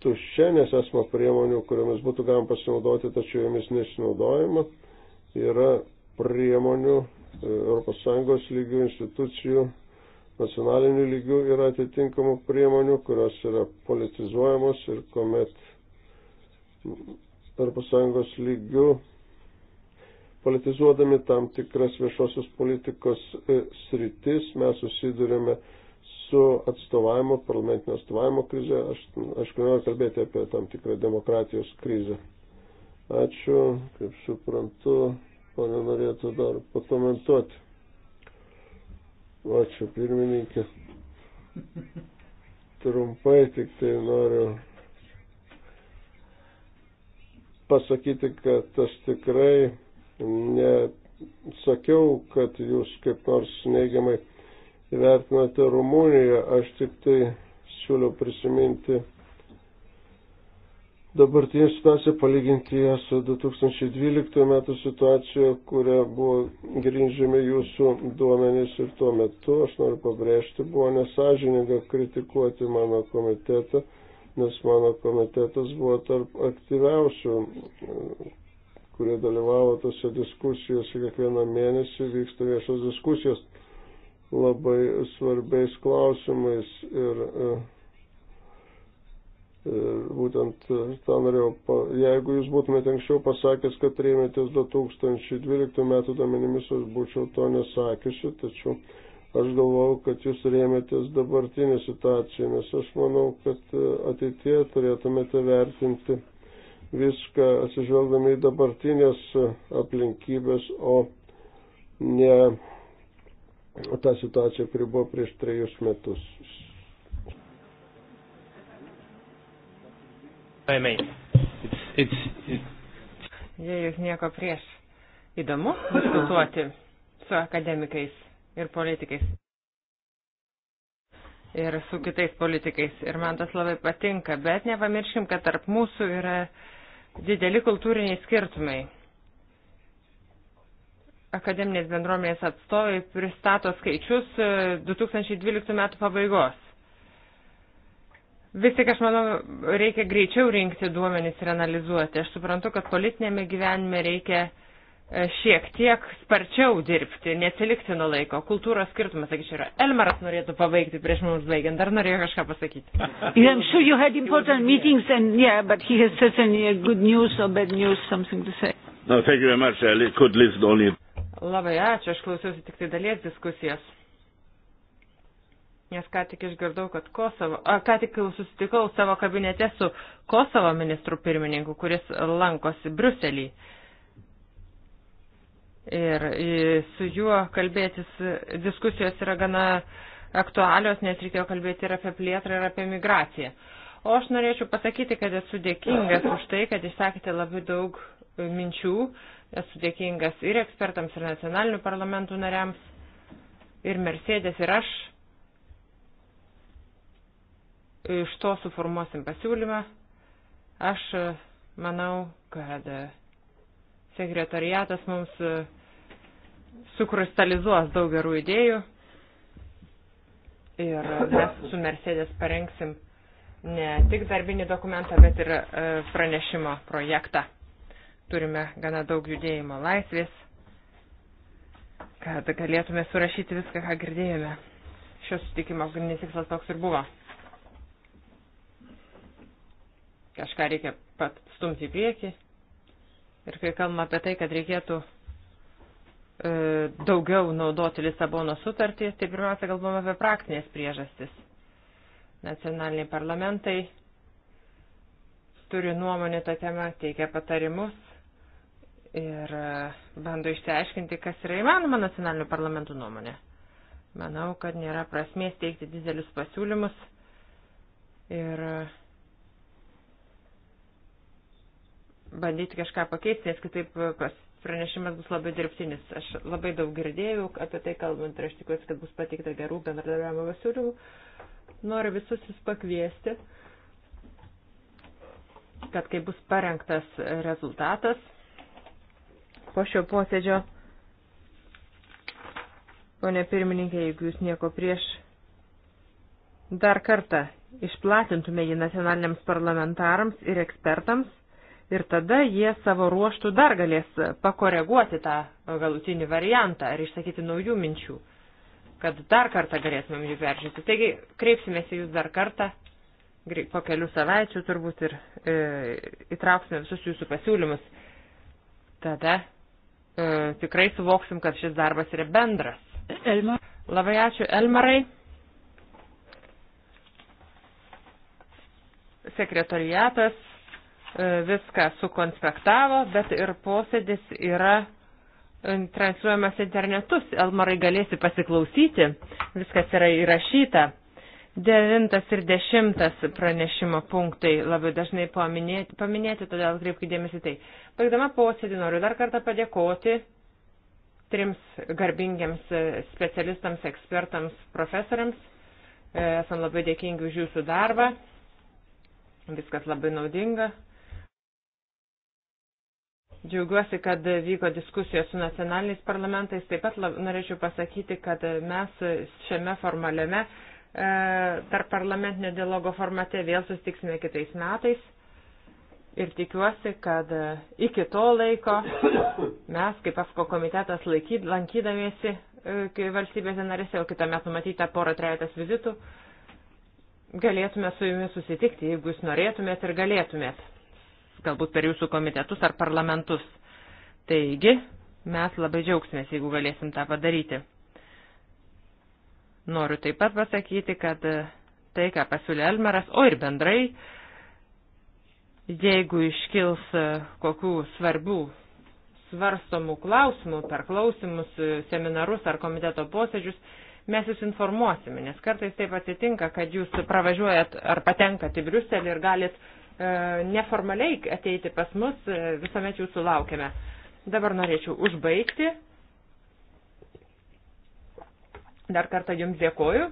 tuščia, nes esame priemonių, kuriomis būtų galima pasinaudoti, tačiau jomis nesinaudojama. Yra priemonių ES lygių institucijų, nacionalinių lygių yra atitinkamų priemonių, kurios yra politizuojamos ir kuomet ES lygių politizuodami tam tikras viešosios politikos e, sritis mes susidurėme su atstovavimo, parlamentinio atstovavimo krize. Aš, aišku, noriu kalbėti apie tam tikrą demokratijos krizę. Ačiū, kaip suprantu, ponė norėtų dar pakomentuoti. Ačiū, pirmininkė. Trumpai tik tai noriu pasakyti, kad aš tikrai nesakiau, kad jūs kaip nors neigiamai įvertinote Rumuniją, aš tik tai siūliau prisiminti dabartinę situaciją, palyginti ją su 2012 metų situacija, kuria buvo grindžiami jūsų duomenys ir tuo metu, aš noriu pabrėžti, buvo nesažininga kritikuoti mano komitetą, nes mano komitetas buvo tarp aktyviausių kurie dalyvavo tose diskusijose, kiekvieną mėnesį vyksta viešos diskusijos labai svarbiais klausimais ir, ir e, e, būtent e, tą norėjau, pa, jeigu jūs būtumėte anksčiau pasakęs, kad rėmėtės 2012 metų domenimis, aš būčiau to nesakiusi, tačiau aš galvau, kad jūs rėmėtės dabartinė situacija, nes aš manau, kad ateitie turėtumėte vertinti viską atsižvelgdami į dabartinės aplinkybės, o ne tą situaciją, kuri buvo prieš trejus metus. Jei jūs nieko prieš, įdomu diskutuoti su akademikais ir politikais. Ir su kitais politikais. Ir man tas labai patinka. Bet nepamirškim, kad tarp mūsų yra dideli kultūriniai skirtumai akademinės bendruomenės atstovai pristato skaičius 2012 e, metų pabaigos. Vis tik, aš manau, reikia greičiau rinkti duomenys ir analizuoti. Aš suprantu, kad politinėme gyvenime reikia e, šiek tiek sparčiau dirbti, neatsilikti nuo laiko. Kultūros skirtumas, sakyčiau, yra. Elmaras norėtų pabaigti prieš mums baigiant, dar norėjo kažką pasakyti. I'm sure you had important meetings and yeah, but he has certain good news or bad news, something to say. No, thank you very much. I could listen only. Labai ačiū, aš klausiausi tik tai dalies diskusijas. Nes ką tik išgirdau, kad Kosovo, a, ką tik susitikau savo kabinete su Kosovo ministru pirmininku, kuris lankosi Bruselį. Ir su juo kalbėtis diskusijos yra gana aktualios, nes reikėjo kalbėti ir apie plėtrą, ir apie migraciją. O aš norėčiau pasakyti, kad esu dėkingas už tai, kad išsakėte labai daug minčių, uh, Esu dėkingas ir ekspertams, ir nacionalinių parlamentų nariams, ir Mercedes, ir aš. Iš to suformuosim pasiūlymą. Aš e, manau, kad e, sekretariatas mums e, sukristalizuos daug gerų idėjų ir mes su Mercedes parengsim ne tik darbinį dokumentą, bet ir pranešimo projektą turime gana daug judėjimo laisvės, kad galėtume surašyti viską, ką girdėjome. Šio sutikimo pagrindinis tikslas toks ir buvo. Kažką reikia pat stumti į priekį. Ir kai kalbame apie tai, kad reikėtų e, daugiau naudoti Lisabono sutartį, tai pirmiausia kalbame apie praktinės priežastis. Nacionaliniai parlamentai turi nuomonę tą temą, teikia patarimus, ir e, bando išsiaiškinti, kas yra įmanoma nacionalinių parlamentų nuomonė. Manau, kad nėra prasmės teikti didelius pasiūlymus ir e, bandyti kažką pakeisti, nes kitaip e, pranešimas bus labai dirbtinis. Aš labai daug girdėjau apie tai kalbant ir aš tikiuosi, kad bus pateikta gerų bendradarbiavimo pasiūlymų. Noriu visus jūs pakviesti, kad kai bus parengtas rezultatas, po šio posėdžio. Pone pirmininkė, jeigu jūs nieko prieš, dar kartą išplatintume jį nacionaliniams parlamentarams ir ekspertams ir tada jie savo ruoštų dar galės pakoreguoti tą galutinį variantą ar išsakyti naujų minčių, kad dar kartą galėtumėm jų peržiūrėti. Taigi kreipsimės į jūs dar kartą po kelių savaičių turbūt ir e, įtrauksime visus jūsų pasiūlymus. Tada E, tikrai suvoksim, kad šis darbas yra bendras. Elmar. Labai ačiū Elmarai. Sekretariatas e, viską sukonspektavo, bet ir posėdis yra e, transliuojamas internetus. Elmarai galėsi pasiklausyti, viskas yra įrašyta. Devintas ir dešimtas pranešimo punktai labai dažnai paminėti, paminėti todėl kreipkite dėmesį tai. Baigdama posėdį noriu dar kartą padėkoti trims garbingiams specialistams, ekspertams, profesoriams. E, esam labai dėkingi už jūsų darbą. Viskas labai naudinga. Džiaugiuosi, kad vyko diskusijos su nacionaliniais parlamentais. Taip pat lab, norėčiau pasakyti, kad mes šiame formaliame E, tarp parlamentinio dialogo formate vėl sustiksime kitais metais ir tikiuosi, kad e, iki to laiko mes, kaip AFKO komitetas, laikyd, lankydamiesi e, valstybėse narėse, o kitą metą numatyta porą trejatas vizitų, galėtume su jumis susitikti, jeigu jūs norėtumėt ir galėtumėt, galbūt per jūsų komitetus ar parlamentus. Taigi, mes labai džiaugsimės, jeigu galėsim tą padaryti. Noriu taip pat pasakyti, kad e, tai, ką pasiūlė Elmeras, o ir bendrai, jeigu iškils e, kokių svarbių svarstomų klausimų per klausimus, e, seminarus ar komiteto posėdžius, mes jūs informuosime, nes kartais taip atsitinka, kad jūs pravažiuojat ar patenkat į Briuselį ir galit e, neformaliai ateiti pas mus, e, visuomet jūsų laukiame. Dabar norėčiau užbaigti Dar kartą Jums dėkoju.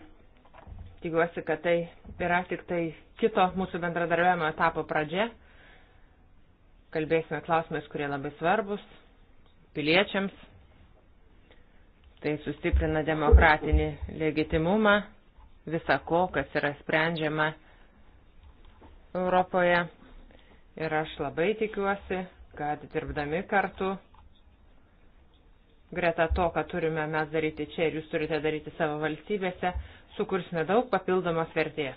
Tikiuosi, kad tai yra tik tai kito mūsų bendradarbiavimo etapo pradžia. Kalbėsime klausimais, kurie labai svarbus piliečiams. Tai sustiprina demokratinį legitimumą, visa ko, kas yra sprendžiama Europoje. Ir aš labai tikiuosi, kad dirbdami kartu greta to, ką turime mes daryti čia ir jūs turite daryti savo valstybėse, sukursime daug papildomos vertės.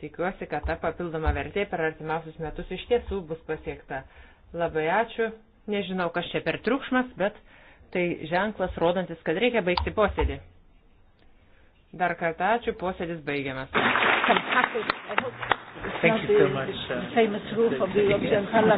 Tikiuosi, kad ta papildoma vertė per artimiausius metus iš tiesų bus pasiekta. Labai ačiū. Nežinau, kas čia per triukšmas, bet tai ženklas rodantis, kad reikia baigti posėdį. Dar kartą ačiū, posėdis baigiamas. Thank you so much. Uh, famous roof of the European Parliament.